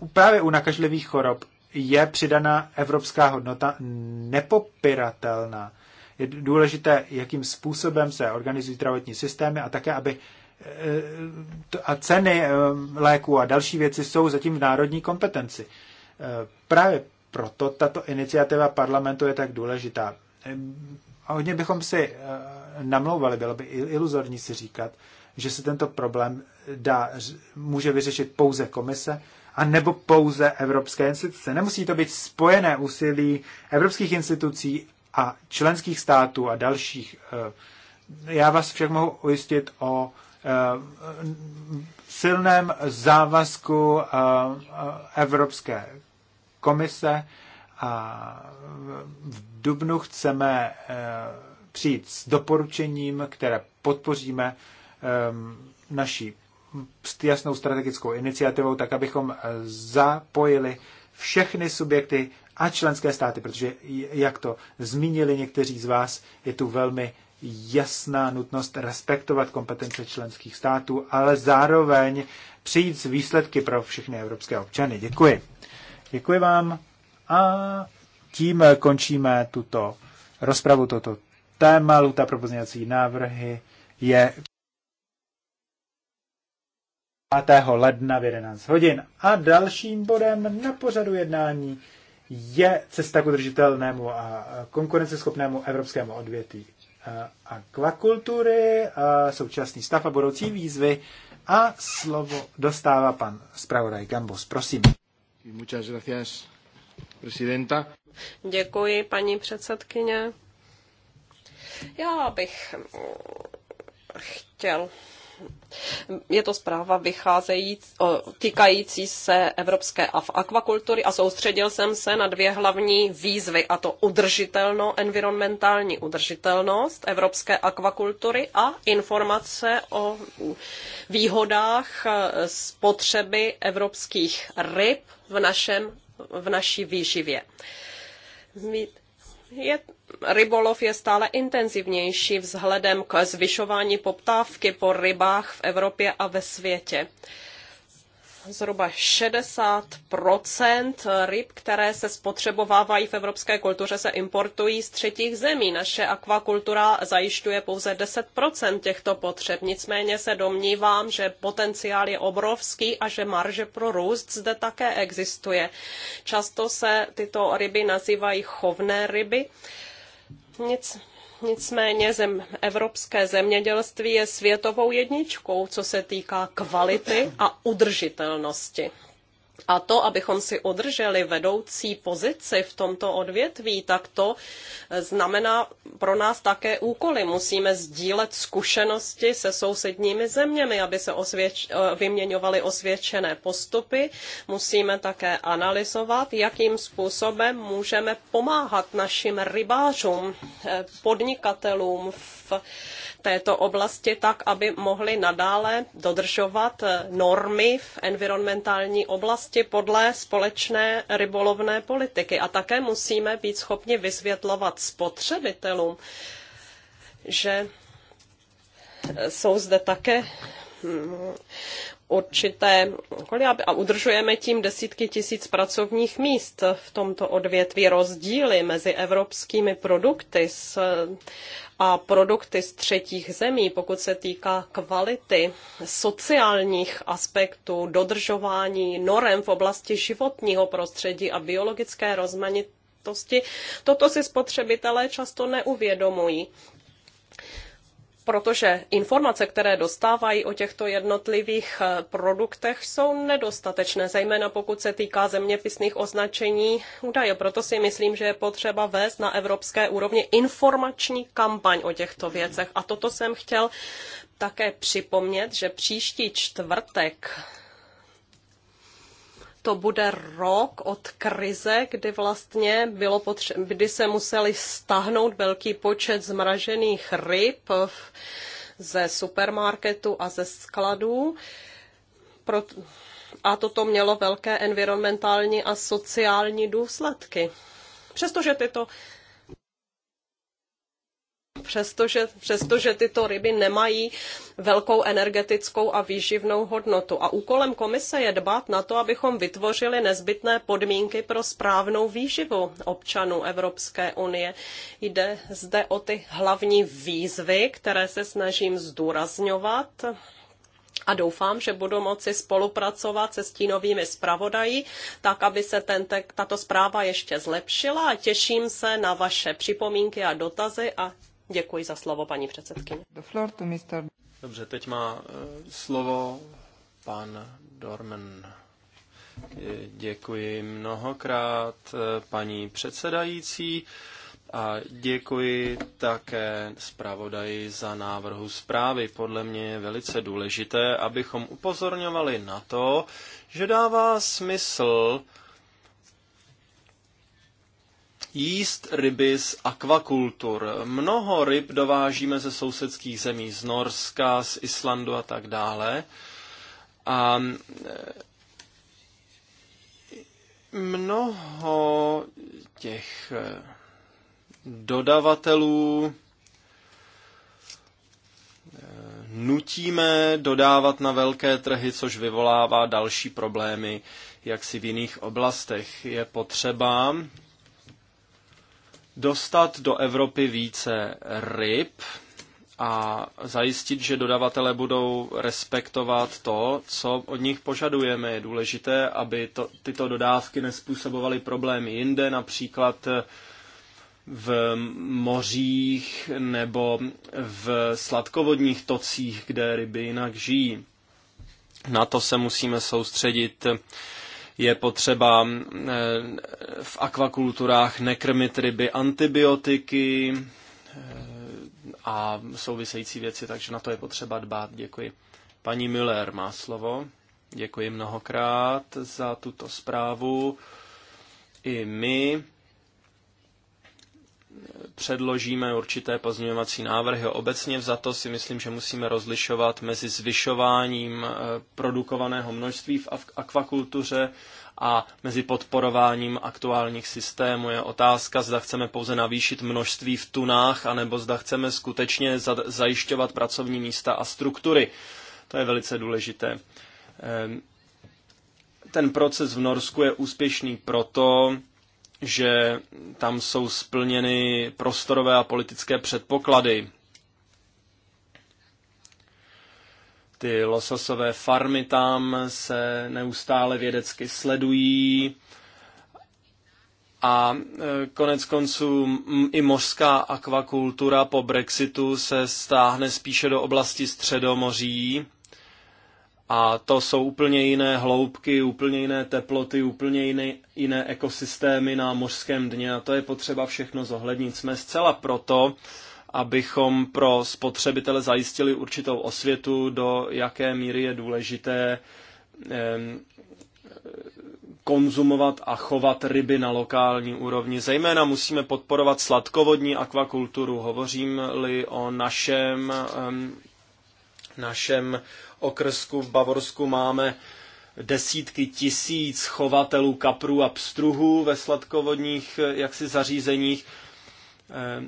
eh, právě u nakažlivých chorob je přidaná evropská hodnota nepopiratelná. Je důležité, jakým způsobem se organizují zdravotní systémy a také, aby Eh, a ceny eh, léku a další věci jsou zatím v národní kompetenci. Eh, právě proto tato iniciativa parlamentu je tak důležitá. A hodně bychom si namlouvali, bylo by iluzorní si říkat, že se tento problém dá, může vyřešit pouze komise, a nebo pouze evropské instituce. Nemusí to být spojené úsilí evropských institucí a členských států a dalších. Já vás však mohu ujistit o Eh, silném závazku eh, Evropské komise a v Dubnu chceme eh, přijít s doporučením, které podpoříme naší jasnou strategickou iniciativou, tak abychom zapojili všechny subjekty a členské státy, protože jak to zmínili někteří z vás, je tu velmi jasná nutnost respektovat kompetence členských států, ale zároveň přijít s výsledky pro všechny evropské občany. Děkuji. Děkuji vám a tím končíme tuto rozpravu, toto téma. Luta pro pozměňovací návrhy je 5. ledna v 11 hodin. A dalším bodem na pořadu jednání je cesta k udržitelnému a konkurenceschopnému evropskému odvětví akvakultury, a současný stav a budoucí výzvy. A slovo dostává pan zpravodaj Gambos. Prosím. Muchas gracias, presidenta. Děkuji, paní předsedkyně. Já bych chtěl je to zpráva vycházející, týkající se evropské akvakultury a soustředil jsem se na dvě hlavní výzvy, a to udržitelnou environmentální udržitelnost evropské akvakultury a informace o výhodách e, spotřeby evropských ryb v, našem, v naší výživě je, rybolov je stále intenzivnější vzhledem k zvyšování poptávky po rybách v Evropě a ve světě zhruba 60 ryb, které se spotřebovávají v evropské kultuře, se importují z třetích zemí. Naše akvakultura zajišťuje pouze 10 těchto potřeb. Nicméně se domnívám, že potenciál je obrovský a že marže pro růst zde také existuje. Často se tyto ryby nazývají chovné ryby. Nic, Nicméně zem, evropské zemědělství je světovou jedničkou, co se týká kvality a udržitelnosti. A to, abychom si udrželi vedoucí pozici v tomto odvětví, tak to eh, znamená pro nás také úkoly. Musíme sdílet zkušenosti se sousedními zeměmi, aby se osvědč, eh, vyměňovaly osvědčené postupy. Musíme také analyzovat, jakým způsobem můžeme pomáhat našim rybářům, eh, podnikatelům v této oblasti tak, aby mohli nadále dodržovat eh, normy v environmentální oblasti podle společné rybolovné politiky. A také musíme být schopni vysvětlovat spotřebitelům, že jsou zde také hm, určité a udržujeme tím desítky tisíc pracovních míst v tomto odvětví. Rozdíly mezi evropskými produkty a produkty z třetích zemí, pokud se týká kvality sociálních aspektů, dodržování norem v oblasti životního prostředí a biologické rozmanitosti, toto si spotřebitelé často neuvědomují protože informace, které dostávají o těchto jednotlivých eh, produktech, jsou nedostatečné, zejména pokud se týká zeměpisných označení údaje. Proto si myslím, že je potřeba vést na evropské úrovni informační kampaň o těchto věcech. A toto jsem chtěl také připomnět, že příští čtvrtek to bude rok od krize, kdy vlastně bylo potře- kdy se museli stahnout velký počet zmražených ryb ze supermarketu a ze skladů. a toto mělo velké environmentální a sociální důsledky. Přestože tyto přestože, přestože tyto ryby nemají velkou energetickou a výživnou hodnotu. A úkolem komise je dbat na to, abychom vytvořili nezbytné podmínky pro správnou výživu občanů Evropské unie. Jde zde o ty hlavní výzvy, které se snažím zdůrazňovat a doufám, že budu moci spolupracovat se stínovými zpravodaji, tak aby se tento, tato zpráva ještě zlepšila a těším se na vaše připomínky a dotazy a Děkuji za slovo, paní předsedkyně. The floor to Mr. Dobře, teď má eh, slovo pan Dorman. Děkuji mnohokrát, eh, paní předsedající. A děkuji také zpravodaji za návrhu zprávy. Podle mě je velice důležité, abychom upozorňovali na to, že dává smysl jíst ryby z akvakultur. Mnoho ryb dovážíme ze sousedských zemí, z Norska, z Islandu a tak dále. A e, mnoho těch e, dodavatelů e, nutíme dodávat na velké trhy, což vyvolává další problémy, jak si v jiných oblastech. Je potřeba dostat do Evropy více ryb a zajistit, že dodavatelé budou respektovat to, co od nich požadujeme. Je důležité, aby to, tyto dodávky nespůsobovaly problémy jinde, například v mořích nebo v sladkovodních tocích, kde ryby jinak žijí. Na to se musíme soustředit je potřeba eh, v akvakulturách nekrmit ryby antibiotiky eh, a související věci, takže na to je potřeba dbát. Děkuji. Paní Müller má slovo. Děkuji mnohokrát za tuto zprávu. I my předložíme určité pozměňovací návrhy. Obecně to si myslím, že musíme rozlišovat mezi zvyšováním eh, produkovaného množství v akvakultuře a mezi podporováním aktuálních systémů. Je otázka, zda chceme pouze navýšit množství v tunách, anebo zda chceme skutečně zajišťovat pracovní místa a struktury. To je velice důležité. Ehm, ten proces v Norsku je úspěšný proto, že tam jsou splněny prostorové a politické předpoklady. Ty lososové farmy tam se neustále vědecky sledují a e, konec konců i mořská akvakultura po Brexitu se stáhne spíše do oblasti středomoří, a to jsou úplně jiné hloubky, úplně jiné teploty, úplně jiné, jiné ekosystémy na mořském dně a to je potřeba všechno zohlednit. Jsme zcela proto, abychom pro spotřebitele zajistili určitou osvětu, do jaké míry je důležité konzumovat a chovat ryby na lokální úrovni. Zejména musíme podporovat sladkovodní akvakulturu. Hovořím-li o našem, našem okrsku v Bavorsku máme desítky tisíc chovatelů kaprů a pstruhů ve sladkovodních eh, jaksi zařízeních. Eh,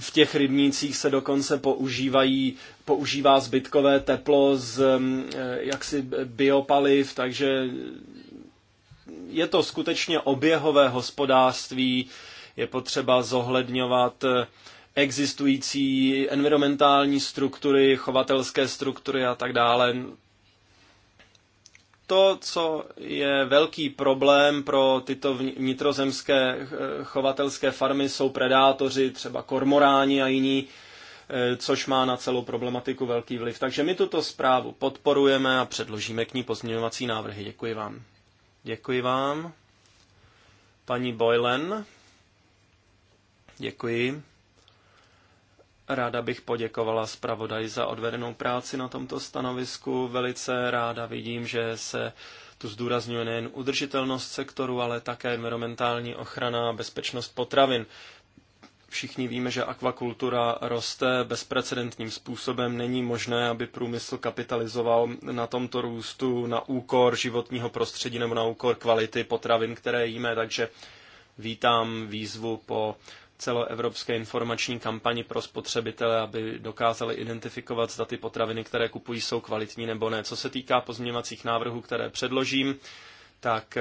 v těch rybnících se dokonce používají, používá zbytkové teplo z mm, eh, jaksi biopaliv, takže je to skutečně oběhové hospodářství, je potřeba zohledňovat existující environmentální struktury, chovatelské struktury a tak dále. To, co je velký problém pro tyto vnitrozemské eh, chovatelské farmy, jsou predátoři, třeba kormoráni a jiní, eh, což má na celou problematiku velký vliv. Takže my tuto zprávu podporujeme a předložíme k ní pozměňovací návrhy. Děkuji vám. Děkuji vám. Paní Boylen. Děkuji. Ráda bych poděkovala zpravodaji za odvedenou práci na tomto stanovisku. Velice ráda vidím, že se tu zdůrazňuje nejen udržitelnost sektoru, ale také environmentální ochrana a bezpečnost potravin. Všichni víme, že akvakultura roste bezprecedentním způsobem. Není možné, aby průmysl kapitalizoval na tomto růstu na úkor životního prostředí nebo na úkor kvality potravin, které jíme. Takže vítám výzvu po celoevropské informační kampani pro spotřebitele, aby dokázali identifikovat, zda ty potraviny, které kupují, jsou kvalitní nebo ne. Co se týká pozměňovacích návrhů, které předložím, tak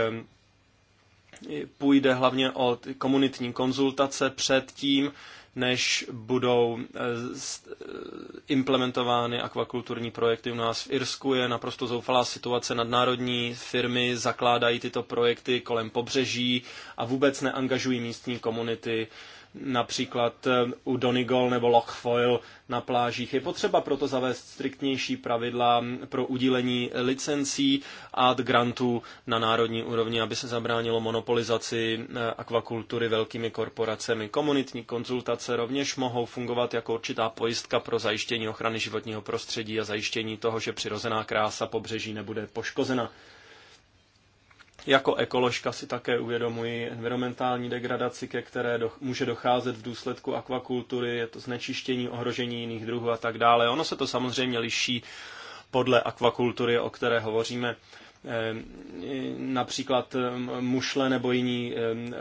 půjde hlavně o komunitní konzultace před tím, než budou e, e, implementovány akvakulturní projekty u nás v Irsku. Je naprosto zoufalá situace. Nadnárodní firmy zakládají tyto projekty kolem pobřeží a vůbec neangažují místní komunity například eh, u Donegal nebo Loch Foyle na plážích. Je potřeba proto zavést striktnější pravidla pro udílení licencí a grantů na národní úrovni, aby se zabránilo monopolizaci eh, akvakultury velkými korporacemi. Komunitní konzultace rovněž mohou fungovat jako určitá pojistka pro zajištění ochrany životního prostředí a zajištění toho, že přirozená krása pobřeží nebude poškozena. Jako ekoložka si také uvědomuji environmentální degradaci, ke které do, může docházet v důsledku akvakultury, je to znečištění, ohrožení jiných druhů a tak dále. Ono se to samozřejmě liší podle akvakultury, o které hovoříme. Ehm, například ehm, mušle nebo jiní ehm,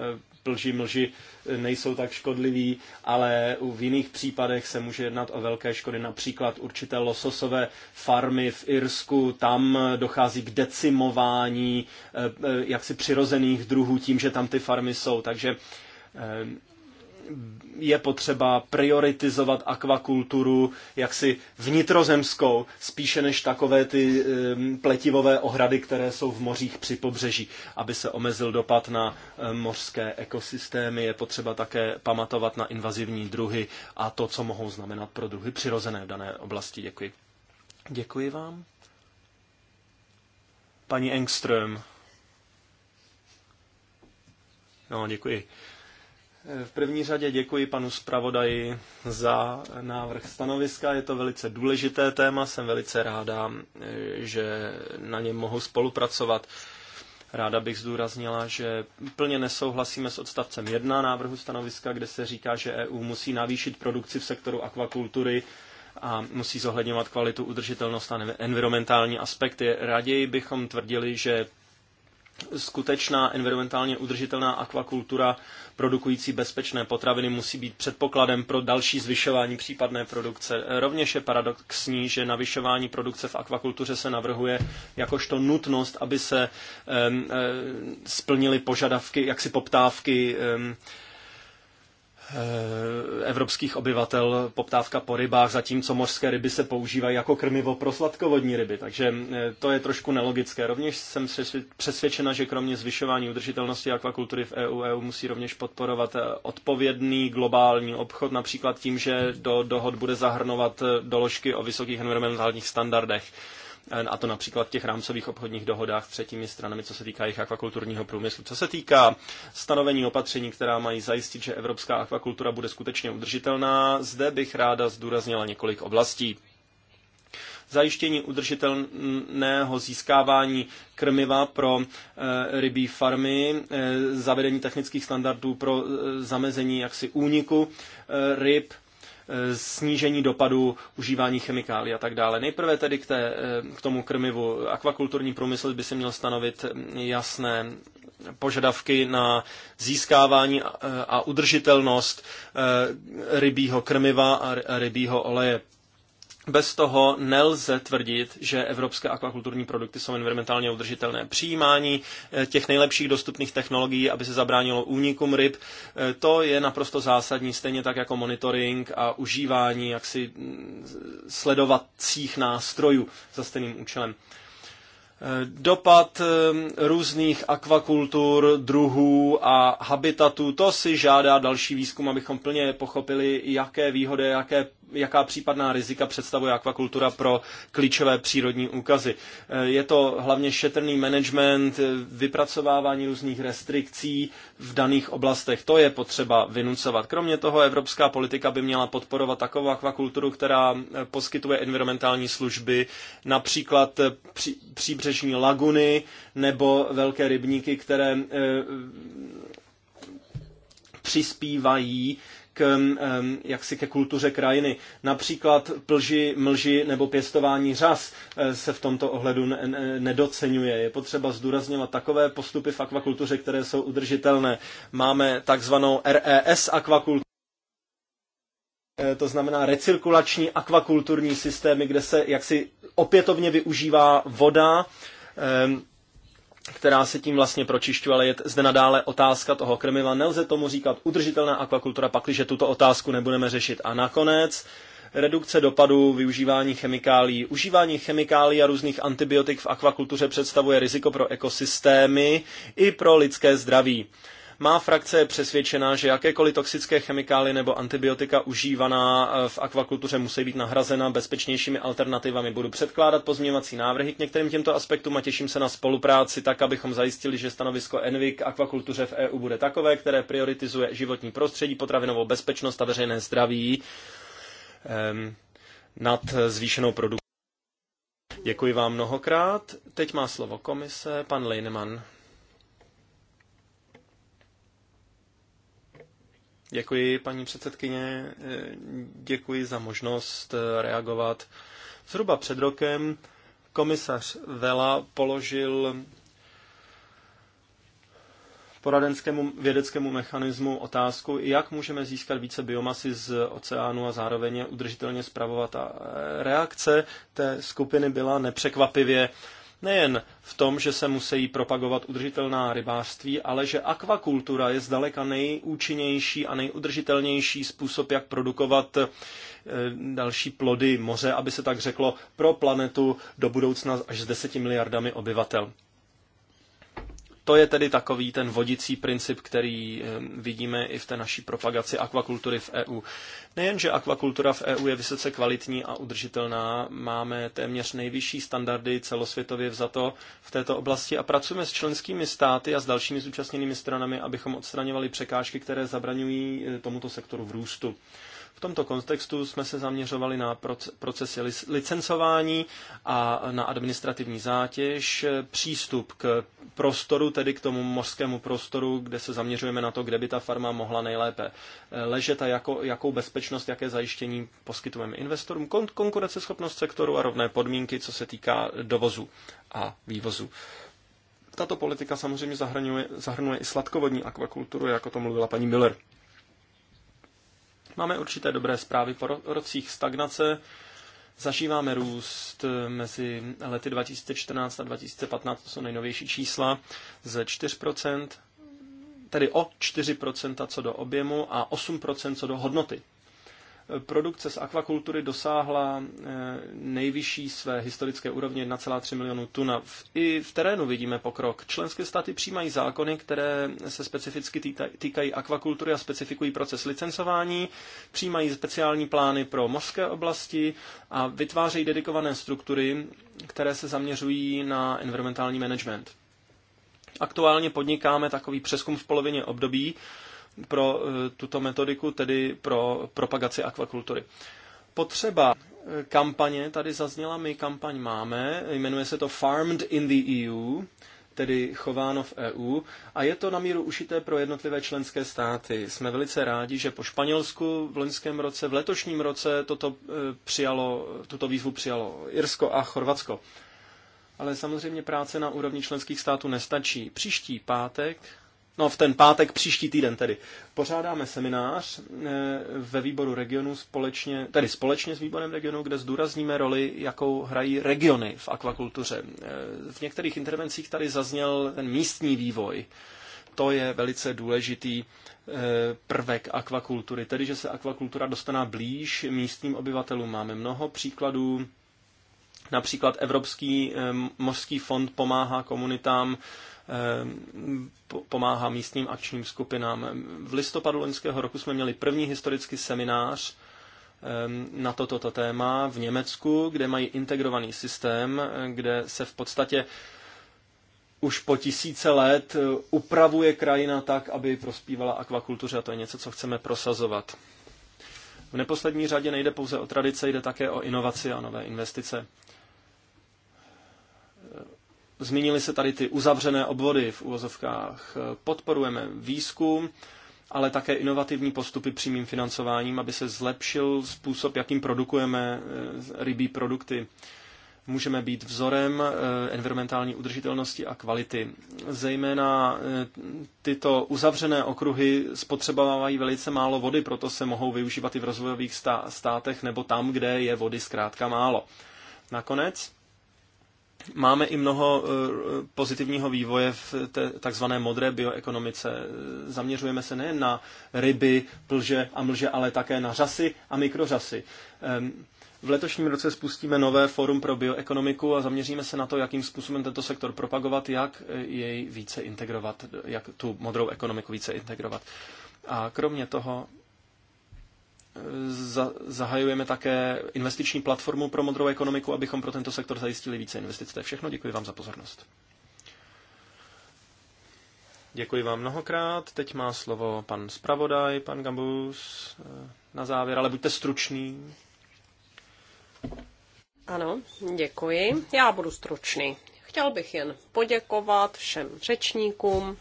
plži mlži e, nejsou tak škodliví, ale v jiných případech se může jednat o velké škody, například určité lososové farmy v Irsku, tam dochází k decimování e, e, jaksi přirozených druhů tím, že tam ty farmy jsou, takže je potřeba prioritizovat akvakulturu jaksi vnitrozemskou, spíše než takové ty pletivové ohrady, které jsou v mořích při pobřeží. Aby se omezil dopad na mořské ekosystémy, je potřeba také pamatovat na invazivní druhy a to, co mohou znamenat pro druhy přirozené v dané oblasti. Děkuji. Děkuji vám. Paní Engström. No, děkuji. V první řadě děkuji panu zpravodaji za návrh stanoviska. Je to velice důležité téma, jsem velice ráda, že na něm mohu spolupracovat. Ráda bych zdůraznila, že plně nesouhlasíme s odstavcem 1 návrhu stanoviska, kde se říká, že EU musí navýšit produkci v sektoru akvakultury a musí zohledňovat kvalitu, udržitelnost a environmentální aspekty. Raději bychom tvrdili, že skutečná environmentálně udržitelná akvakultura produkující bezpečné potraviny musí být předpokladem pro další zvyšování případné produkce. Rovněž je paradoxní, že navyšování produkce v akvakultuře se navrhuje jakožto nutnost, aby se um, splnily požadavky, jaksi poptávky um, Eh, evropských obyvatel poptávka po rybách, zatímco mořské ryby se používají jako krmivo pro sladkovodní ryby. Takže eh, to je trošku nelogické. Rovněž jsem přesvědčena, že kromě zvyšování udržitelnosti akvakultury v EU, EU musí rovněž podporovat eh, odpovědný globální obchod, například tím, že do dohod bude zahrnovat doložky o vysokých environmentálních standardech. Eh, a to například v těch rámcových obchodních dohodách s třetími stranami, co se týká jejich akvakulturního průmyslu. Co se týká stanovení opatření, která mají zajistit, že evropská akvakultura bude skutečně udržitelná, zde bych ráda zdůraznila několik oblastí zajištění udržitelného získávání krmiva pro eh, rybí farmy, eh, zavedení technických standardů pro zamezení jaksi úniku ryb, Eh, snížení dopadu užívání chemikálií a tak dále. Nejprve tedy k, té, eh, k tomu krmivu. Akvakulturní průmysl by si měl stanovit eh, jasné požadavky na získávání a udržitelnost rybího krmiva a rybího oleje bez toho nelze tvrdit, že evropské akvakulturní produkty jsou environmentálně udržitelné. Přijímání eh, těch nejlepších dostupných technologií, aby se zabránilo únikům ryb, eh, to je naprosto zásadní, stejně tak jako monitoring a užívání jaksi mm, sledovacích nástrojů za stejným účelem. Eh, dopad různých akvakultur, druhů a habitatů, to si žádá další výzkum, abychom plně pochopili, jaké výhody, jaké jaká případná rizika představuje akvakultura pro klíčové přírodní úkazy. Eh, je to hlavně šetrný management, eh, vypracovávání různých restrikcí v daných oblastech. To je potřeba vynucovat. Kromě toho evropská politika by měla podporovat takovou akvakulturu, která eh, poskytuje environmentální služby, například příbřežní laguny nebo velké rybníky, které přispívají k, jaksi ke kultuře krajiny. Například plži, mlži nebo pěstování řas eh, se v tomto ohledu nedocenuje. Je potřeba zdůrazňovat takové postupy v akvakultuře, které jsou udržitelné. Máme takzvanou RES akvakulturu, eh, to znamená recirkulační akvakulturní systémy, kde se jaksi opětovně využívá voda, která se tím vlastně pročišťuje, ale je zde nadále otázka toho krmiva. Nelze tomu říkat udržitelná akvakultura, pakliže tuto otázku nebudeme řešit. A nakonec redukce dopadů využívání chemikálí. Užívání chemikálí a různých antibiotik v akvakultuře představuje riziko pro ekosystémy i pro lidské zdraví. Má frakce je přesvědčená, že jakékoliv toxické chemikály nebo antibiotika užívaná eh, v akvakultuře musí být nahrazena bezpečnějšími alternativami. Budu předkládat pozměňovací návrhy k některým těmto aspektům a těším se na spolupráci tak, abychom zajistili, že stanovisko Envy k akvakultuře v EU bude takové, které prioritizuje životní prostředí, potravinovou bezpečnost a veřejné zdraví ehm, nad zvýšenou produkci. Děkuji vám mnohokrát. Teď má slovo komise, pan Lejneman. Děkuji, paní předsedkyně, eh, děkuji za možnost eh, reagovat. Zhruba před rokem komisař Vela položil poradenskému vědeckému mechanismu otázku, jak můžeme získat více biomasy z oceánu a zároveň je udržitelně zpravovat. A reakce té skupiny byla nepřekvapivě nejen v tom, že se musí propagovat udržitelná rybářství, ale že akvakultura je zdaleka nejúčinnější a nejudržitelnější způsob, jak produkovat eh, další plody moře, aby se tak řeklo, pro planetu do budoucna až s 10 miliardami obyvatel. To je tedy takový ten vodicí princip, který ehm, vidíme i v té naší propagaci akvakultury v EU. Nejenže akvakultura v EU je vysoce kvalitní a udržitelná, máme téměř nejvyšší standardy celosvětově vzato v této oblasti a pracujeme s členskými státy a s dalšími zúčastněnými stranami, abychom odstraňovali překážky, které zabraňují eh, tomuto sektoru v růstu. V tomto kontextu jsme se zaměřovali na procesy licencování a na administrativní zátěž, přístup k prostoru, tedy k tomu mořskému prostoru, kde se zaměřujeme na to, kde by ta farma mohla nejlépe eh, ležet a jako, jakou bezpečnost, jaké zajištění poskytujeme investorům, kon, konkurenceschopnost sektoru a rovné podmínky, co se týká dovozu a vývozu. Tato politika samozřejmě zahrnuje, zahrnuje i sladkovodní akvakulturu, jako to mluvila paní Miller. Máme určité dobré zprávy po rocích stagnace, zažíváme růst eh, mezi lety 2014 a 2015, to jsou nejnovější čísla, ze 4%, tedy o 4% co do objemu a 8% co do hodnoty. Produkce z akvakultury dosáhla eh, nejvyšší své historické úrovně 1,3 milionu tun. I v terénu vidíme pokrok. Členské státy přijímají zákony, které se specificky týkají akvakultury a specifikují proces licencování, přijímají speciální plány pro mořské oblasti a vytvářejí dedikované struktury, které se zaměřují na environmentální management. Aktuálně podnikáme takový přeskum v polovině období, pro eh, tuto metodiku, tedy pro propagaci akvakultury. Potřeba eh, kampaně, tady zazněla, my kampaň máme, jmenuje se to Farmed in the EU, tedy chováno v EU, a je to na míru ušité pro jednotlivé členské státy. Jsme velice rádi, že po Španělsku v loňském roce, v letošním roce toto eh, přijalo, tuto výzvu přijalo Irsko a Chorvatsko. Ale samozřejmě práce na úrovni členských států nestačí. Příští pátek no v ten pátek příští týden tedy, pořádáme seminář eh, ve výboru regionu společně, tedy společně s výborem regionu, kde zdůrazníme roli, jakou hrají regiony v akvakultuře. Eh, v některých intervencích tady zazněl ten místní vývoj. To je velice důležitý eh, prvek akvakultury, tedy že se akvakultura dostane blíž místním obyvatelům. Máme mnoho příkladů Například Evropský mořský fond pomáhá komunitám Ehm, pomáhá místním akčním skupinám. V listopadu loňského roku jsme měli první historický seminář ehm, na toto to, to téma v Německu, kde mají integrovaný systém, kde se v podstatě už po tisíce let eh, upravuje krajina tak, aby prospívala akvakultuře a to je něco, co chceme prosazovat. V neposlední řadě nejde pouze o tradice, jde také o inovaci a nové investice. Zmínili se tady ty uzavřené obvody v uvozovkách. Podporujeme výzkum, ale také inovativní postupy přímým financováním, aby se zlepšil způsob, jakým produkujeme eh, rybí produkty. Můžeme být vzorem eh, environmentální udržitelnosti a kvality. Zejména eh, tyto uzavřené okruhy spotřebovávají velice málo vody, proto se mohou využívat i v rozvojových státech nebo tam, kde je vody zkrátka málo. Nakonec Máme i mnoho eh, pozitivního vývoje v té takzvané modré bioekonomice. Zaměřujeme se nejen na ryby, plže a mlže, ale také na řasy a mikrořasy. Ehm, v letošním roce spustíme nové fórum pro bioekonomiku a zaměříme se na to, jakým způsobem tento sektor propagovat, jak eh, jej více integrovat, jak tu modrou ekonomiku více integrovat. A kromě toho zahajujeme také investiční platformu pro modrou ekonomiku, abychom pro tento sektor zajistili více investic. To je všechno. Děkuji vám za pozornost. Děkuji vám mnohokrát. Teď má slovo pan zpravodaj, pan Gambus eh, na závěr, ale buďte stručný. Ano, děkuji. Já budu stručný. Chtěl bych jen poděkovat všem řečníkům.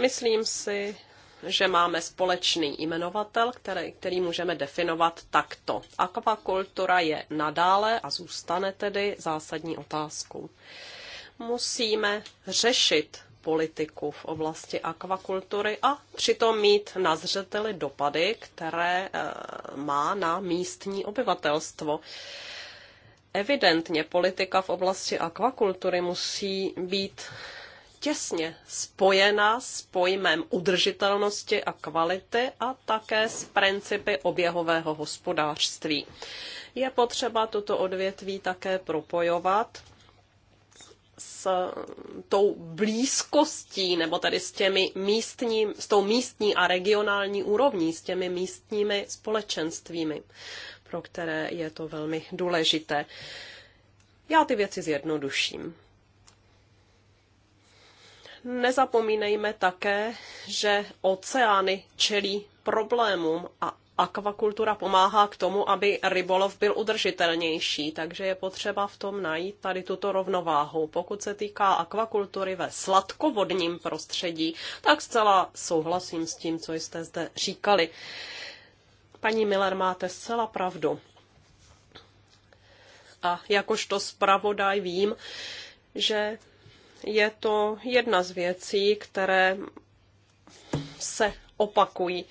Myslím si, že máme společný jmenovatel, který, který můžeme definovat takto. Akvakultura je nadále a zůstane tedy zásadní otázkou. Musíme řešit politiku v oblasti akvakultury a přitom mít na zřeteli dopady, které eh, má na místní obyvatelstvo. Evidentně politika v oblasti akvakultury musí být těsně spojena s pojmem udržitelnosti a kvality a také s principy oběhového hospodářství. Je potřeba toto odvětví také propojovat s tou blízkostí, nebo tedy s, těmi místní, s tou místní a regionální úrovní, s těmi místními společenstvími, pro které je to velmi důležité. Já ty věci zjednoduším. Nezapomínejme také, že oceány čelí problémům a akvakultura pomáhá k tomu, aby rybolov byl udržitelnější, takže je potřeba v tom najít tady tuto rovnováhu. Pokud se týká akvakultury ve sladkovodním prostředí, tak zcela souhlasím s tím, co jste zde říkali. Paní Miller, máte zcela pravdu. A jakožto zpravodaj vím, že je to jedna z věcí, které se opakují.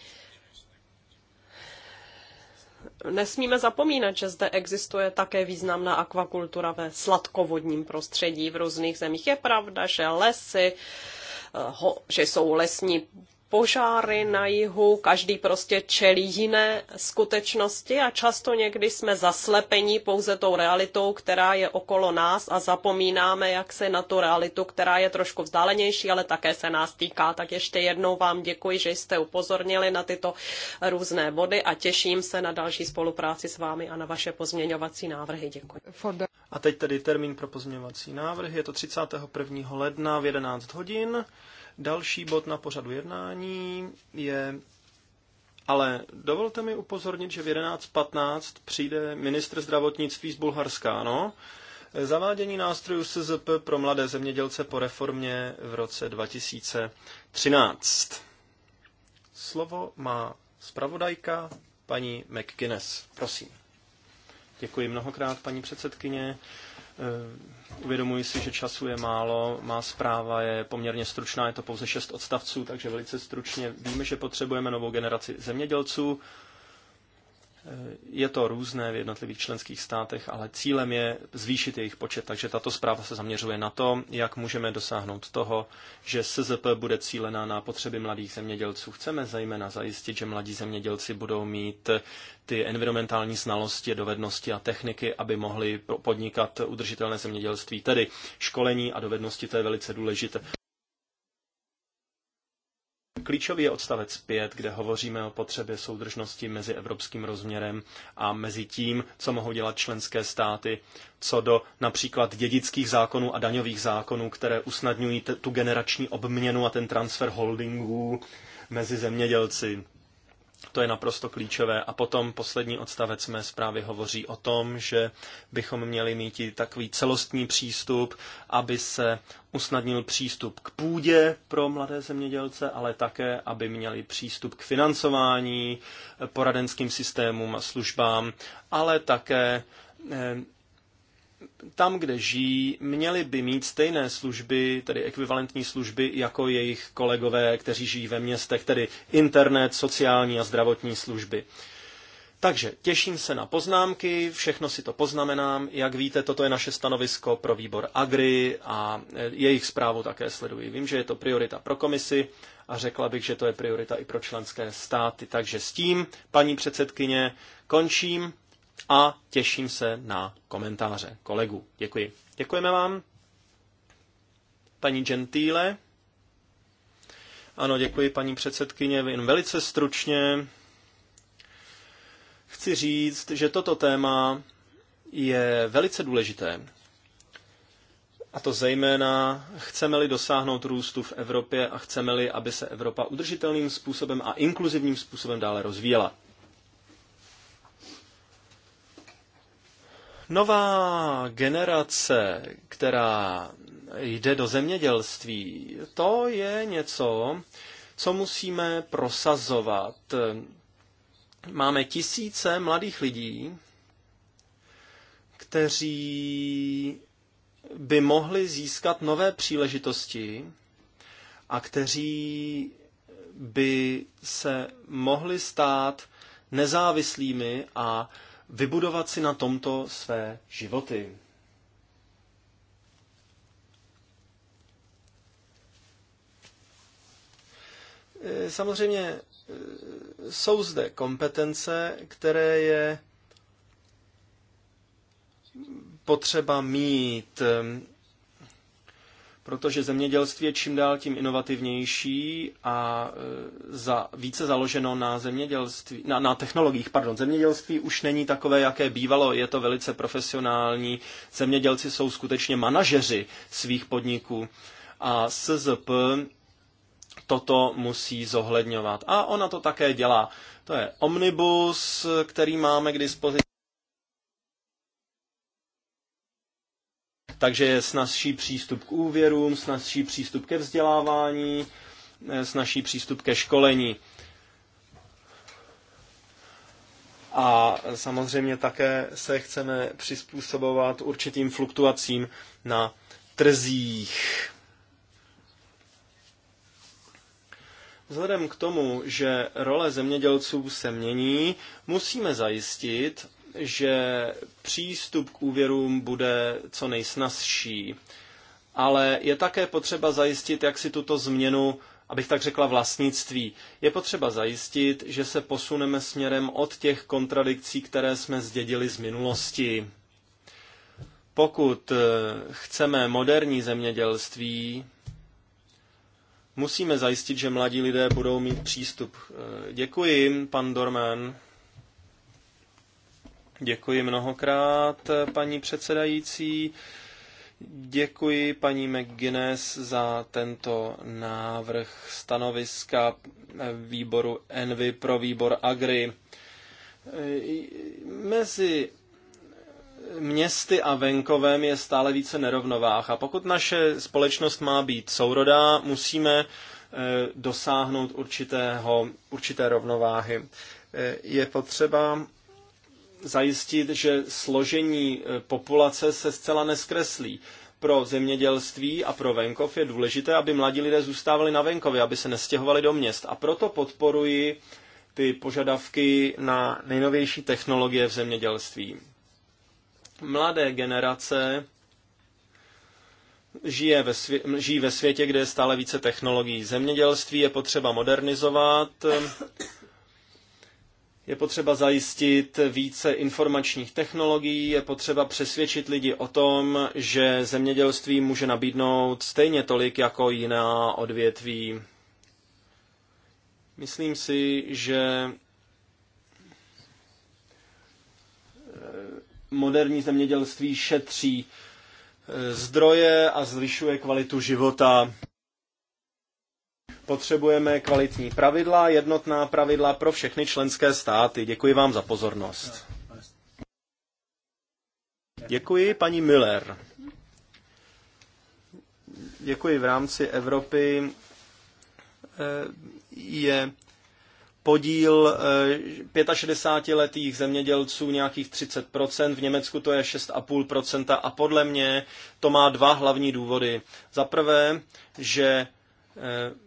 Nesmíme zapomínat, že zde existuje také významná akvakultura ve sladkovodním prostředí v různých zemích. Je pravda, že lesy, eh, že jsou lesní požáry na jihu, každý prostě čelí jiné skutečnosti a často někdy jsme zaslepeni pouze tou realitou, která je okolo nás a zapomínáme, jak se na tu realitu, která je trošku vzdálenější, ale také se nás týká. Tak ještě jednou vám děkuji, že jste upozornili na tyto různé body a těším se na další spolupráci s vámi a na vaše pozměňovací návrhy. Děkuji. A teď tedy termín pro pozměňovací návrhy. Je to 31. ledna v 11 hodin. Další bod na pořadu jednání je ale dovolte mi upozornit, že v 11.15 přijde ministr zdravotnictví z Bulharska, ano? Zavádění nástrojů SZP pro mladé zemědělce po reformě v roce 2013. Slovo má zpravodajka paní McGuinness. Prosím. Děkuji mnohokrát, paní předsedkyně. Uvědomuji si, že času je málo, má zpráva je poměrně stručná, je to pouze šest odstavců, takže velice stručně víme, že potřebujeme novou generaci zemědělců, je to různé v jednotlivých členských státech, ale cílem je zvýšit jejich počet, takže tato zpráva se zaměřuje na to, jak můžeme dosáhnout toho, že SZP bude cílená na potřeby mladých zemědělců. Chceme zejména zajistit, že mladí zemědělci budou mít ty environmentální znalosti, dovednosti a techniky, aby mohli podnikat udržitelné zemědělství, tedy školení a dovednosti, to je velice důležité. Klíčový je odstavec 5, kde hovoříme o potřebě soudržnosti mezi evropským rozměrem a mezi tím, co mohou dělat členské státy, co do například dědických zákonů a daňových zákonů, které usnadňují tu generační obměnu a ten transfer holdingů mezi zemědělci to je naprosto klíčové. A potom poslední odstavec mé zprávy hovoří o tom, že bychom měli mít takový celostní přístup, aby se usnadnil přístup k půdě pro mladé zemědělce, ale také, aby měli přístup k financování, poradenským systémům a službám, ale také eh, tam, kde žijí, měli by mít stejné služby, tedy ekvivalentní služby, jako jejich kolegové, kteří žijí ve městech, tedy internet, sociální a zdravotní služby. Takže těším se na poznámky, všechno si to poznamenám. Jak víte, toto je naše stanovisko pro výbor Agri a e, jejich zprávu také sleduji. Vím, že je to priorita pro komisi a řekla bych, že to je priorita i pro členské státy. Takže s tím, paní předsedkyně, končím a těším se na komentáře kolegů. Děkuji. Děkujeme vám. Paní Gentile. Ano, děkuji paní předsedkyně. Jen velice stručně chci říct, že toto téma je velice důležité. A to zejména chceme-li dosáhnout růstu v Evropě a chceme-li, aby se Evropa udržitelným způsobem a inkluzivním způsobem dále rozvíjela. Nová generace, která jde do zemědělství, to je něco, co musíme prosazovat. Máme tisíce mladých lidí, kteří by mohli získat nové příležitosti a kteří by se mohli stát nezávislými a vybudovat si na tomto své životy. E, samozřejmě e, jsou zde kompetence, které je potřeba mít protože zemědělství je čím dál tím inovativnější a e, za, více založeno na zemědělství, na, na technologiích, pardon. Zemědělství už není takové, jaké bývalo, je to velice profesionální. Zemědělci jsou skutečně manažeři svých podniků a SZP toto musí zohledňovat. A ona to také dělá. To je omnibus, který máme k dispozici. Takže je snazší přístup k úvěrům, snazší přístup ke vzdělávání, eh, snazší přístup ke školení. A samozřejmě také se chceme přizpůsobovat určitým fluktuacím na trzích. Vzhledem k tomu, že role zemědělců se mění, musíme zajistit, že přístup k úvěrům bude co nejsnazší, ale je také potřeba zajistit, jak si tuto změnu, abych tak řekla, vlastnictví. Je potřeba zajistit, že se posuneme směrem od těch kontradikcí, které jsme zdědili z minulosti. Pokud eh, chceme moderní zemědělství, musíme zajistit, že mladí lidé budou mít přístup. Eh, děkuji, pan Dorman. Děkuji mnohokrát, paní předsedající. Děkuji paní McGuinness za tento návrh stanoviska výboru Envy pro výbor Agri. Mezi městy a venkovem je stále více nerovnováh a pokud naše společnost má být sourodá, musíme eh, dosáhnout určitého, určité rovnováhy. Eh, je potřeba zajistit, že složení e, populace se zcela neskreslí. Pro zemědělství a pro venkov je důležité, aby mladí lidé zůstávali na venkově, aby se nestěhovali do měst. A proto podporuji ty požadavky na nejnovější technologie v zemědělství. Mladé generace žije ve svě- žijí ve světě, kde je stále více technologií. Zemědělství je potřeba modernizovat, je potřeba zajistit více informačních technologií, je potřeba přesvědčit lidi o tom, že zemědělství může nabídnout stejně tolik jako jiná odvětví. Myslím si, že eh, moderní zemědělství šetří eh, zdroje a zvyšuje kvalitu života Potřebujeme kvalitní pravidla, jednotná pravidla pro všechny členské státy. Děkuji vám za pozornost. Děkuji, paní Miller. Děkuji. V rámci Evropy eh, je podíl 65-letých eh, zemědělců nějakých 30%, v Německu to je 6,5% a podle mě to má dva hlavní důvody. Za prvé, že eh,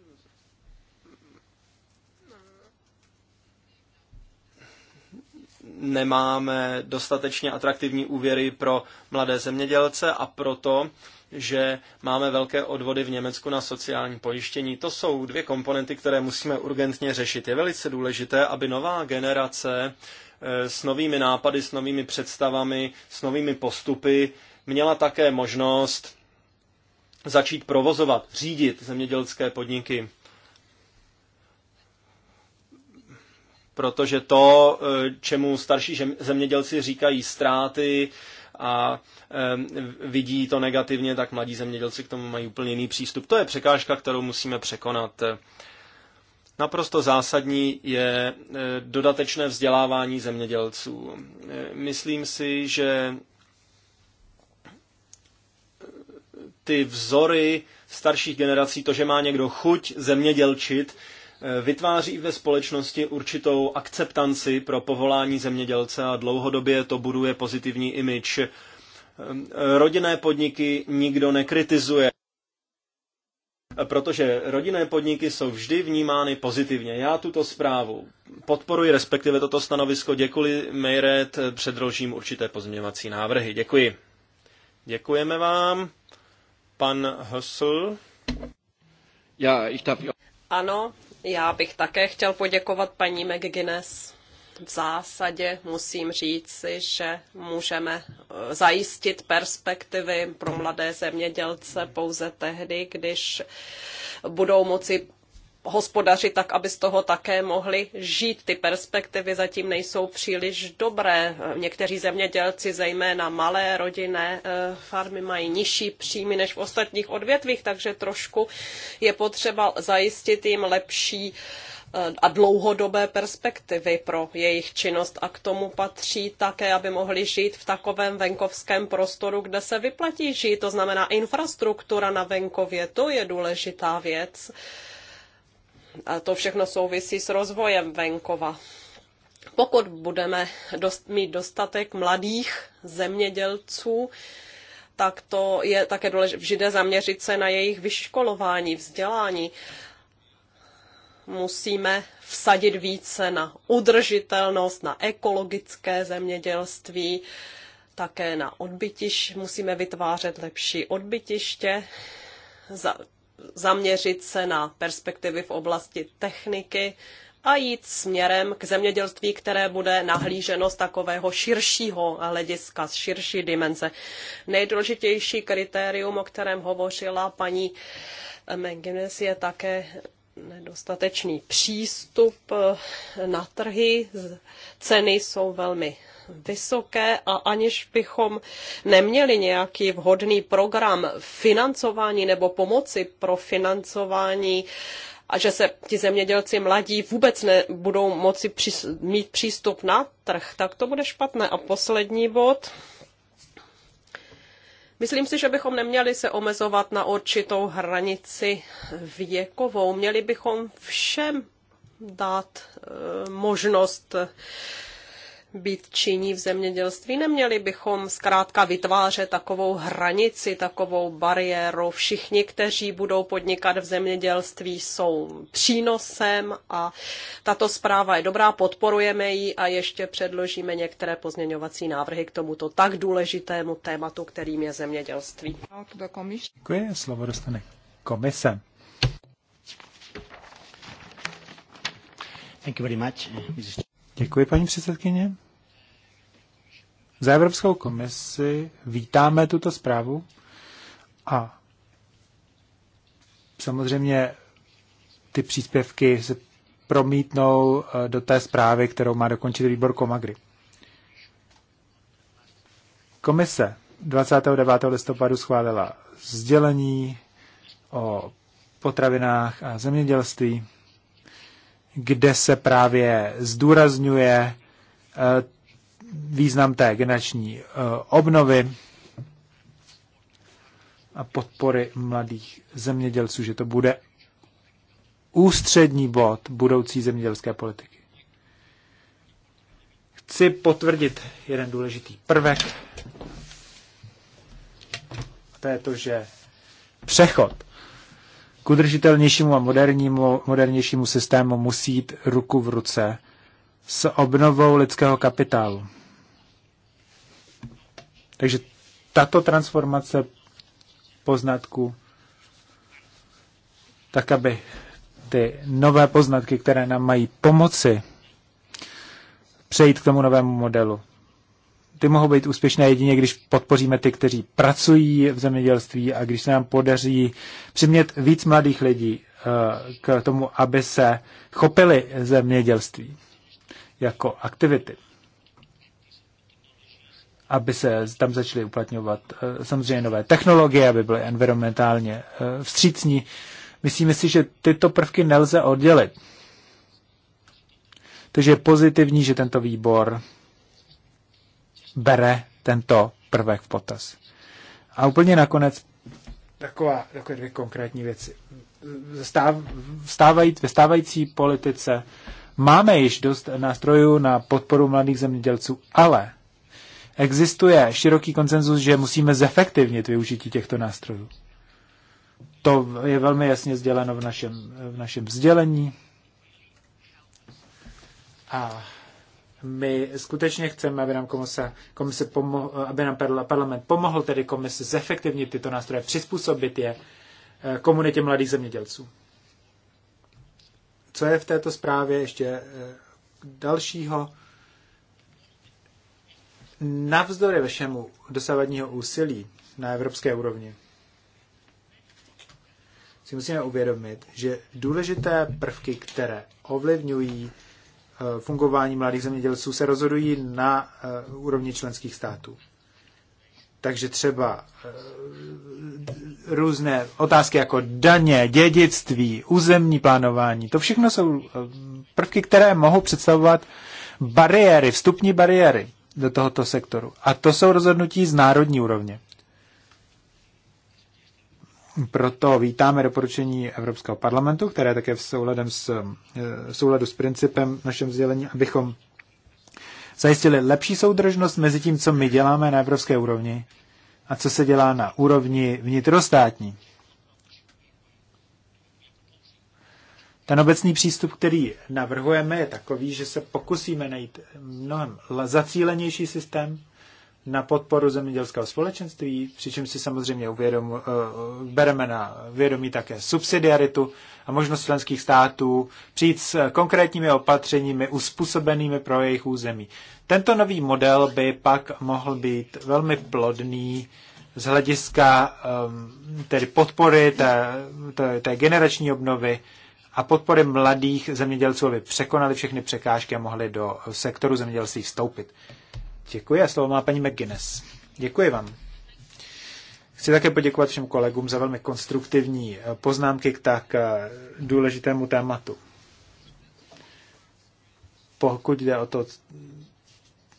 nemáme dostatečně atraktivní úvěry pro mladé zemědělce a proto, že máme velké odvody v Německu na sociální pojištění. To jsou dvě komponenty, které musíme urgentně řešit. Je velice důležité, aby nová generace eh, s novými nápady, s novými představami, s novými postupy měla také možnost začít provozovat, řídit zemědělské podniky. protože to, eh, čemu starší zemědělci říkají ztráty a eh, vidí to negativně, tak mladí zemědělci k tomu mají úplně jiný přístup. To je překážka, kterou musíme překonat. Naprosto zásadní je eh, dodatečné vzdělávání zemědělců. Myslím si, že ty vzory starších generací, to, že má někdo chuť zemědělčit, vytváří ve společnosti určitou akceptanci pro povolání zemědělce a dlouhodobě to buduje pozitivní imič. Rodinné podniky nikdo nekritizuje, protože rodinné podniky jsou vždy vnímány pozitivně. Já tuto zprávu podporuji, respektive toto stanovisko. Děkuji, Mejret, předložím určité pozměňovací návrhy. Děkuji. Děkujeme vám. Pan Hösl. Já, ich darf... Ano, já bych také chtěl poděkovat paní McGuinness. V zásadě musím říci, že můžeme eh, zajistit perspektivy pro mladé zemědělce pouze tehdy, když budou moci hospodařit tak, aby z toho také mohli žít. Ty perspektivy zatím nejsou příliš dobré. Někteří zemědělci, zejména malé rodinné eh, farmy, mají nižší příjmy než v ostatních odvětvích, takže trošku je potřeba zajistit jim lepší eh, a dlouhodobé perspektivy pro jejich činnost a k tomu patří také, aby mohli žít v takovém venkovském prostoru, kde se vyplatí žít. To znamená infrastruktura na venkově, to je důležitá věc a to všechno souvisí s rozvojem venkova. Pokud budeme dost, mít dostatek mladých zemědělců, tak to je také důležité zaměřit se na jejich vyškolování, vzdělání. Musíme vsadit více na udržitelnost, na ekologické zemědělství, také na odbytiště. musíme vytvářet lepší odbytiště, zaměřit se na perspektivy v oblasti techniky a jít směrem k zemědělství, které bude nahlíženo z takového širšího hlediska, z širší dimenze. Nejdůležitější kritérium, o kterém hovořila paní McGuinness, je také nedostatečný přístup na trhy. Ceny jsou velmi vysoké a aniž bychom neměli nějaký vhodný program financování nebo pomoci pro financování a že se ti zemědělci mladí vůbec nebudou moci mít přístup na trh, tak to bude špatné. A poslední bod. Myslím si, že bychom neměli se omezovat na určitou hranici věkovou. Měli bychom všem dát eh, možnost být činní v zemědělství. Neměli bychom zkrátka vytvářet takovou hranici, takovou bariéru. Všichni, kteří budou podnikat v zemědělství, jsou přínosem a tato zpráva je dobrá, podporujeme ji a ještě předložíme některé pozměňovací návrhy k tomuto tak důležitému tématu, kterým je zemědělství. Děkuji, slovo dostane komise. Thank you very much, Děkuji, paní předsedkyně. Za Evropskou komisi vítáme tuto zprávu a samozřejmě ty příspěvky se promítnou eh, do té zprávy, kterou má dokončit výbor Komagry. Komise 29. listopadu schválila sdělení o potravinách a zemědělství kde se právě zdůrazňuje eh, význam té generační eh, obnovy a podpory mladých zemědělců, že to bude ústřední bod budoucí zemědělské politiky. Chci potvrdit jeden důležitý prvek, to je to, že přechod udržitelnějšímu a modernímu, modernějšímu systému musí jít ruku v ruce s obnovou lidského kapitálu. Takže tato transformace poznatků, tak aby ty nové poznatky, které nám mají pomoci přejít k tomu novému modelu, ty mohou být úspěšné jedině, když podpoříme ty, kteří pracují v zemědělství a když se nám podaří přimět víc mladých lidí eh, k tomu, aby se chopili zemědělství jako aktivity. Aby se tam začaly uplatňovat eh, samozřejmě nové technologie, aby byly environmentálně eh, vstřícní. Myslíme si, že tyto prvky nelze oddělit. Takže je pozitivní, že tento výbor bere tento prvek v potaz. A úplně nakonec taková, takové dvě konkrétní věci. Stáv, stávají, ve stávající politice máme již dost nástrojů na podporu mladých zemědělců, ale existuje široký konsenzus, že musíme zefektivnit využití těchto nástrojů. To je velmi jasně sděleno v našem, v našem sdělení. A my skutečně chceme, aby nám, komise, komise pomohl, aby nám parlament pomohl tedy komisi zefektivnit tyto nástroje, přizpůsobit je eh, komunitě mladých zemědělců. Co je v této zprávě ještě eh, dalšího? Navzdory všemu dosavadního úsilí na evropské úrovni si musíme uvědomit, že důležité prvky, které ovlivňují Eh, fungování mladých zemědělců se rozhodují na eh, úrovni členských států. Takže třeba eh, různé otázky jako daně, dědictví, územní plánování, to všechno jsou prvky, které mohou představovat bariéry, vstupní bariéry do tohoto sektoru. A to jsou rozhodnutí z národní úrovně. Proto vítáme doporučení Evropského parlamentu, které také v, s, eh, v souladu s principem našem vzdělení, abychom zajistili lepší soudržnost mezi tím, co my děláme na evropské úrovni a co se dělá na úrovni vnitrostátní. Ten obecný přístup, který navrhujeme, je takový, že se pokusíme najít mnohem zacílenější systém, na podporu zemědělského společenství, přičemž si samozřejmě uvědom, eh, bereme na vědomí také subsidiaritu a možnost členských států přijít s konkrétními opatřeními uspůsobenými pro jejich území. Tento nový model by pak mohl být velmi plodný z hlediska ehm, tedy podpory té, té, té generační obnovy a podpory mladých zemědělců, aby překonali všechny překážky a mohli do sektoru zemědělství vstoupit. Děkuji a slovo má paní McGuinness. Děkuji vám. Chci také poděkovat všem kolegům za velmi konstruktivní eh, poznámky k tak eh, důležitému tématu. Pokud jde o to,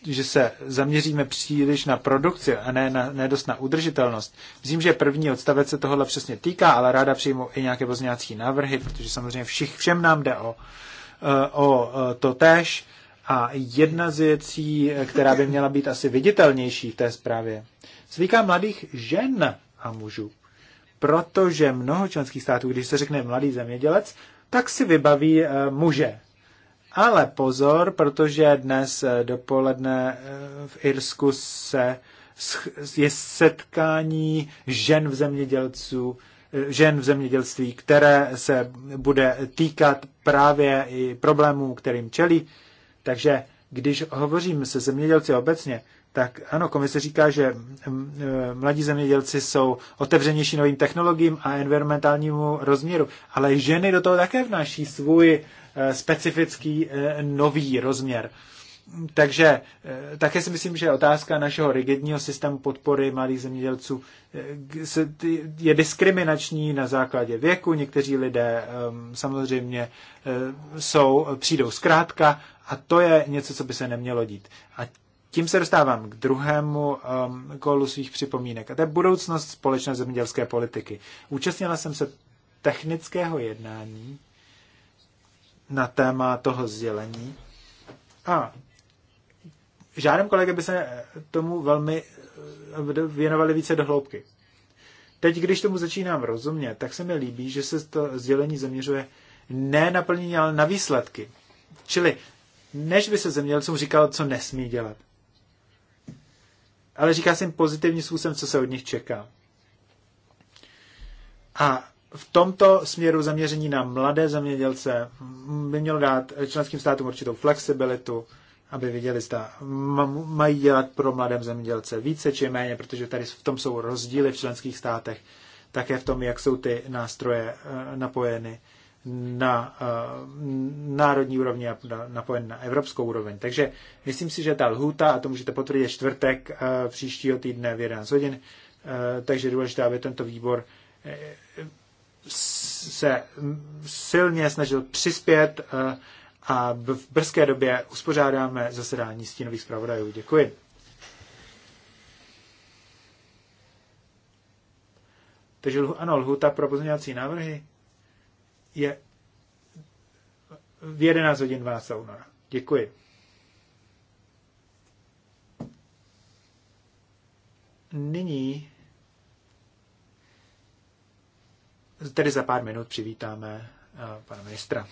že se zaměříme příliš na produkci a ne, na, ne dost na udržitelnost. Myslím, že první odstavec se tohohle přesně týká, ale ráda přijmu i nějaké pozměňovací návrhy, protože samozřejmě všich, všem nám jde o, eh, o to též. A jedna z věcí, která by měla být asi viditelnější v té zprávě, se týká mladých žen a mužů. Protože mnoho členských států, když se řekne mladý zemědělec, tak si vybaví eh, muže. Ale pozor, protože dnes eh, dopoledne eh, v Irsku se je setkání žen v zemědělců, žen v zemědělství, které se bude týkat právě i problémů, kterým čelí takže když hovořím se zemědělci obecně, tak ano, komise říká, že mm, mm, mladí zemědělci jsou otevřenější novým technologiím a environmentálnímu rozměru, ale ženy do toho také vnáší svůj eh, specifický eh, nový rozměr. Takže eh, také si myslím, že otázka našeho rigidního systému podpory malých zemědělců je diskriminační na základě věku. Někteří lidé ehm, samozřejmě jsou, přijdou zkrátka a to je něco, co by se nemělo dít. A tím se dostávám k druhému um, kolu svých připomínek. A to je budoucnost společné zemědělské politiky. Účastnila jsem se technického jednání na téma toho sdělení. A žádném kolega by se tomu velmi eh, věnovali více dohloubky. Teď, když tomu začínám rozumět, tak se mi líbí, že se to sdělení zaměřuje ne na plnění, ale na výsledky. Čili než by se zemědělcům říkalo, co nesmí dělat. Ale říká se jim pozitivním způsobem, co se od nich čeká. A v tomto směru zaměření na mladé zemědělce by mělo dát členským státům určitou flexibilitu, aby viděli, zda mají dělat pro mladé zemědělce více či méně, protože tady v tom jsou rozdíly v členských státech, také v tom, jak jsou ty nástroje eh, napojeny na eh, národní úrovni a napojen na evropskou úroveň. Takže myslím si, že ta lhůta, a to můžete potvrdit, čtvrtek eh, příštího týdne v 11 hodin, eh, takže je důležité, aby tento výbor se silně snažil přispět a v brzké době uspořádáme zasedání stínových zpravodajů. Děkuji. Takže ano, lhuta pro pozměňovací návrhy je v 11 hodin 12. února. Děkuji. Nyní tedy za pár minut přivítáme eh, pana ministra.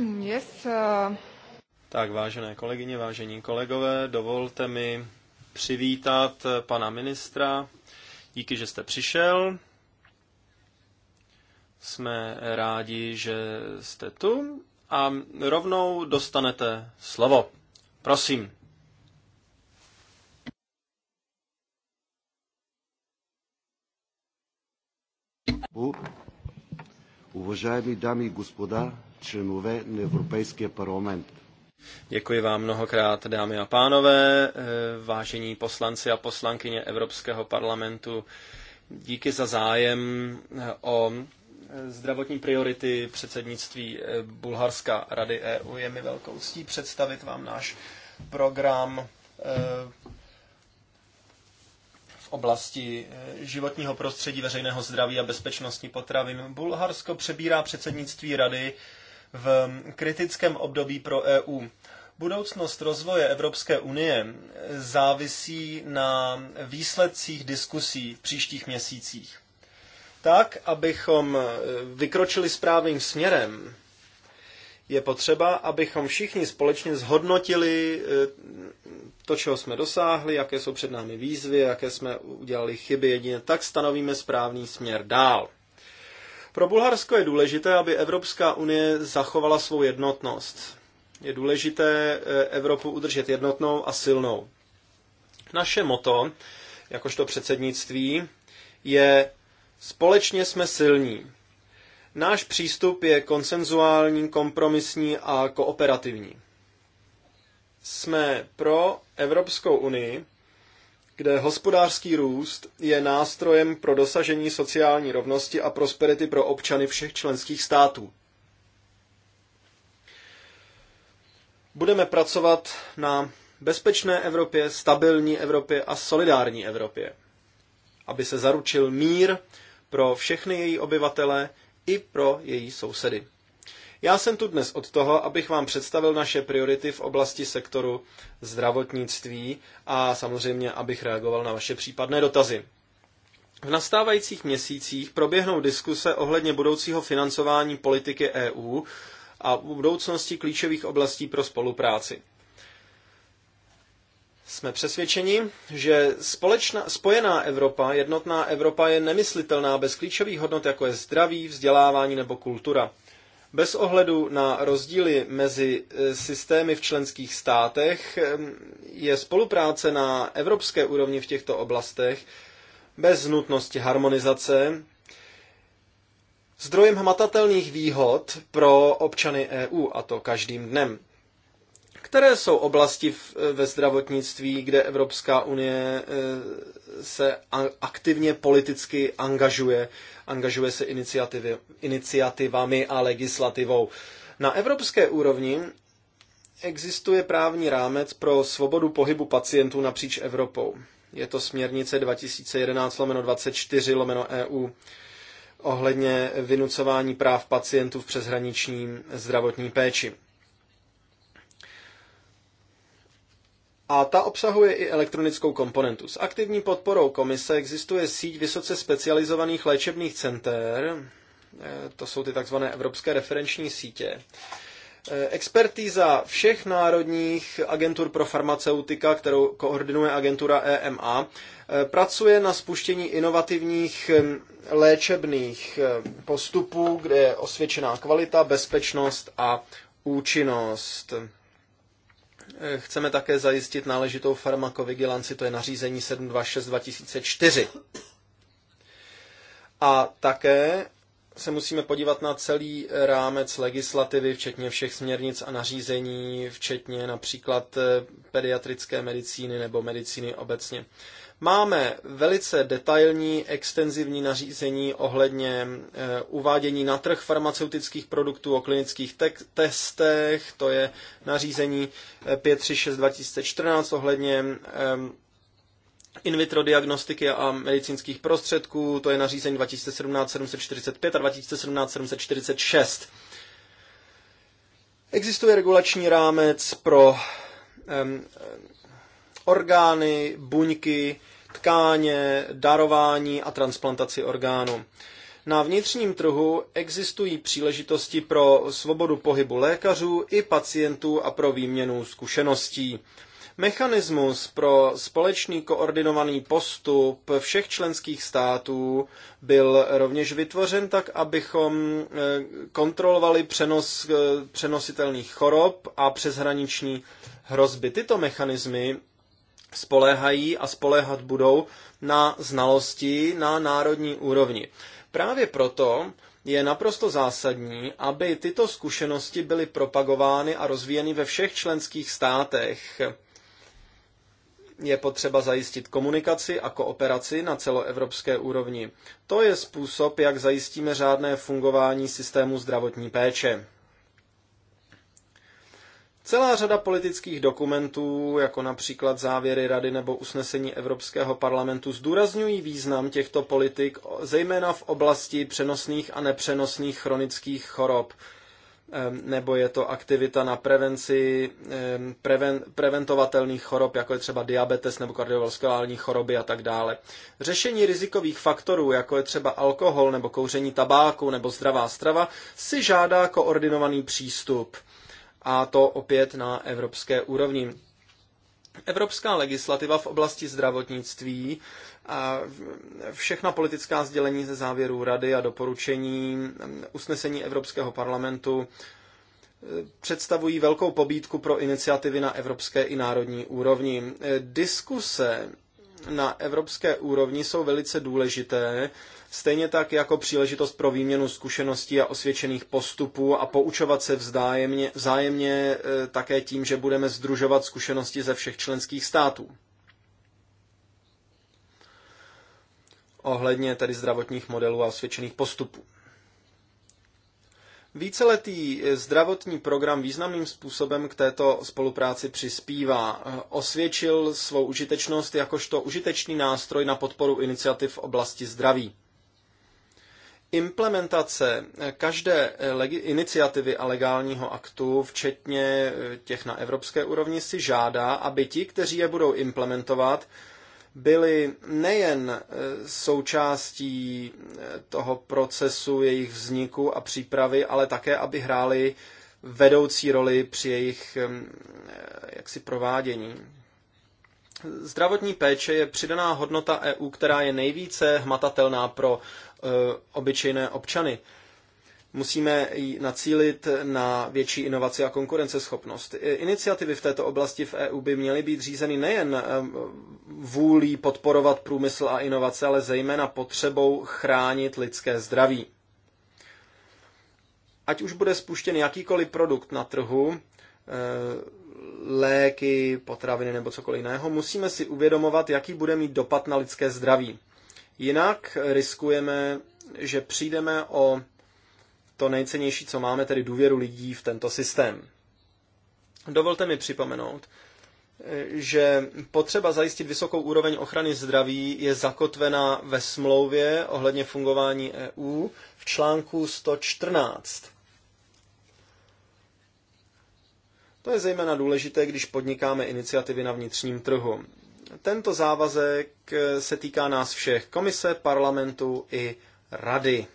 Yes. Uh, tak, vážené kolegyně, vážení kolegové, dovolte mi přivítat pana ministra. Díky, že jste přišel. Jsme rádi, že jste tu a rovnou dostanete slovo. Prosím. Уважаеми дами и господа, členové Evropské parlament. Děkuji vám mnohokrát, dámy a pánové, eh, vážení poslanci a poslankyně Evropského parlamentu. Díky za zájem eh, o eh, zdravotní priority předsednictví Bulharska Rady EU. Je mi velkou ctí představit vám náš program v oblasti životního prostředí, veřejného zdraví a bezpečnosti potravin. Bulharsko přebírá předsednictví Rady v kritickém období pro EU. Budoucnost rozvoje Evropské unie závisí na výsledcích diskusí v příštích měsících. Tak, abychom e, vykročili správným směrem, je potřeba, abychom všichni společně zhodnotili e, to, čeho jsme dosáhli, jaké jsou před námi výzvy, jaké jsme udělali chyby. Jedině tak stanovíme správný směr dál. Pro Bulharsko je důležité, aby Evropská unie zachovala svou jednotnost. Je důležité eh, Evropu udržet jednotnou a silnou. Naše moto, jakožto předsednictví, je společně jsme silní. Náš přístup je konsenzuální, kompromisní a kooperativní. Jsme pro Evropskou unii, kde hospodářský růst je nástrojem pro dosažení sociální rovnosti a prosperity pro občany všech členských států. Budeme pracovat na bezpečné Evropě, stabilní Evropě a solidární Evropě, aby se zaručil mír pro všechny její obyvatele i pro její sousedy. Já jsem tu dnes od toho, abych vám představil naše priority v oblasti sektoru zdravotnictví a samozřejmě, abych reagoval na vaše případné dotazy. V nastávajících měsících proběhnou diskuse ohledně budoucího financování politiky EU a budoucnosti klíčových oblastí pro spolupráci. Jsme přesvědčeni, že společná, spojená Evropa, jednotná Evropa je nemyslitelná bez klíčových hodnot, jako je zdraví, vzdělávání nebo kultura. Bez ohledu na rozdíly mezi e, systémy v členských státech e, je spolupráce na evropské úrovni v těchto oblastech bez nutnosti harmonizace zdrojem hmatatelných výhod pro občany EU, a to každým dnem. Které jsou oblasti v, ve zdravotnictví, kde Evropská unie eh, se aktivně politicky angažuje, angažuje se iniciativami a legislativou? Na evropské úrovni existuje právní rámec pro svobodu pohybu pacientů napříč Evropou. Je to směrnice 2011-24-EU e ohledně vynucování práv pacientů v přeshraniční zdravotní péči. a ta obsahuje i elektronickou komponentu. S aktivní podporou komise existuje síť vysoce specializovaných léčebných center, eh, to jsou ty takzvané evropské referenční sítě. Eh, expertíza všech národních agentur pro farmaceutika, kterou koordinuje agentura EMA, eh, pracuje na spuštění inovativních léčebných postupů, kde je osvědčená kvalita, bezpečnost a účinnost. Chceme také zajistit náležitou farmakovigilanci, to je nařízení 726 2004. A také se musíme podívat na celý rámec legislativy, včetně všech směrnic a nařízení, včetně například eh, pediatrické medicíny nebo medicíny obecně. Máme velice detailní, extenzivní nařízení ohledně eh, uvádění na trh farmaceutických produktů o klinických te- testech, to je nařízení 536 eh, 2014 ohledně ehm, in vitro diagnostiky a medicínských prostředků, to je nařízení 2017 745 a 2017 746. Existuje regulační rámec pro um, orgány, buňky, tkáně, darování a transplantaci orgánů. Na vnitřním trhu existují příležitosti pro svobodu pohybu lékařů i pacientů a pro výměnu zkušeností. Mechanismus pro společný koordinovaný postup všech členských států byl rovněž vytvořen tak, abychom eh, kontrolovali přenos eh, přenositelných chorob a přeshraniční hrozby. Tyto mechanismy spoléhají a spoléhat budou na znalosti na národní úrovni. Právě proto je naprosto zásadní, aby tyto zkušenosti byly propagovány a rozvíjeny ve všech členských státech. Je potřeba zajistit komunikaci a kooperaci na celoevropské úrovni. To je způsob, jak zajistíme řádné fungování systému zdravotní péče. Celá řada politických dokumentů, jako například závěry Rady nebo usnesení Evropského parlamentu, zdůrazňují význam těchto politik, zejména v oblasti přenosných a nepřenosných chronických chorob. Nebo je to aktivita na prevenci preven, preventovatelných chorob, jako je třeba diabetes nebo kardiovaskulární choroby a tak dále. Řešení rizikových faktorů, jako je třeba alkohol nebo kouření tabáku nebo zdravá strava, si žádá koordinovaný přístup – a to opět na evropské úrovni. Evropská legislativa v oblasti zdravotnictví a všechna politická sdělení ze závěrů rady a doporučení usnesení Evropského parlamentu eh, představují velkou pobídku pro iniciativy na evropské i národní úrovni. Eh, diskuse na evropské úrovni jsou velice důležité, stejně tak jako příležitost pro výměnu zkušeností a osvědčených postupů a poučovat se vzájemně, vzájemně e, také tím, že budeme združovat zkušenosti ze všech členských států. Ohledně tedy zdravotních modelů a osvědčených postupů. Víceletý zdravotní program významným způsobem k této spolupráci přispívá. Osvědčil svou užitečnost jakožto užitečný nástroj na podporu iniciativ v oblasti zdraví. Implementace každé eh, iniciativy a legálního aktu, včetně eh, těch na evropské úrovni, si žádá, aby ti, kteří je budou implementovat, byli nejen eh, součástí toho procesu jejich vzniku a přípravy, ale také, aby hráli vedoucí roli při jejich mm, jaksi provádění. Zdravotní péče je přidaná hodnota EU, která je nejvíce hmatatelná pro Eh, obyčejné občany. Musíme ji nacílit na větší inovaci a konkurenceschopnost. Eh, iniciativy v této oblasti v EU by měly být řízeny nejen eh, vůlí podporovat průmysl a inovace, ale zejména potřebou chránit lidské zdraví. Ať už bude spuštěn jakýkoliv produkt na trhu, léky, potraviny nebo cokoliv jiného, musíme si uvědomovat, jaký bude mít dopad na lidské zdraví. Jinak riskujeme, že přijdeme o to nejcennější, co máme, tedy důvěru lidí v tento systém. Dovolte mi připomenout, že potřeba zajistit vysokou úroveň ochrany zdraví je zakotvena ve smlouvě ohledně fungování EU v článku 114. To je zejména důležité, když podnikáme iniciativy na vnitřním trhu. Tento závazek eh, se týká nás všech, komise, parlamentu i rady.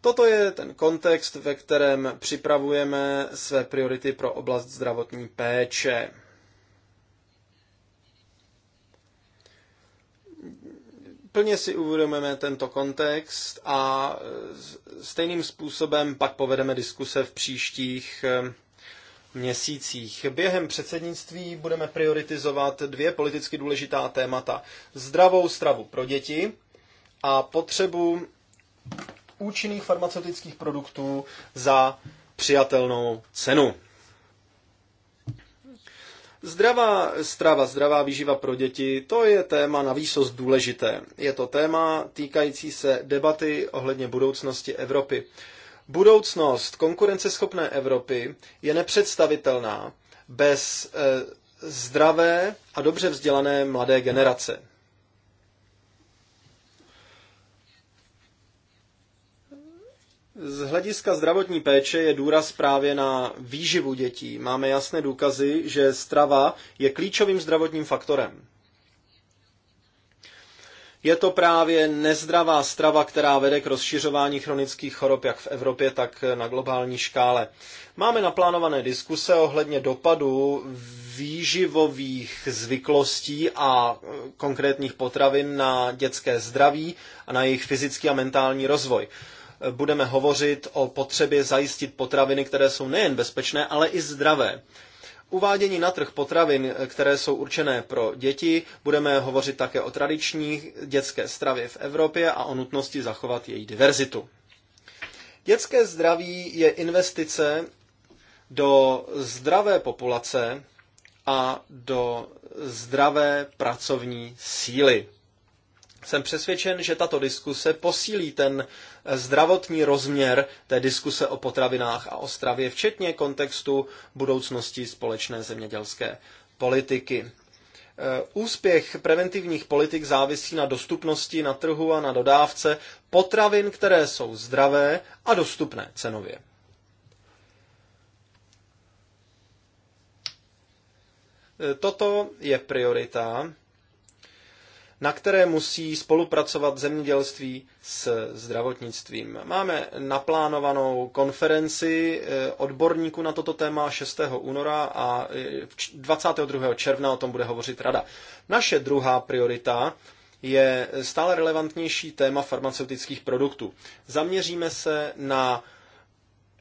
Toto je ten kontext, ve kterém připravujeme své priority pro oblast zdravotní péče. Plně si uvědomujeme tento kontext a eh, stejným způsobem pak povedeme diskuse v příštích eh, měsících. Během předsednictví budeme prioritizovat dvě politicky důležitá témata. Zdravou stravu pro děti a potřebu účinných farmaceutických produktů za přijatelnou cenu. Zdravá strava, zdravá výživa pro děti, to je téma na výsost důležité. Je to téma týkající se debaty ohledně budoucnosti Evropy. Budoucnost konkurenceschopné Evropy je nepředstavitelná bez eh, zdravé a dobře vzdělané mladé generace. Z hlediska zdravotní péče je důraz právě na výživu dětí. Máme jasné důkazy, že strava je klíčovým zdravotním faktorem. Je to právě nezdravá strava, která vede k rozšiřování chronických chorob jak v Evropě, tak na globální škále. Máme naplánované diskuse ohledně dopadu výživových zvyklostí a e, konkrétních potravin na dětské zdraví a na jejich fyzický a mentální rozvoj. E, budeme hovořit o potřebě zajistit potraviny, které jsou nejen bezpečné, ale i zdravé uvádění na trh potravin, eh, které jsou určené pro děti, budeme hovořit také o tradiční dětské stravě v Evropě a o nutnosti zachovat její diverzitu. Dětské zdraví je investice do zdravé populace a do zdravé pracovní síly. Jsem přesvědčen, že tato diskuse posílí ten zdravotní rozměr té diskuse o potravinách a o stravě, včetně kontextu budoucnosti společné zemědělské politiky. E, úspěch preventivních politik závisí na dostupnosti na trhu a na dodávce potravin, které jsou zdravé a dostupné cenově. E, toto je priorita, na které musí spolupracovat zemědělství s zdravotnictvím. Máme naplánovanou konferenci eh, odborníků na toto téma 6. února a 22. Eh, června o tom bude hovořit rada. Naše druhá priorita je stále relevantnější téma farmaceutických produktů. Zaměříme se na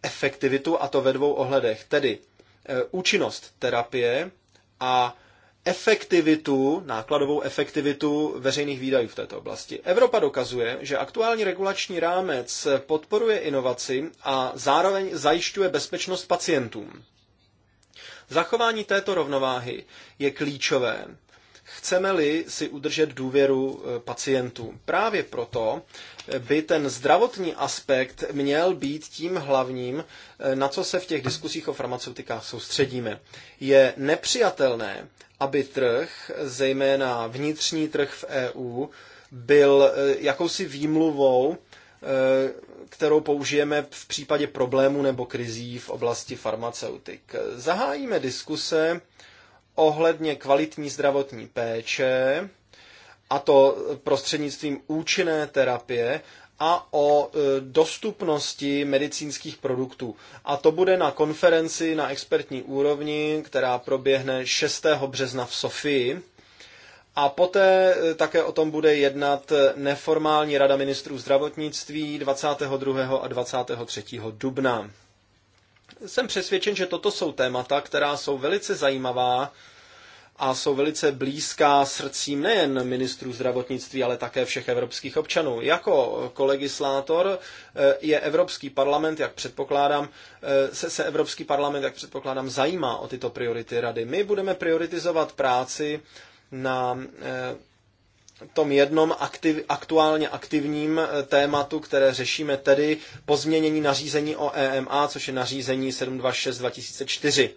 efektivitu a to ve dvou ohledech, tedy eh, účinnost terapie a efektivitu, nákladovou efektivitu veřejných výdajů v této oblasti. Evropa dokazuje, že aktuální regulační rámec podporuje inovaci a zároveň zajišťuje bezpečnost pacientům. Zachování této rovnováhy je klíčové. Chceme-li si udržet důvěru eh, pacientů. Právě proto eh, by ten zdravotní aspekt měl být tím hlavním, eh, na co se v těch diskusích o farmaceutikách soustředíme. Je nepřijatelné, aby trh, zejména vnitřní trh v EU, byl eh, jakousi výmluvou, eh, kterou použijeme v případě problémů nebo krizí v oblasti farmaceutik. Zahájíme diskuse ohledně kvalitní zdravotní péče, a to prostřednictvím účinné terapie a o e, dostupnosti medicínských produktů. A to bude na konferenci na expertní úrovni, která proběhne 6. března v Sofii. A poté e, také o tom bude jednat neformální rada ministrů zdravotnictví 22. a 23. dubna. Jsem přesvědčen, že toto jsou témata, která jsou velice zajímavá a jsou velice blízká srdcím nejen ministrů zdravotnictví, ale také všech evropských občanů. Jako kolegislátor eh, je Evropský parlament, jak předpokládám, eh, se, se Evropský parlament, jak předpokládám, zajímá o tyto priority rady. My budeme prioritizovat práci na eh, tom jednom aktiv, aktuálně aktivním tématu, které řešíme, tedy pozměnění nařízení o EMA, což je nařízení 726 2004.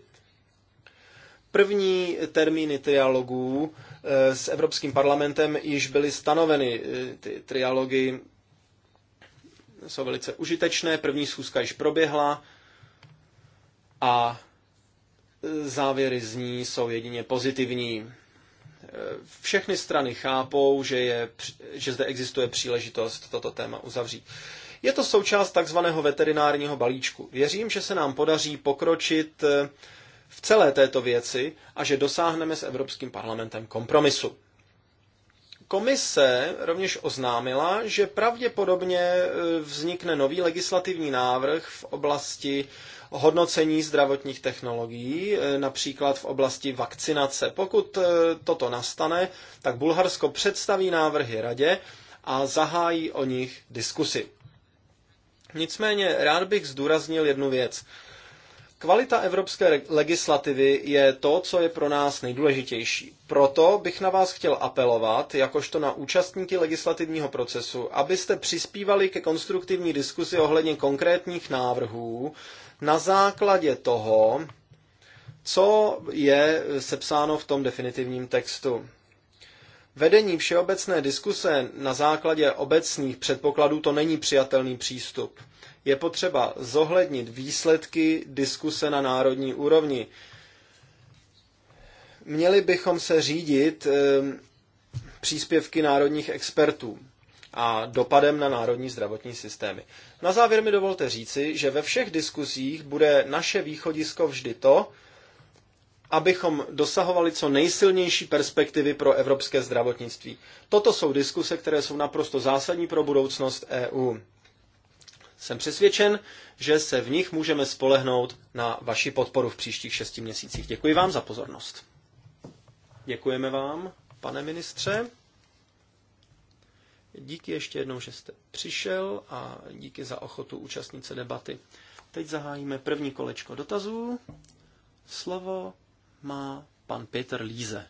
První termíny trialogů eh, s Evropským parlamentem již byly stanoveny. Eh, ty trialogy jsou velice užitečné, první schůzka již proběhla a eh, závěry z ní jsou jedině pozitivní. Všechny strany chápou, že, je, že zde existuje příležitost toto téma uzavřít. Je to součást takzvaného veterinárního balíčku. Věřím, že se nám podaří pokročit v celé této věci a že dosáhneme s Evropským parlamentem kompromisu. Komise rovněž oznámila, že pravděpodobně e, vznikne nový legislativní návrh v oblasti hodnocení zdravotních technologií, e, například v oblasti vakcinace. Pokud e, toto nastane, tak Bulharsko představí návrhy radě a zahájí o nich diskusy. Nicméně rád bych zdůraznil jednu věc. Kvalita evropské legislativy je to, co je pro nás nejdůležitější. Proto bych na vás chtěl apelovat, jakožto na účastníky legislativního procesu, abyste přispívali ke konstruktivní diskusi ohledně konkrétních návrhů na základě toho, co je sepsáno v tom definitivním textu. Vedení všeobecné diskuse na základě obecných předpokladů to není přijatelný přístup je potřeba zohlednit výsledky diskuse na národní úrovni. Měli bychom se řídit eh, příspěvky národních expertů a dopadem na národní zdravotní systémy. Na závěr mi dovolte říci, že ve všech diskusích bude naše východisko vždy to, abychom dosahovali co nejsilnější perspektivy pro evropské zdravotnictví. Toto jsou diskuse, které jsou naprosto zásadní pro budoucnost EU. Jsem přesvědčen, že se v nich můžeme spolehnout na vaši podporu v příštích šesti měsících. Děkuji vám za pozornost. Děkujeme vám, pane ministře. Díky ještě jednou, že jste přišel a díky za ochotu účastnit se debaty. Teď zahájíme první kolečko dotazů. Slovo má pan Petr Líze.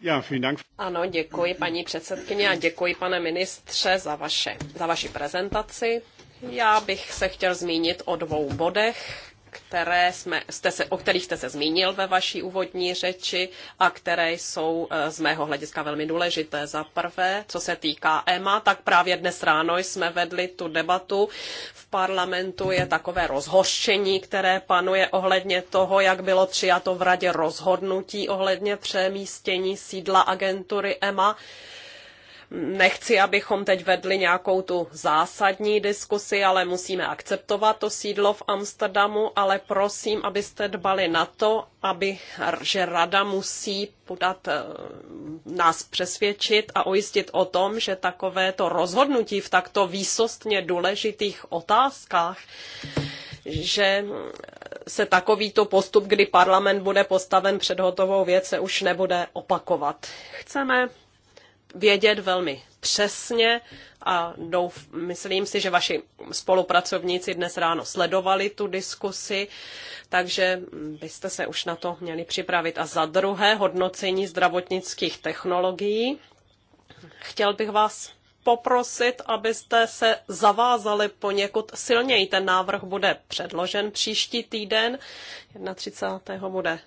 Já, dank. Ano, děkuji paní předsedkyně a děkuji pane ministře za, vaše, za vaši prezentaci. Já bych se chtěl zmínit o dvou bodech, které jsme, jste se, o kterých jste se zmínil ve vaší úvodní řeči a které jsou eh, z mého hlediska velmi důležité. Za prvé, co se týká EMA, tak právě dnes ráno jsme vedli tu debatu. V parlamentu je takové rozhoršení, které panuje ohledně toho, jak bylo přijato v radě rozhodnutí ohledně přemístění sídla agentury EMA Nechci, abychom teď vedli nějakou tu zásadní diskusi, ale musíme akceptovat to sídlo v Amsterdamu, ale prosím, abyste dbali na to, aby, že rada musí podat eh, nás přesvědčit a ujistit o tom, že takovéto rozhodnutí v takto výsostně důležitých otázkách že se takovýto postup, kdy parlament bude postaven před hotovou věc, se už nebude opakovat. Chceme vědět velmi přesně a douf, myslím si, že vaši spolupracovníci dnes ráno sledovali tu diskusi, takže byste se už na to měli připravit. A za druhé, hodnocení zdravotnických technologií. Chtěl bych vás poprosit, abyste se zavázali poněkud silněji. Ten návrh bude předložen příští týden. 31. bude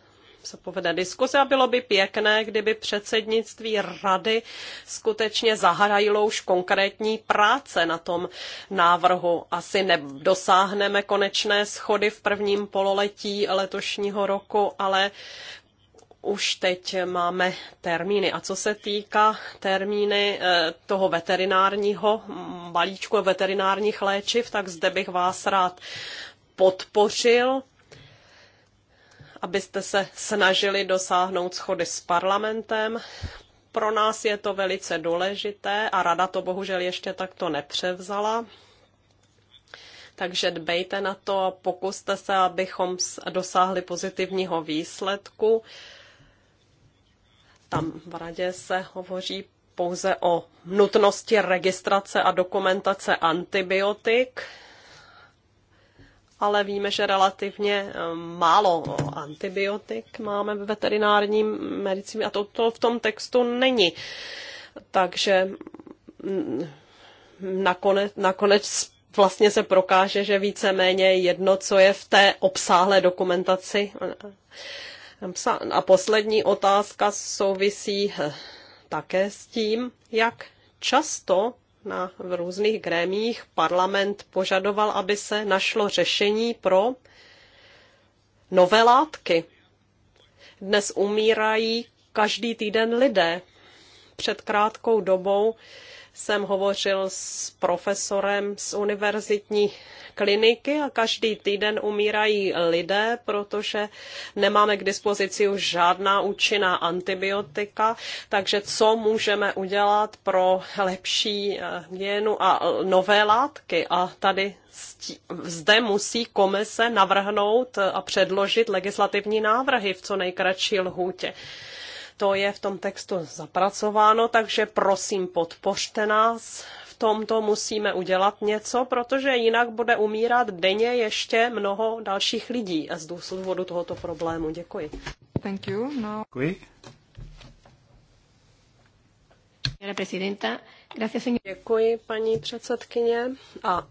se povede diskuse a bylo by pěkné, kdyby předsednictví rady skutečně zahrajilo už konkrétní práce na tom návrhu. Asi nedosáhneme konečné schody v prvním pololetí letošního roku, ale už teď máme termíny. A co se týká termíny eh, toho veterinárního balíčku veterinárních léčiv, tak zde bych vás rád podpořil abyste se snažili dosáhnout schody s parlamentem. Pro nás je to velice důležité a rada to bohužel ještě takto nepřevzala. Takže dbejte na to a pokuste se, abychom dosáhli pozitivního výsledku. Tam v radě se hovoří pouze o nutnosti registrace a dokumentace antibiotik ale víme, že relativně eh, málo antibiotik máme ve veterinárním medicíně a to, to v tom textu není. Takže mm, nakonec, nakonec vlastně se prokáže, že víceméně jedno, co je v té obsáhlé dokumentaci. A poslední otázka souvisí eh, také s tím, jak často na, v různých grémích parlament požadoval, aby se našlo řešení pro nové látky. Dnes umírají každý týden lidé. Před krátkou dobou jsem hovořil s profesorem z univerzitní kliniky a každý týden umírají lidé, protože nemáme k dispozici už žádná účinná antibiotika, takže co můžeme udělat pro lepší eh, hygienu a eh, nové látky a tady zde musí komise navrhnout eh, a předložit legislativní návrhy v co nejkratší lhůtě to je v tom textu zapracováno, takže prosím podpořte nás. V tomto musíme udělat něco, protože jinak bude umírat denně ještě mnoho dalších lidí z důvodu tohoto problému. Děkuji. Thank you. No. Děkuji. Děkuji, paní předsedkyně. A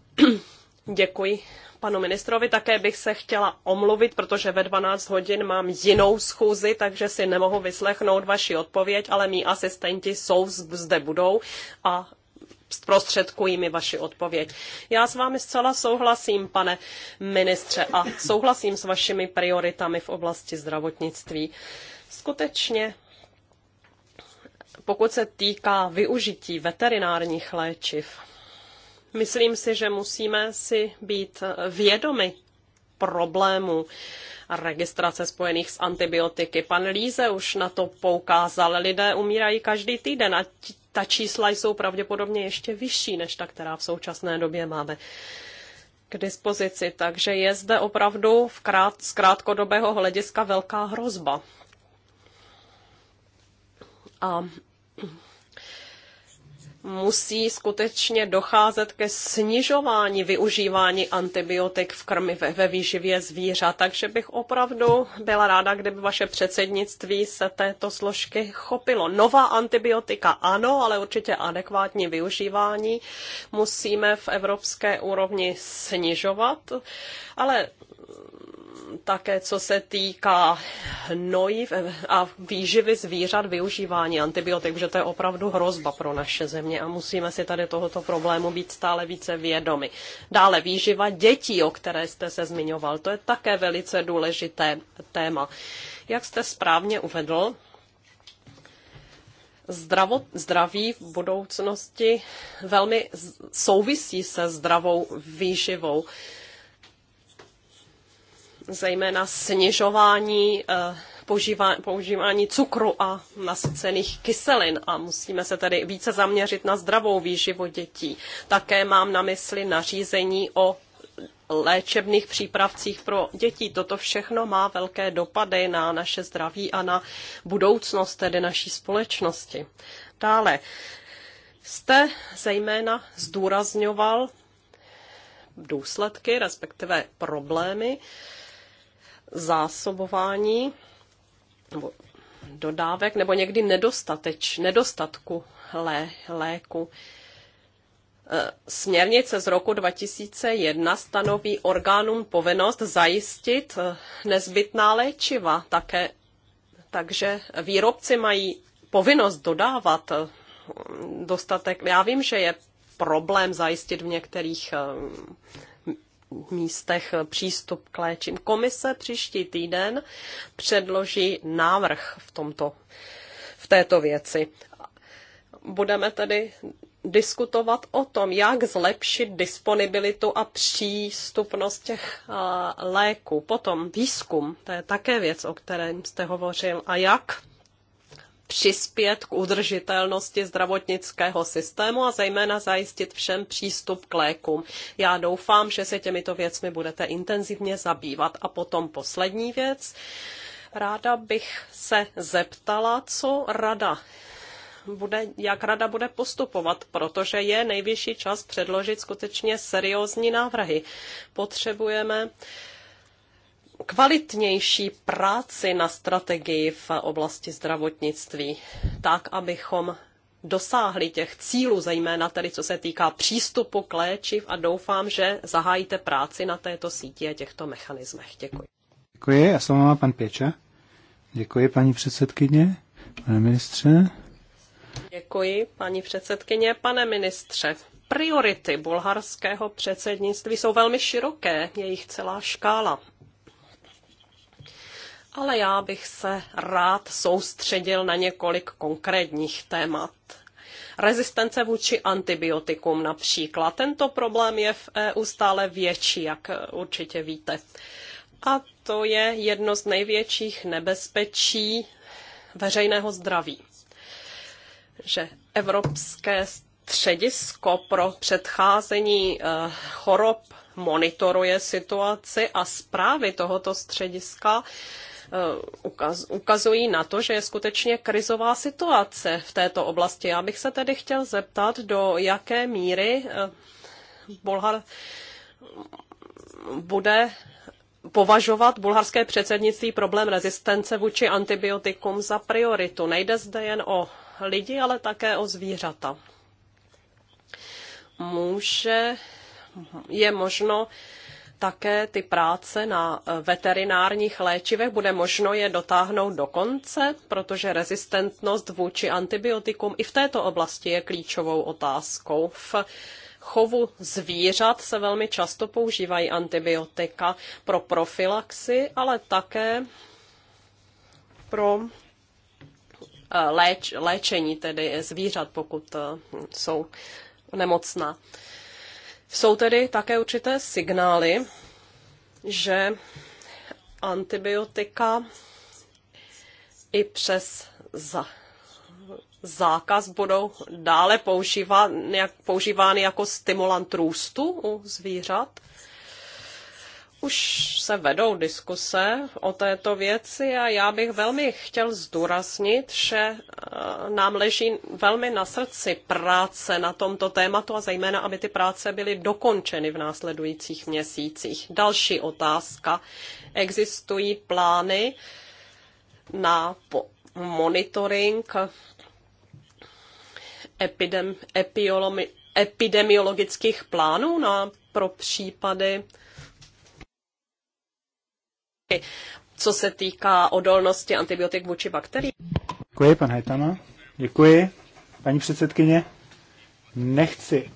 Děkuji panu ministrovi. Také bych se chtěla omluvit, protože ve 12 hodin mám jinou schůzi, takže si nemohu vyslechnout vaši odpověď, ale mý asistenti jsou zde budou a zprostředkují mi vaši odpověď. Já s vámi zcela souhlasím, pane ministře, a souhlasím s vašimi prioritami v oblasti zdravotnictví. Skutečně, pokud se týká využití veterinárních léčiv, Myslím si, že musíme si být vědomi problému registrace spojených s antibiotiky. Pan Líze už na to poukázal. Lidé umírají každý týden a ta čísla jsou pravděpodobně ještě vyšší než ta, která v současné době máme k dispozici. Takže je zde opravdu v krát, z krátkodobého hlediska velká hrozba. A musí skutečně docházet ke snižování využívání antibiotik v krmi ve, ve výživě zvířat. Takže bych opravdu byla ráda, kdyby vaše předsednictví se této složky chopilo. Nová antibiotika ano, ale určitě adekvátní využívání musíme v evropské úrovni snižovat, ale také co se týká hnojiv a výživy zvířat, využívání antibiotik, že to je opravdu hrozba pro naše země a musíme si tady tohoto problému být stále více vědomi. Dále výživa dětí, o které jste se zmiňoval, to je také velice důležité téma. Jak jste správně uvedl, Zdravo, zdraví v budoucnosti velmi souvisí se zdravou výživou zejména snižování eh, používání cukru a nasycených kyselin a musíme se tedy více zaměřit na zdravou výživu dětí. Také mám na mysli nařízení o léčebných přípravcích pro děti. Toto všechno má velké dopady na naše zdraví a na budoucnost tedy naší společnosti. Dále jste zejména zdůrazňoval důsledky, respektive problémy, zásobování nebo dodávek nebo někdy nedostateč, nedostatku lé, léku. E, směrnice z roku 2001 stanoví orgánům povinnost zajistit e, nezbytná léčiva také. Takže výrobci mají povinnost dodávat e, dostatek. Já vím, že je problém zajistit v některých místech přístup k léčím. Komise příští týden předloží návrh v, tomto, v této věci. Budeme tedy diskutovat o tom, jak zlepšit disponibilitu a přístupnost těch léků. Potom výzkum, to je také věc, o kterém jste hovořil, a jak přispět k udržitelnosti zdravotnického systému a zejména zajistit všem přístup k lékům. Já doufám, že se těmito věcmi budete intenzivně zabývat. A potom poslední věc. Ráda bych se zeptala, co rada bude, jak rada bude postupovat, protože je nejvyšší čas předložit skutečně seriózní návrhy. Potřebujeme uh, kvalitnější práci na strategii v oblasti zdravotnictví, tak abychom dosáhli těch cílů, zejména tedy co se týká přístupu k léčiv a doufám, že zahájíte práci na této síti a těchto mechanismech. Děkuji. Děkuji a slovo má pan Pěča. Děkuji, paní předsedkyně, pane ministře. Děkuji, paní předsedkyně, pane ministře. Priority bulharského předsednictví jsou velmi široké, je jich celá škála ale já bych se rád soustředil na několik konkrétních témat. Rezistence vůči antibiotikum například. Tento problém je v EU stále větší, jak určitě víte. A to je jedno z největších nebezpečí veřejného zdraví. Že evropské středisko pro předcházení eh, chorob monitoruje situaci a zprávy tohoto střediska Eh, ukaz, ukazují na to, že je skutečně krizová situace v této oblasti. Já bych se tedy chtěl zeptat, do jaké míry eh, Bulhar bude považovat bulharské předsednictví problém rezistence vůči antibiotikům za prioritu. Nejde zde jen o lidi, ale také o zvířata. Může, je možno také ty práce na eh, veterinárních léčivech bude možno je dotáhnout do konce, protože rezistentnost vůči antibiotikům i v této oblasti je klíčovou otázkou. V chovu zvířat se velmi často používají antibiotika pro profilaxi, ale také pro eh, léč, léčení tedy zvířat, pokud eh, jsou nemocná. Jsou tedy také určité signály, že antibiotika i přes za, zákaz budou dále používány jako stimulant růstu u zvířat? Už se vedou diskuse o této věci a já bych velmi chtěl zdůraznit, že eh, nám leží velmi na srdci práce na tomto tématu a zejména, aby ty práce byly dokončeny v následujících měsících. Další otázka. Existují plány na monitoring epidem, epiolomi, epidemiologických plánů na, pro případy co se týká odolnosti antibiotik vůči bakteriím. Děkuji, pan Hajtama. Děkuji, paní předsedkyně. Nechci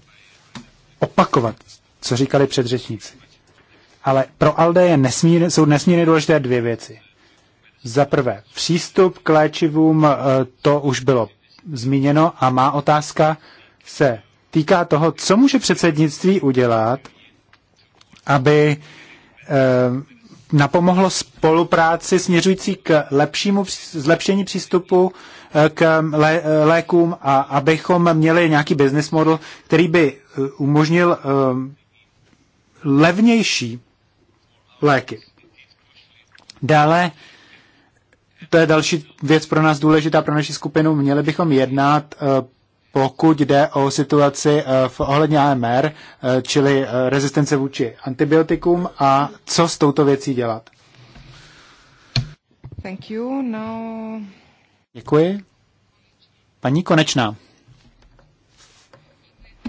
opakovat, co říkali předřečníci. Ale pro ALDE je nesmír, jsou nesmírně důležité dvě věci. Za prvé, přístup k léčivům, eh, to už bylo zmíněno a má otázka se týká toho, co může předsednictví udělat, aby eh, napomohlo spolupráci směřující k lepšímu, zlepšení přístupu eh, k eh, lé, eh, lékům a abychom měli nějaký business model, který by umožnil levnější léky. Dále, to je další věc pro nás důležitá, pro naši skupinu, měli bychom jednat pokud jde o situaci eh, v ohledně AMR, eh, čili eh, rezistence vůči antibiotikům a co s touto věcí dělat. Thank you. No... Děkuji. Paní Konečná.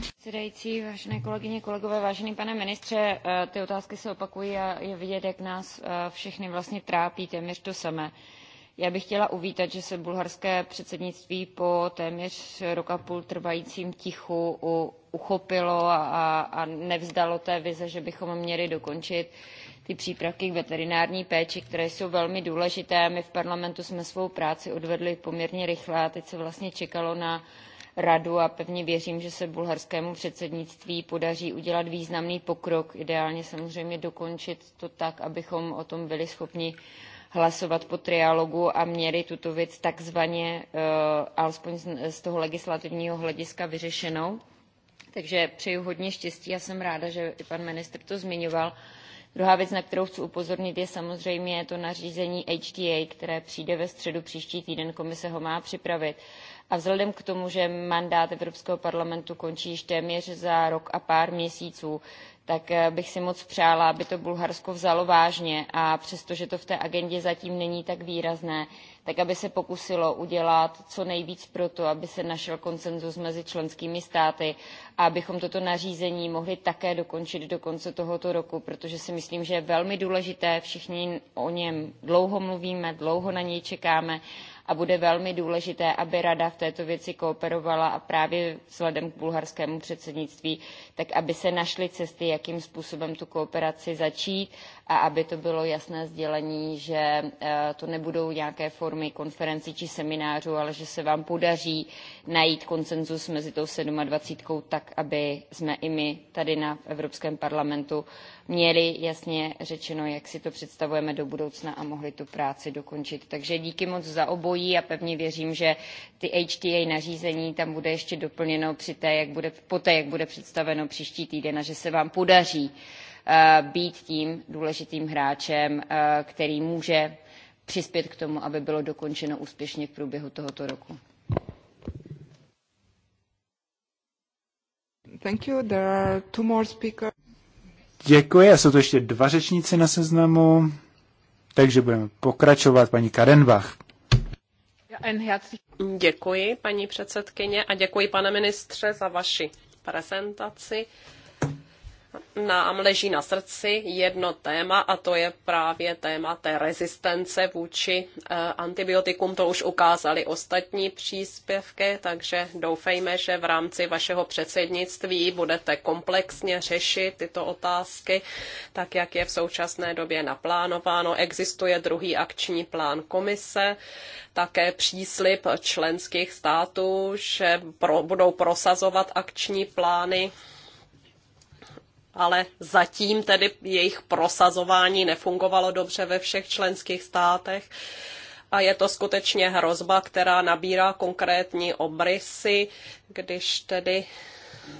Předsedající, vážené kolegyně, kolegové, vážený pane ministře, ty otázky se opakují a je vidět, jak nás všechny vlastně trápí téměř to samé já bych chtěla uvítat že se bulharské předsednictví po téměř rok a půl trvajícím tichu uchopilo a, a nevzdalo té vize že bychom měli dokončit ty přípravky k veterinární péči které jsou velmi důležité. my v parlamentu jsme svou práci odvedli poměrně rychle a teď se vlastně čekalo na radu a pevně věřím že se bulharskému předsednictví podaří udělat významný pokrok ideálně samozřejmě dokončit to tak abychom o tom byli schopni hlasovat po trialogu a měli tuto věc takzvaně eh, alespoň z toho legislativního hlediska vyřešenou. Takže přeju hodně štěstí a jsem ráda, že i pan ministr to zmiňoval. Druhá věc, na kterou chci upozornit, je samozřejmě to nařízení HTA, které přijde ve středu příští týden, komise ho má připravit. A vzhledem k tomu, že mandát Evropského parlamentu končí již téměř za rok a pár měsíců, tak eh, bych si moc přála aby to bulharsko vzalo vážně a přestože to v té agendě zatím není tak výrazné tak aby se pokusilo udělat co nejvíc pro to aby se našel konsensus mezi členskými státy a abychom toto nařízení mohli také dokončit do konce tohoto roku protože si myslím že je velmi důležité všichni o něm dlouho mluvíme dlouho na něj čekáme a a bude velmi důležité aby rada v této věci kooperovala a právě vzhledem k bulharskému předsednictví tak aby se našly cesty jakým způsobem tu kooperaci začít a a aby to bylo jasné sdělení, že eh, to nebudou nějaké formy konferencí či seminářů, ale že se vám podaří najít konsenzus mezi tou 27 tak, aby jsme i my tady na Evropském parlamentu měli jasně řečeno, jak si to představujeme do budoucna a mohli tu práci dokončit. Takže díky moc za obojí a pevně věřím, že ty HTA nařízení tam bude ještě doplněno při té, jak bude, poté, jak bude představeno příští týden a že se vám podaří uh, Eh, být tím důležitým hráčem, eh, který může přispět k tomu, aby bylo dokončeno úspěšně v průběhu tohoto roku. Thank you. There are two more speakers. Děkuji, a jsou to ještě dva řečníci na seznamu, takže budeme pokračovat paní Karenbach. Děkuji, paní předsedkyně, a děkuji, pane ministře, za vaši prezentaci nám leží na srdci jedno téma a to je právě téma té rezistence vůči eh, antibiotikům. To už ukázali ostatní příspěvky, takže doufejme, že v rámci vašeho předsednictví budete komplexně řešit tyto otázky, tak jak je v současné době naplánováno. Existuje druhý akční plán komise, také příslip členských států, že pro, budou prosazovat akční plány ale zatím tedy jejich prosazování nefungovalo dobře ve všech členských státech a je to skutečně hrozba, která nabírá konkrétní obrysy, když tedy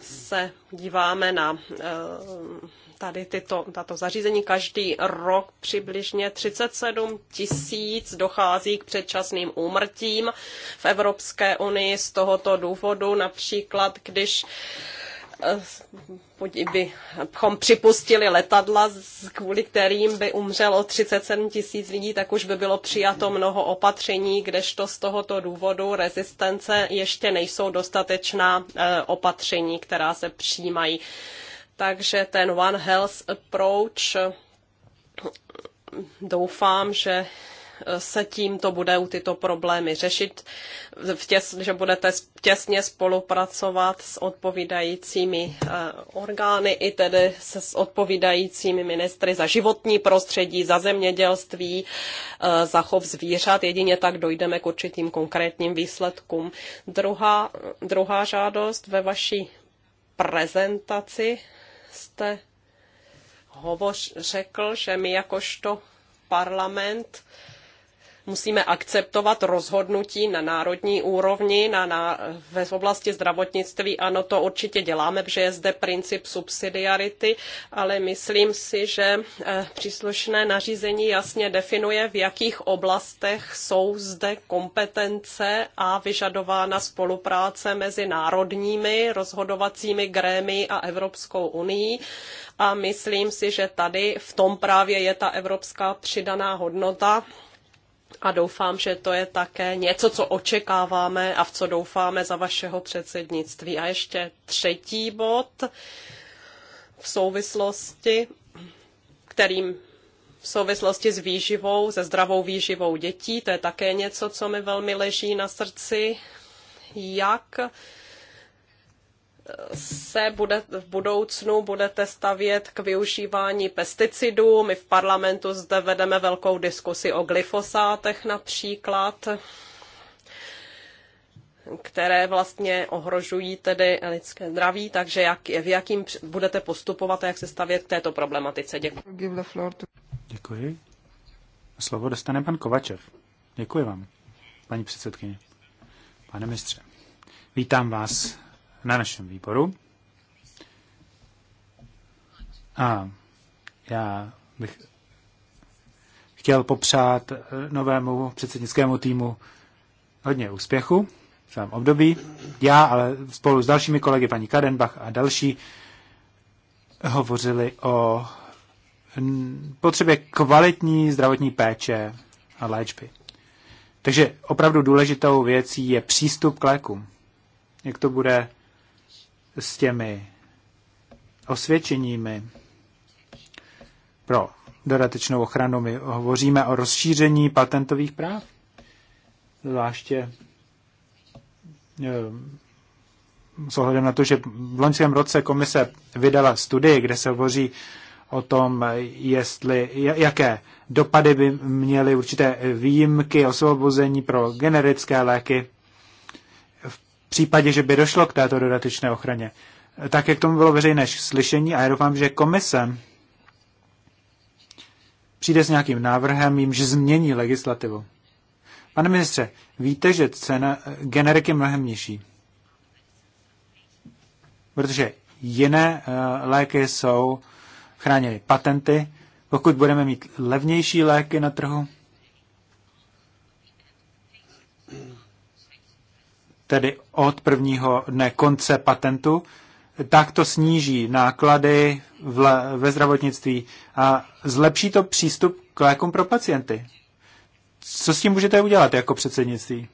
se díváme na eh, tady tyto, tato zařízení. Každý rok přibližně 37 tisíc dochází k předčasným úmrtím v Evropské unii z tohoto důvodu. Například, když Eh, eh, bychom připustili letadla, kvůli kterým by umřelo 37 tisíc lidí, tak už by bylo přijato mnoho opatření, kdežto z tohoto důvodu rezistence ještě nejsou dostatečná eh, opatření, která se přijímají. Takže ten One Health Approach doufám, že se tímto budou tyto problémy řešit, těs, že budete těsně spolupracovat s odpovídajícími eh, orgány i tedy se, s odpovídajícími ministry za životní prostředí, za zemědělství, eh, za chov zvířat. Jedině tak dojdeme k určitým konkrétním výsledkům. Druhá, druhá žádost ve vaší prezentaci jste hovoř, řekl, že my jakožto parlament musíme akceptovat rozhodnutí na národní úrovni na, na, v oblasti zdravotnictví. Ano, to určitě děláme, protože je zde princip subsidiarity, ale myslím si, že eh, příslušné nařízení jasně definuje, v jakých oblastech jsou zde kompetence a vyžadována spolupráce mezi národními rozhodovacími grémy a Evropskou unii. A myslím si, že tady v tom právě je ta evropská přidaná hodnota, a doufám, že to je také něco, co očekáváme a v co doufáme za vašeho předsednictví. A ještě třetí bod v souvislosti, kterým v souvislosti s výživou, se zdravou výživou dětí, to je také něco, co mi velmi leží na srdci, jak se bude, v budoucnu budete stavět k využívání pesticidů. My v parlamentu zde vedeme velkou diskusi o glyfosátech například které vlastně ohrožují tedy lidské zdraví, takže jak, v jakým budete postupovat a jak se stavět k této problematice. Děkuji. Děkuji. Slovo dostane pan Kovačev. Děkuji vám, paní předsedkyně. Pane mistře, vítám vás na našem výboru. A já bych chtěl popřát eh, novému předsednickému týmu hodně úspěchu v svém období. Já, ale spolu s dalšími kolegy, paní Kadenbach a další, hovořili o potřebě kvalitní zdravotní péče a léčby. Takže opravdu důležitou věcí je přístup k lékům. Jak to bude s těmi osvědčeními pro dodatečnou ochranu. My hovoříme o rozšíření patentových práv, zvláště eh, s ohledem na to, že v loňském roce komise vydala studii, kde se hovoří o tom, jestli, jaké dopady by měly určité výjimky, osvobození pro generické léky v případě, že by došlo k této dodatečné ochraně. Tak, jak tomu bylo veřejné slyšení a já doufám, že komise přijde s nějakým návrhem, jimž změní legislativu. Pane ministře, víte, že cena generik je mnohem nižší, protože jiné eh, léky jsou chráněny patenty. Pokud budeme mít levnější léky na trhu, tedy od prvního dne konce patentu, tak to sníží náklady v, ve zdravotnictví a zlepší to přístup k lékům pro pacienty. Co s tím můžete udělat jako předsednictví?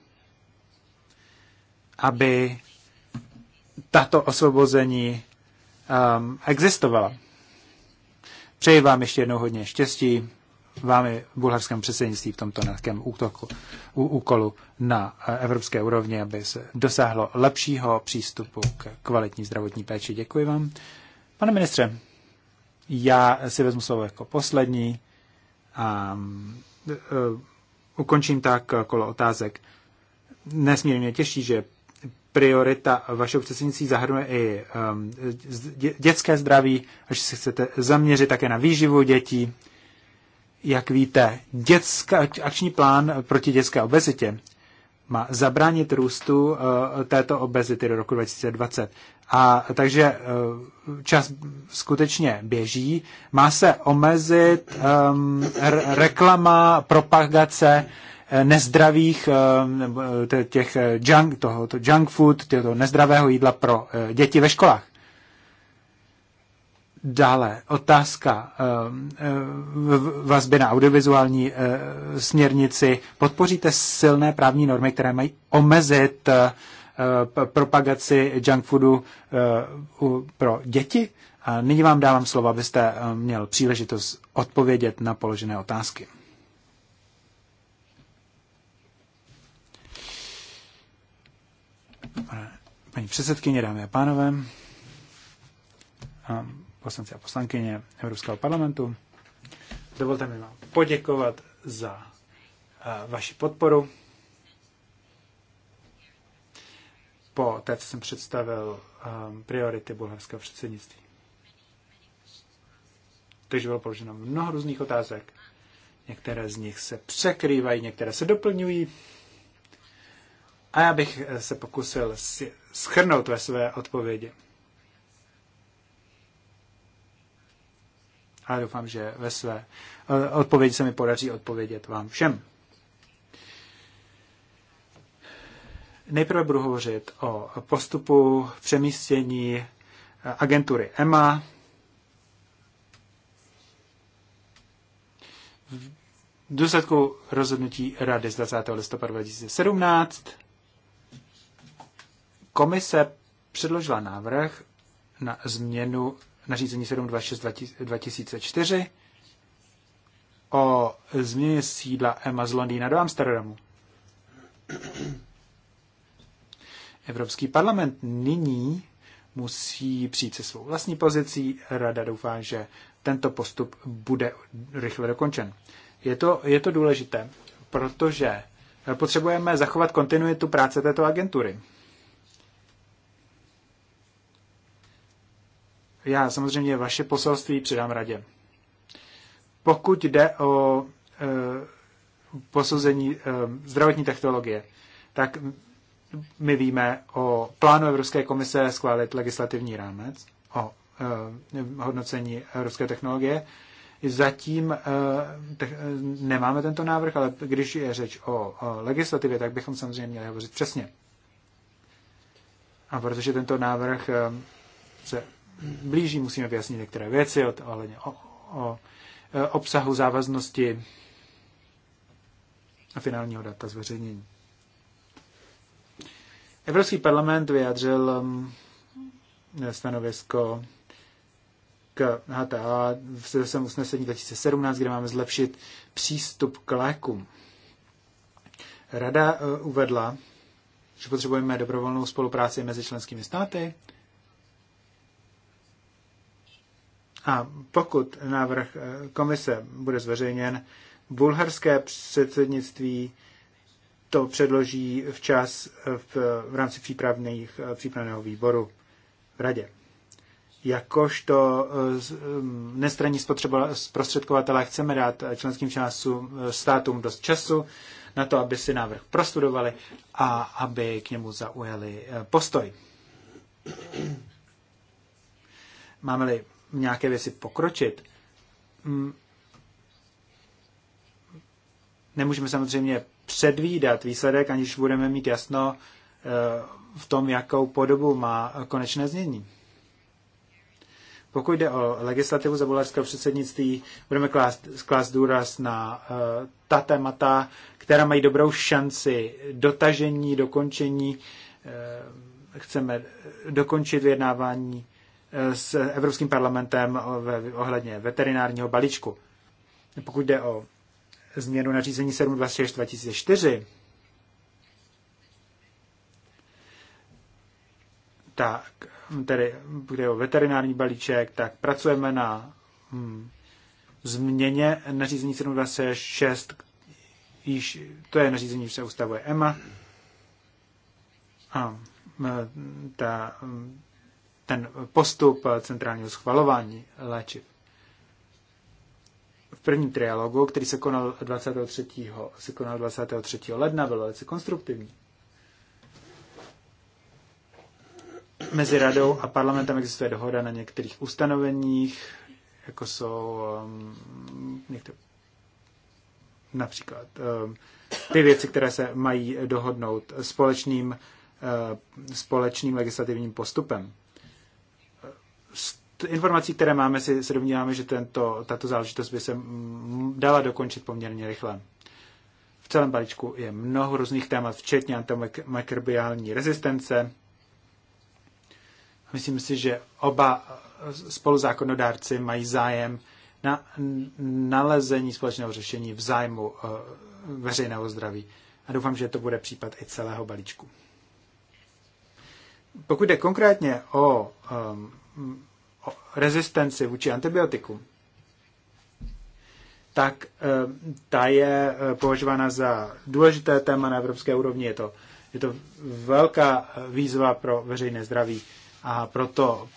Aby tato osvobození um, existovala. Přeji vám ještě jednou hodně štěstí vámi bulharském předsednictví v tomto nějakém útoku, ú, úkolu na eh, evropské úrovni, aby se dosáhlo lepšího přístupu k kvalitní zdravotní péči. Děkuji vám. Pane ministře, já si vezmu slovo jako poslední a uh, ukončím tak kolo otázek. Nesmírně těší, že priorita vašeho předsednictví zahrnuje i um, dětské zdraví, až se chcete zaměřit také na výživu dětí jak víte, dětská, akční plán proti dětské obezitě má zabránit růstu eh, této obezity do roku 2020. A takže eh, čas skutečně běží. Má se omezit um, reklama, propagace nezdravých těch junk, tohoto junk food, toho nezdravého jídla pro děti ve školách. Dále otázka ehm, ehm, vazby na audiovizuální eh, směrnici. Podpoříte silné právní normy, které mají omezit eh, propagaci junk foodu eh, pro děti? A nyní vám dávám slovo, abyste měl příležitost odpovědět na položené otázky. Paní předsedkyně, dámy a pánové, ehm, poslanci a poslankyně Evropského parlamentu. Dovolte mi vám poděkovat za eh, vaši podporu. Po té, co jsem představil eh, priority bulharského předsednictví. Takže bylo položeno mnoho různých otázek. Některé z nich se překrývají, některé se doplňují. A já bych eh, se pokusil schrnout ve své odpovědi. Ale doufám, že ve své eh, odpovědi se mi podaří odpovědět vám všem. Nejprve budu hovořit o postupu přemístění eh, agentury EMA. V důsledku rozhodnutí Rady z 20. listopadu 2017 komise předložila návrh na změnu nařízení 726 2004 o změně sídla EMA z Londýna do Amsterdamu. Evropský parlament nyní musí přijít se svou vlastní pozicí. Rada doufá, že tento postup bude rychle dokončen. Je to, je to důležité, protože potřebujeme zachovat kontinuitu práce této agentury. Já samozřejmě vaše poselství předám radě. Pokud jde o e, posouzení e, zdravotní technologie, tak my víme o plánu Evropské komise schválit legislativní rámec o e, hodnocení evropské technologie. Zatím e, te, e, nemáme tento návrh, ale když je řeč o, o legislativě, tak bychom samozřejmě měli hovořit přesně. A protože tento návrh e, se blíží. Musíme vyjasnit některé věci o, o, o e, obsahu závaznosti a finálního data zveřejnění. Evropský parlament vyjádřil um, e, stanovisko k HTA v svém usnesení 2017, kde máme zlepšit přístup k lékům. Rada e, uvedla, že potřebujeme dobrovolnou spolupráci mezi členskými státy A pokud návrh eh, komise bude zveřejněn, bulharské předsednictví to předloží včas v, v rámci přípravných, eh, přípravného výboru v radě. Jakožto eh, mm, nestraní zprostředkovatele chceme dát členským částům, státům dost času na to, aby si návrh prostudovali a aby k němu zaujali postoj. Máme-li nějaké věci pokročit. Mm, nemůžeme samozřejmě předvídat výsledek, aniž budeme mít jasno eh, v tom, jakou podobu má konečné znění. Pokud jde o legislativu za bulharského předsednictví, budeme klást, klást důraz na uh, ta témata, která mají dobrou šanci dotažení, dokončení. Uh, chceme dokončit vyjednávání s Evropským parlamentem ohledně veterinárního balíčku. Pokud jde o změnu nařízení 726 2004, tak tedy kde je o veterinární balíček, tak pracujeme na hm, změně nařízení 726, již, to je nařízení, že se ustavuje EMA. A hm, ta, hm, ten postup centrálního schvalování léčiv. V prvním trialogu, který se konal 23. Se konal 23. ledna, byl velice konstruktivní. Mezi radou a parlamentem existuje dohoda na některých ustanoveních, jako jsou um, některé, například um, ty věci, které se mají dohodnout společným, uh, společným legislativním postupem z informací, které máme, si, se domníváme, že tento, tato záležitost by se dala dokončit poměrně rychle. V celém balíčku je mnoho různých témat, včetně antimikrobiální rezistence. Myslím si, že oba spoluzákonodárci mají zájem na nalezení společného řešení v zájmu eh, veřejného zdraví. A doufám, že to bude případ i celého balíčku. Pokud jde konkrétně o um, Mm, rezistenci vůči antibiotikům, tak eh, ta je eh, považována za důležité téma na evropské úrovni. Je to, je to velká eh, výzva pro veřejné zdraví a proto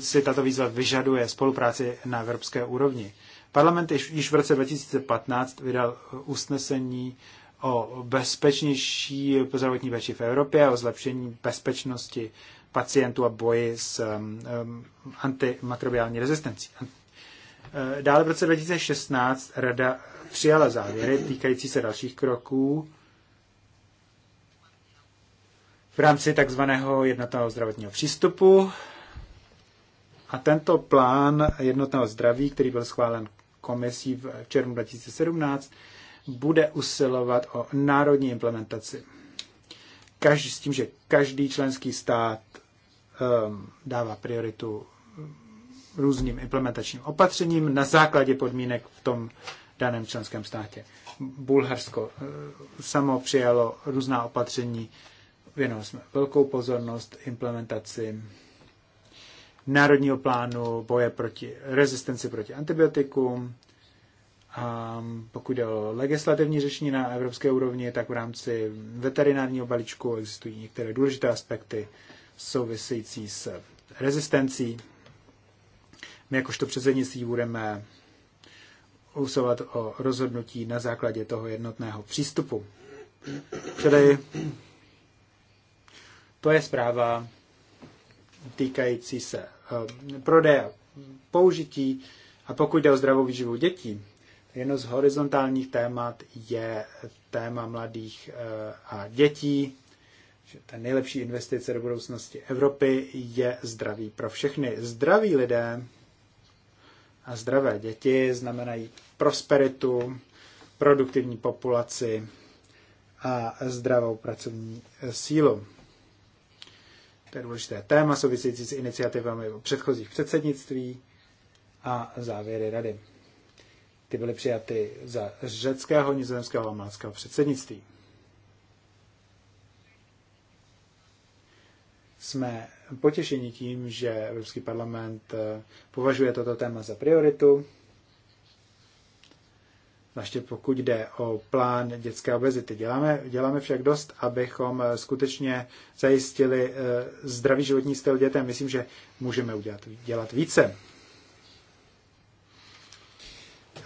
si tato výzva vyžaduje spolupráci na evropské úrovni. Parlament již v roce 2015 vydal usnesení o bezpečnější zdravotní péči v Evropě, o zlepšení bezpečnosti pacientů a boji s um, um, antimakrobiální rezistencí. Eh, dále v roce 2016 Rada přijala závěry týkající se dalších kroků v rámci takzvaného jednotného zdravotního přístupu. A tento plán jednotného zdraví, který byl schválen komisí v červnu 2017, bude usilovat o národní implementaci. Každý s tím, že každý členský stát um, dává prioritu různým implementačním opatřením na základě podmínek v tom daném členském státě. Bulharsko eh, samo přijalo různá opatření, věnovali jsme velkou pozornost implementaci národního plánu boje proti rezistenci proti antibiotikům, pokud jde o legislativní řešení na evropské úrovni, tak v rámci veterinárního balíčku existují některé důležité aspekty související s rezistencí. My jakožto předsednictví budeme usovat o rozhodnutí na základě toho jednotného přístupu. Tedy to je zpráva týkající se eh, prodeje použití a pokud jde o zdravou výživu dětí, Jedno z horizontálních témat je téma mladých eh, a dětí. Že ta nejlepší investice do budoucnosti Evropy je zdraví pro všechny. Zdraví lidé a zdravé děti znamenají prosperitu, produktivní populaci a zdravou pracovní eh, sílu. To je důležité téma související s iniciativami předchozích předsednictví a závěry rady. Ty byly přijaty za řeckého, nizozemského a malského předsednictví. Jsme potěšeni tím, že Evropský parlament eh, považuje toto téma za prioritu, Naště pokud jde o plán dětské obezity. Děláme, děláme však dost, abychom eh, skutečně zajistili eh, zdravý životní styl dětem. Myslím, že můžeme udělat, dělat více.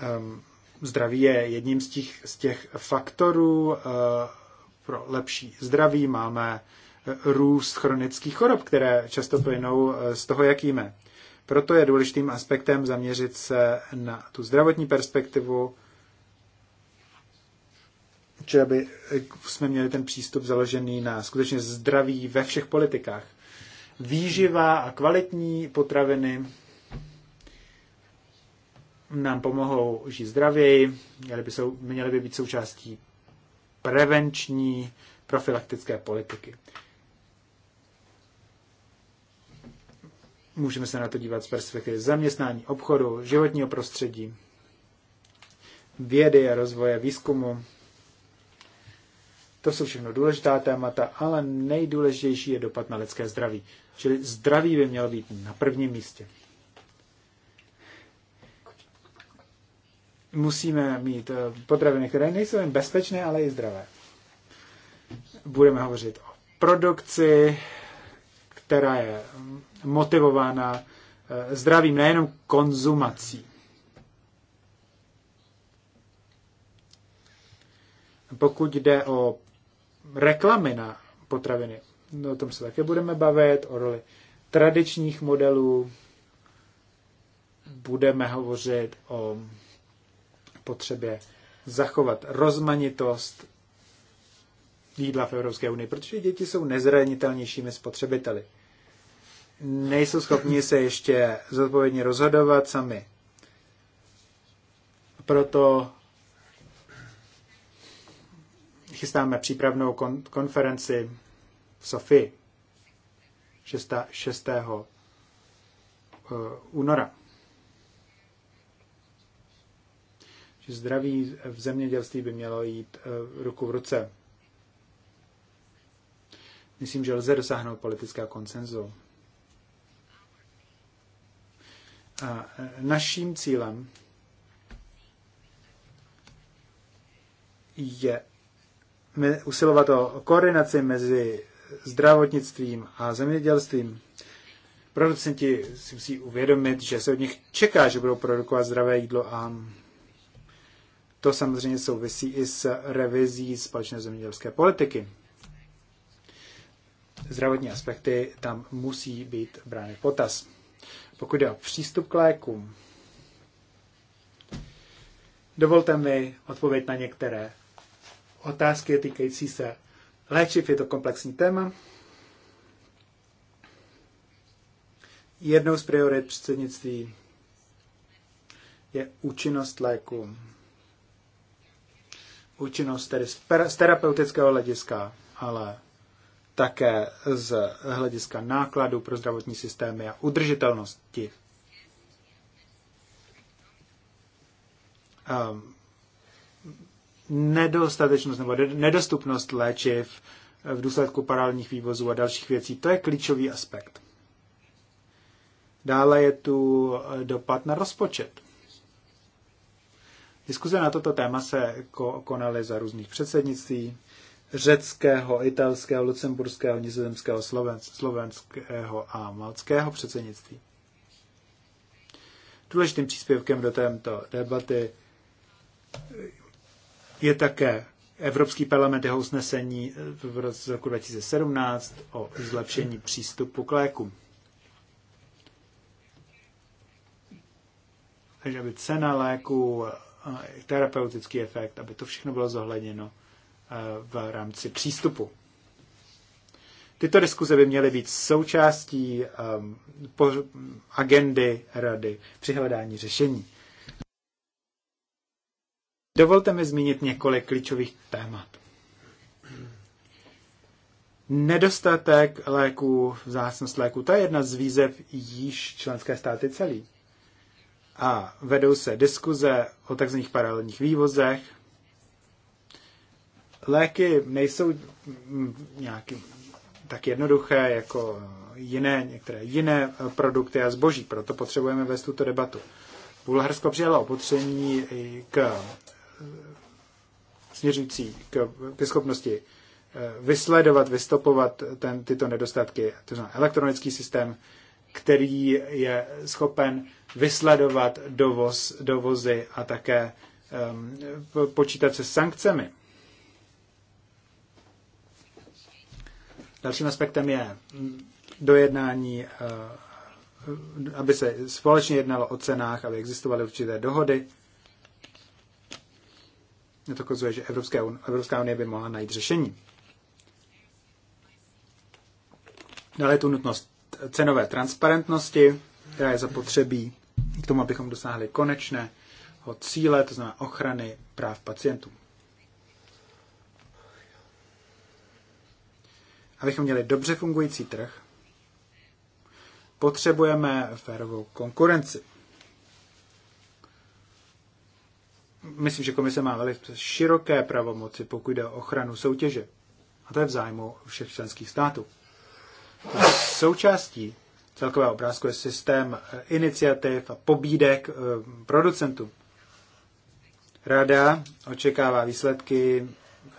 Ehm, zdraví je jedním z těch, z těch faktorů eh, pro lepší zdraví. Máme eh, růst chronických chorob, které často plynou eh, z toho, jak jíme. Proto je důležitým aspektem zaměřit se na tu zdravotní perspektivu, či aby jsme měli ten přístup založený na skutečně zdraví ve všech politikách. Výživa a kvalitní potraviny nám pomohou žít zdravěji, měly by, sou, měly by být součástí prevenční profilaktické politiky. Můžeme se na to dívat z perspektivy zaměstnání, obchodu, životního prostředí, vědy a rozvoje, výzkumu. To jsou všechno důležitá témata, ale nejdůležitější je dopad na lidské zdraví. Čili zdraví by mělo být na prvním místě. musíme mít eh, potraviny, které nejsou jen bezpečné, ale i zdravé. Budeme hovořit o produkci, která je mm, motivována eh, zdravím, nejenom konzumací. Pokud jde o reklamy na potraviny, no, o tom se také budeme bavit, o roli tradičních modelů, budeme hovořit o potřebě zachovat rozmanitost jídla v Evropské unii, protože děti jsou nezranitelnějšími spotřebiteli. Nejsou schopni se ještě zodpovědně rozhodovat sami. Proto chystáme přípravnou kon- konferenci v Sofii 6. 6. Eh, února. že zdraví v zemědělství by mělo jít eh, ruku v ruce. Myslím, že lze dosáhnout politického konsenzu. A eh, naším cílem je usilovat o koordinaci mezi zdravotnictvím a zemědělstvím. Producenti si musí uvědomit, že se od nich čeká, že budou produkovat zdravé jídlo a to samozřejmě souvisí i s revizí společné zemědělské politiky. Zdravotní aspekty tam musí být brány v potaz. Pokud jde o přístup k lékům, dovolte mi odpověď na některé otázky týkající se léčiv. Je to komplexní téma. Jednou z priorit předsednictví je účinnost léku účinnost tedy z terapeutického hlediska, ale také z hlediska nákladů pro zdravotní systémy a udržitelnosti. Ehm, nedostatečnost nebo nedostupnost léčiv v důsledku paralelních vývozů a dalších věcí, to je klíčový aspekt. Dále je tu eh, dopad na rozpočet. Diskuze na toto téma se konaly za různých předsednictví, řeckého, italského, lucemburského, nizozemského, slovenského a maltského předsednictví. Důležitým příspěvkem do této debaty je také Evropský parlament jeho usnesení z roku 2017 o zlepšení přístupu k lékům. Takže aby cena léku terapeutický efekt, aby to všechno bylo zohledněno eh, v rámci přístupu. Tyto diskuze by měly být součástí ehm, agendy rady při hledání řešení. Dovolte mi zmínit několik klíčových témat. Nedostatek léků, vzácnost léků, to je jedna z výzev již členské státy celý a vedou se diskuze o tzv. paralelních vývozech. Léky nejsou nějaký tak jednoduché jako jiné, některé jiné produkty a zboží, proto potřebujeme vést tuto debatu. Bulharsko přijalo opatření k eh, směřující k, k schopnosti eh, vysledovat, vystopovat ten, tyto nedostatky, to znamená elektronický systém který je schopen vysledovat dovoz, dovozy a také um, počítat se sankcemi. Dalším aspektem je dojednání, eh, aby se společně jednalo o cenách, aby existovaly určité dohody. Mě to kozuje, že Evropská, unie, Evropská unie by mohla najít řešení. Dále je tu nutnost cenové transparentnosti, která je zapotřebí k tomu, abychom dosáhli konečného cíle, to znamená ochrany práv pacientů. Abychom měli dobře fungující trh, potřebujeme férovou konkurenci. Myslím, že komise má velice široké pravomoci, pokud jde o ochranu soutěže. A to je v zájmu všech členských států. Součástí celkového obrázku je systém iniciativ a pobídek eh, producentů. Rada očekává výsledky eh,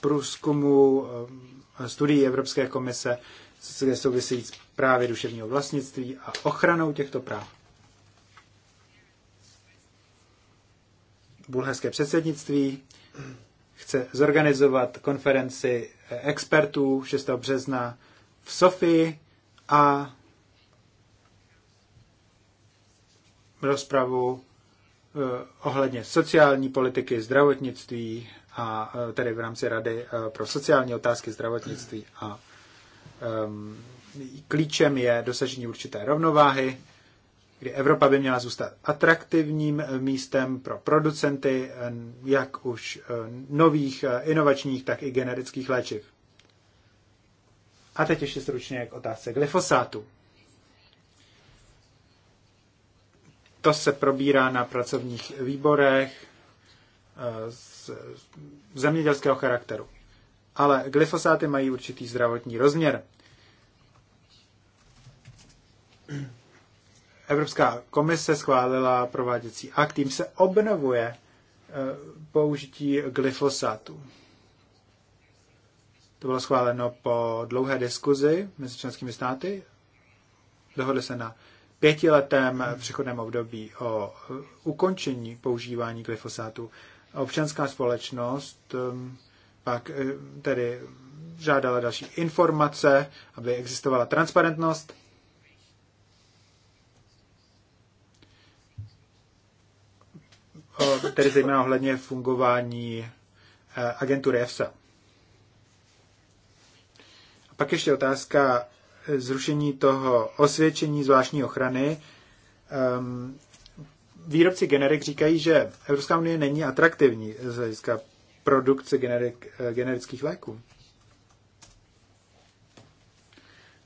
průzkumu eh, studií Evropské komise, které souvisí s právě duševního vlastnictví a ochranou těchto práv. Bulharské předsednictví chce zorganizovat konferenci expertů 6. března v Sofii a rozpravu eh, ohledně sociální politiky, zdravotnictví a eh, tedy v rámci Rady eh, pro sociální otázky zdravotnictví a um, klíčem je dosažení určité rovnováhy, kdy Evropa by měla zůstat atraktivním místem pro producenty jak už nových inovačních, tak i generických léčiv. A teď ještě stručně k otázce glyfosátu. To se probírá na pracovních výborech eh, z zemědělského charakteru. Ale glyfosáty mají určitý zdravotní rozměr. Evropská komise schválila prováděcí akt, tím se obnovuje eh, použití glyfosátu. To bylo schváleno po dlouhé diskuzi mezi členskými státy. Dohodli se na pětiletém přechodném období o ukončení používání glyfosátu. Občanská společnost um, pak eh, tedy žádala další informace, aby existovala transparentnost. O, tedy zejména ohledně fungování eh, agentury EFSA. Pak ještě otázka eh, zrušení toho osvědčení zvláštní ochrany. Um, výrobci generik říkají, že Evropská unie není atraktivní z hlediska produkce generik, eh, generických léků.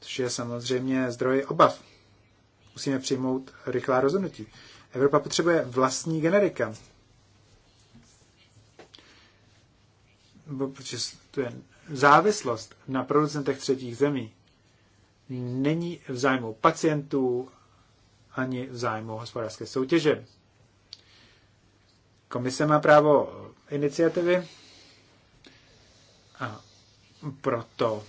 Což je samozřejmě zdroj obav. Musíme přijmout rychlá rozhodnutí. Evropa potřebuje vlastní generika. protože to je závislost na producentech třetích zemí není v zájmu pacientů ani v zájmu hospodářské soutěže. Komise má právo iniciativy a proto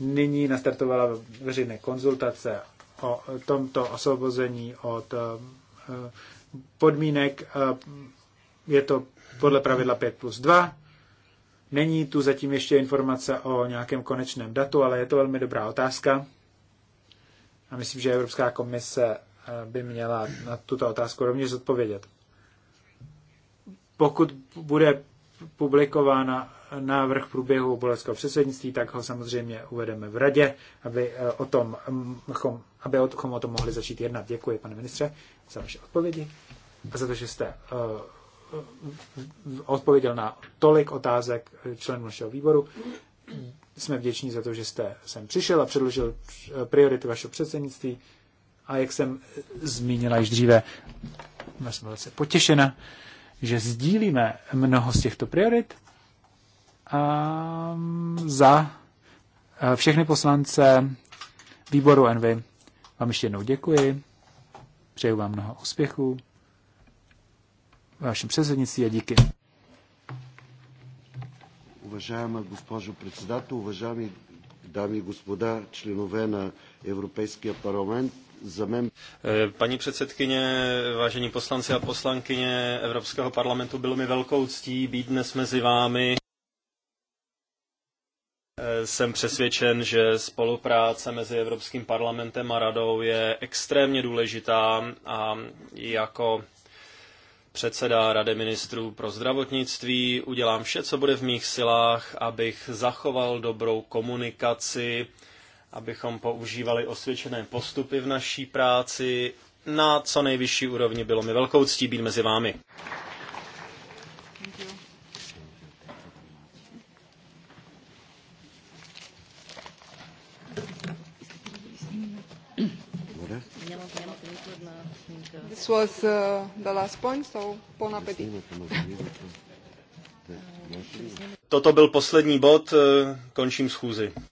nyní nastartovala veřejné konzultace o tomto osvobození od eh, podmínek. Eh, je to podle pravidla 5 plus 2 Není tu zatím ještě informace o nějakém konečném datu, ale je to velmi dobrá otázka. A myslím, že Evropská komise eh, by měla na tuto otázku rovněž odpovědět. Pokud bude publikována návrh v průběhu boleckého předsednictví, tak ho samozřejmě uvedeme v radě, aby eh, o tom, mm, aby o tom, o tom mohli začít jednat. Děkuji, pane ministře, za vaše odpovědi a za to, že jste eh, odpověděl na tolik otázek členů našeho výboru. Jsme vděční za to, že jste sem přišel a předložil priority vašeho předsednictví. A jak jsem zmínila již dříve, jsem velice potěšena, že sdílíme mnoho z těchto priorit a za eh, všechny poslance výboru Envy vám ještě jednou děkuji. Přeju vám mnoho úspěchů vašem předsednictví a díky. Уважаема госпожо председател, уважаеми dámy господа, členové na Evropský parlament, за мен... Paní předsedkyně, vážení poslanci a poslankyně Evropského parlamentu, bylo mi velkou ctí být dnes mezi vámi. E, jsem přesvědčen, že spolupráce mezi Evropským parlamentem a radou je extrémně důležitá a jako předseda Rady ministrů pro zdravotnictví. Udělám vše, co bude v mých silách, abych zachoval dobrou komunikaci, abychom používali osvědčené postupy v naší práci. Na co nejvyšší úrovni bylo mi velkou ctí být mezi vámi. this was uh, the last point, so bon Toto byl poslední bod, eh, končím schůzi.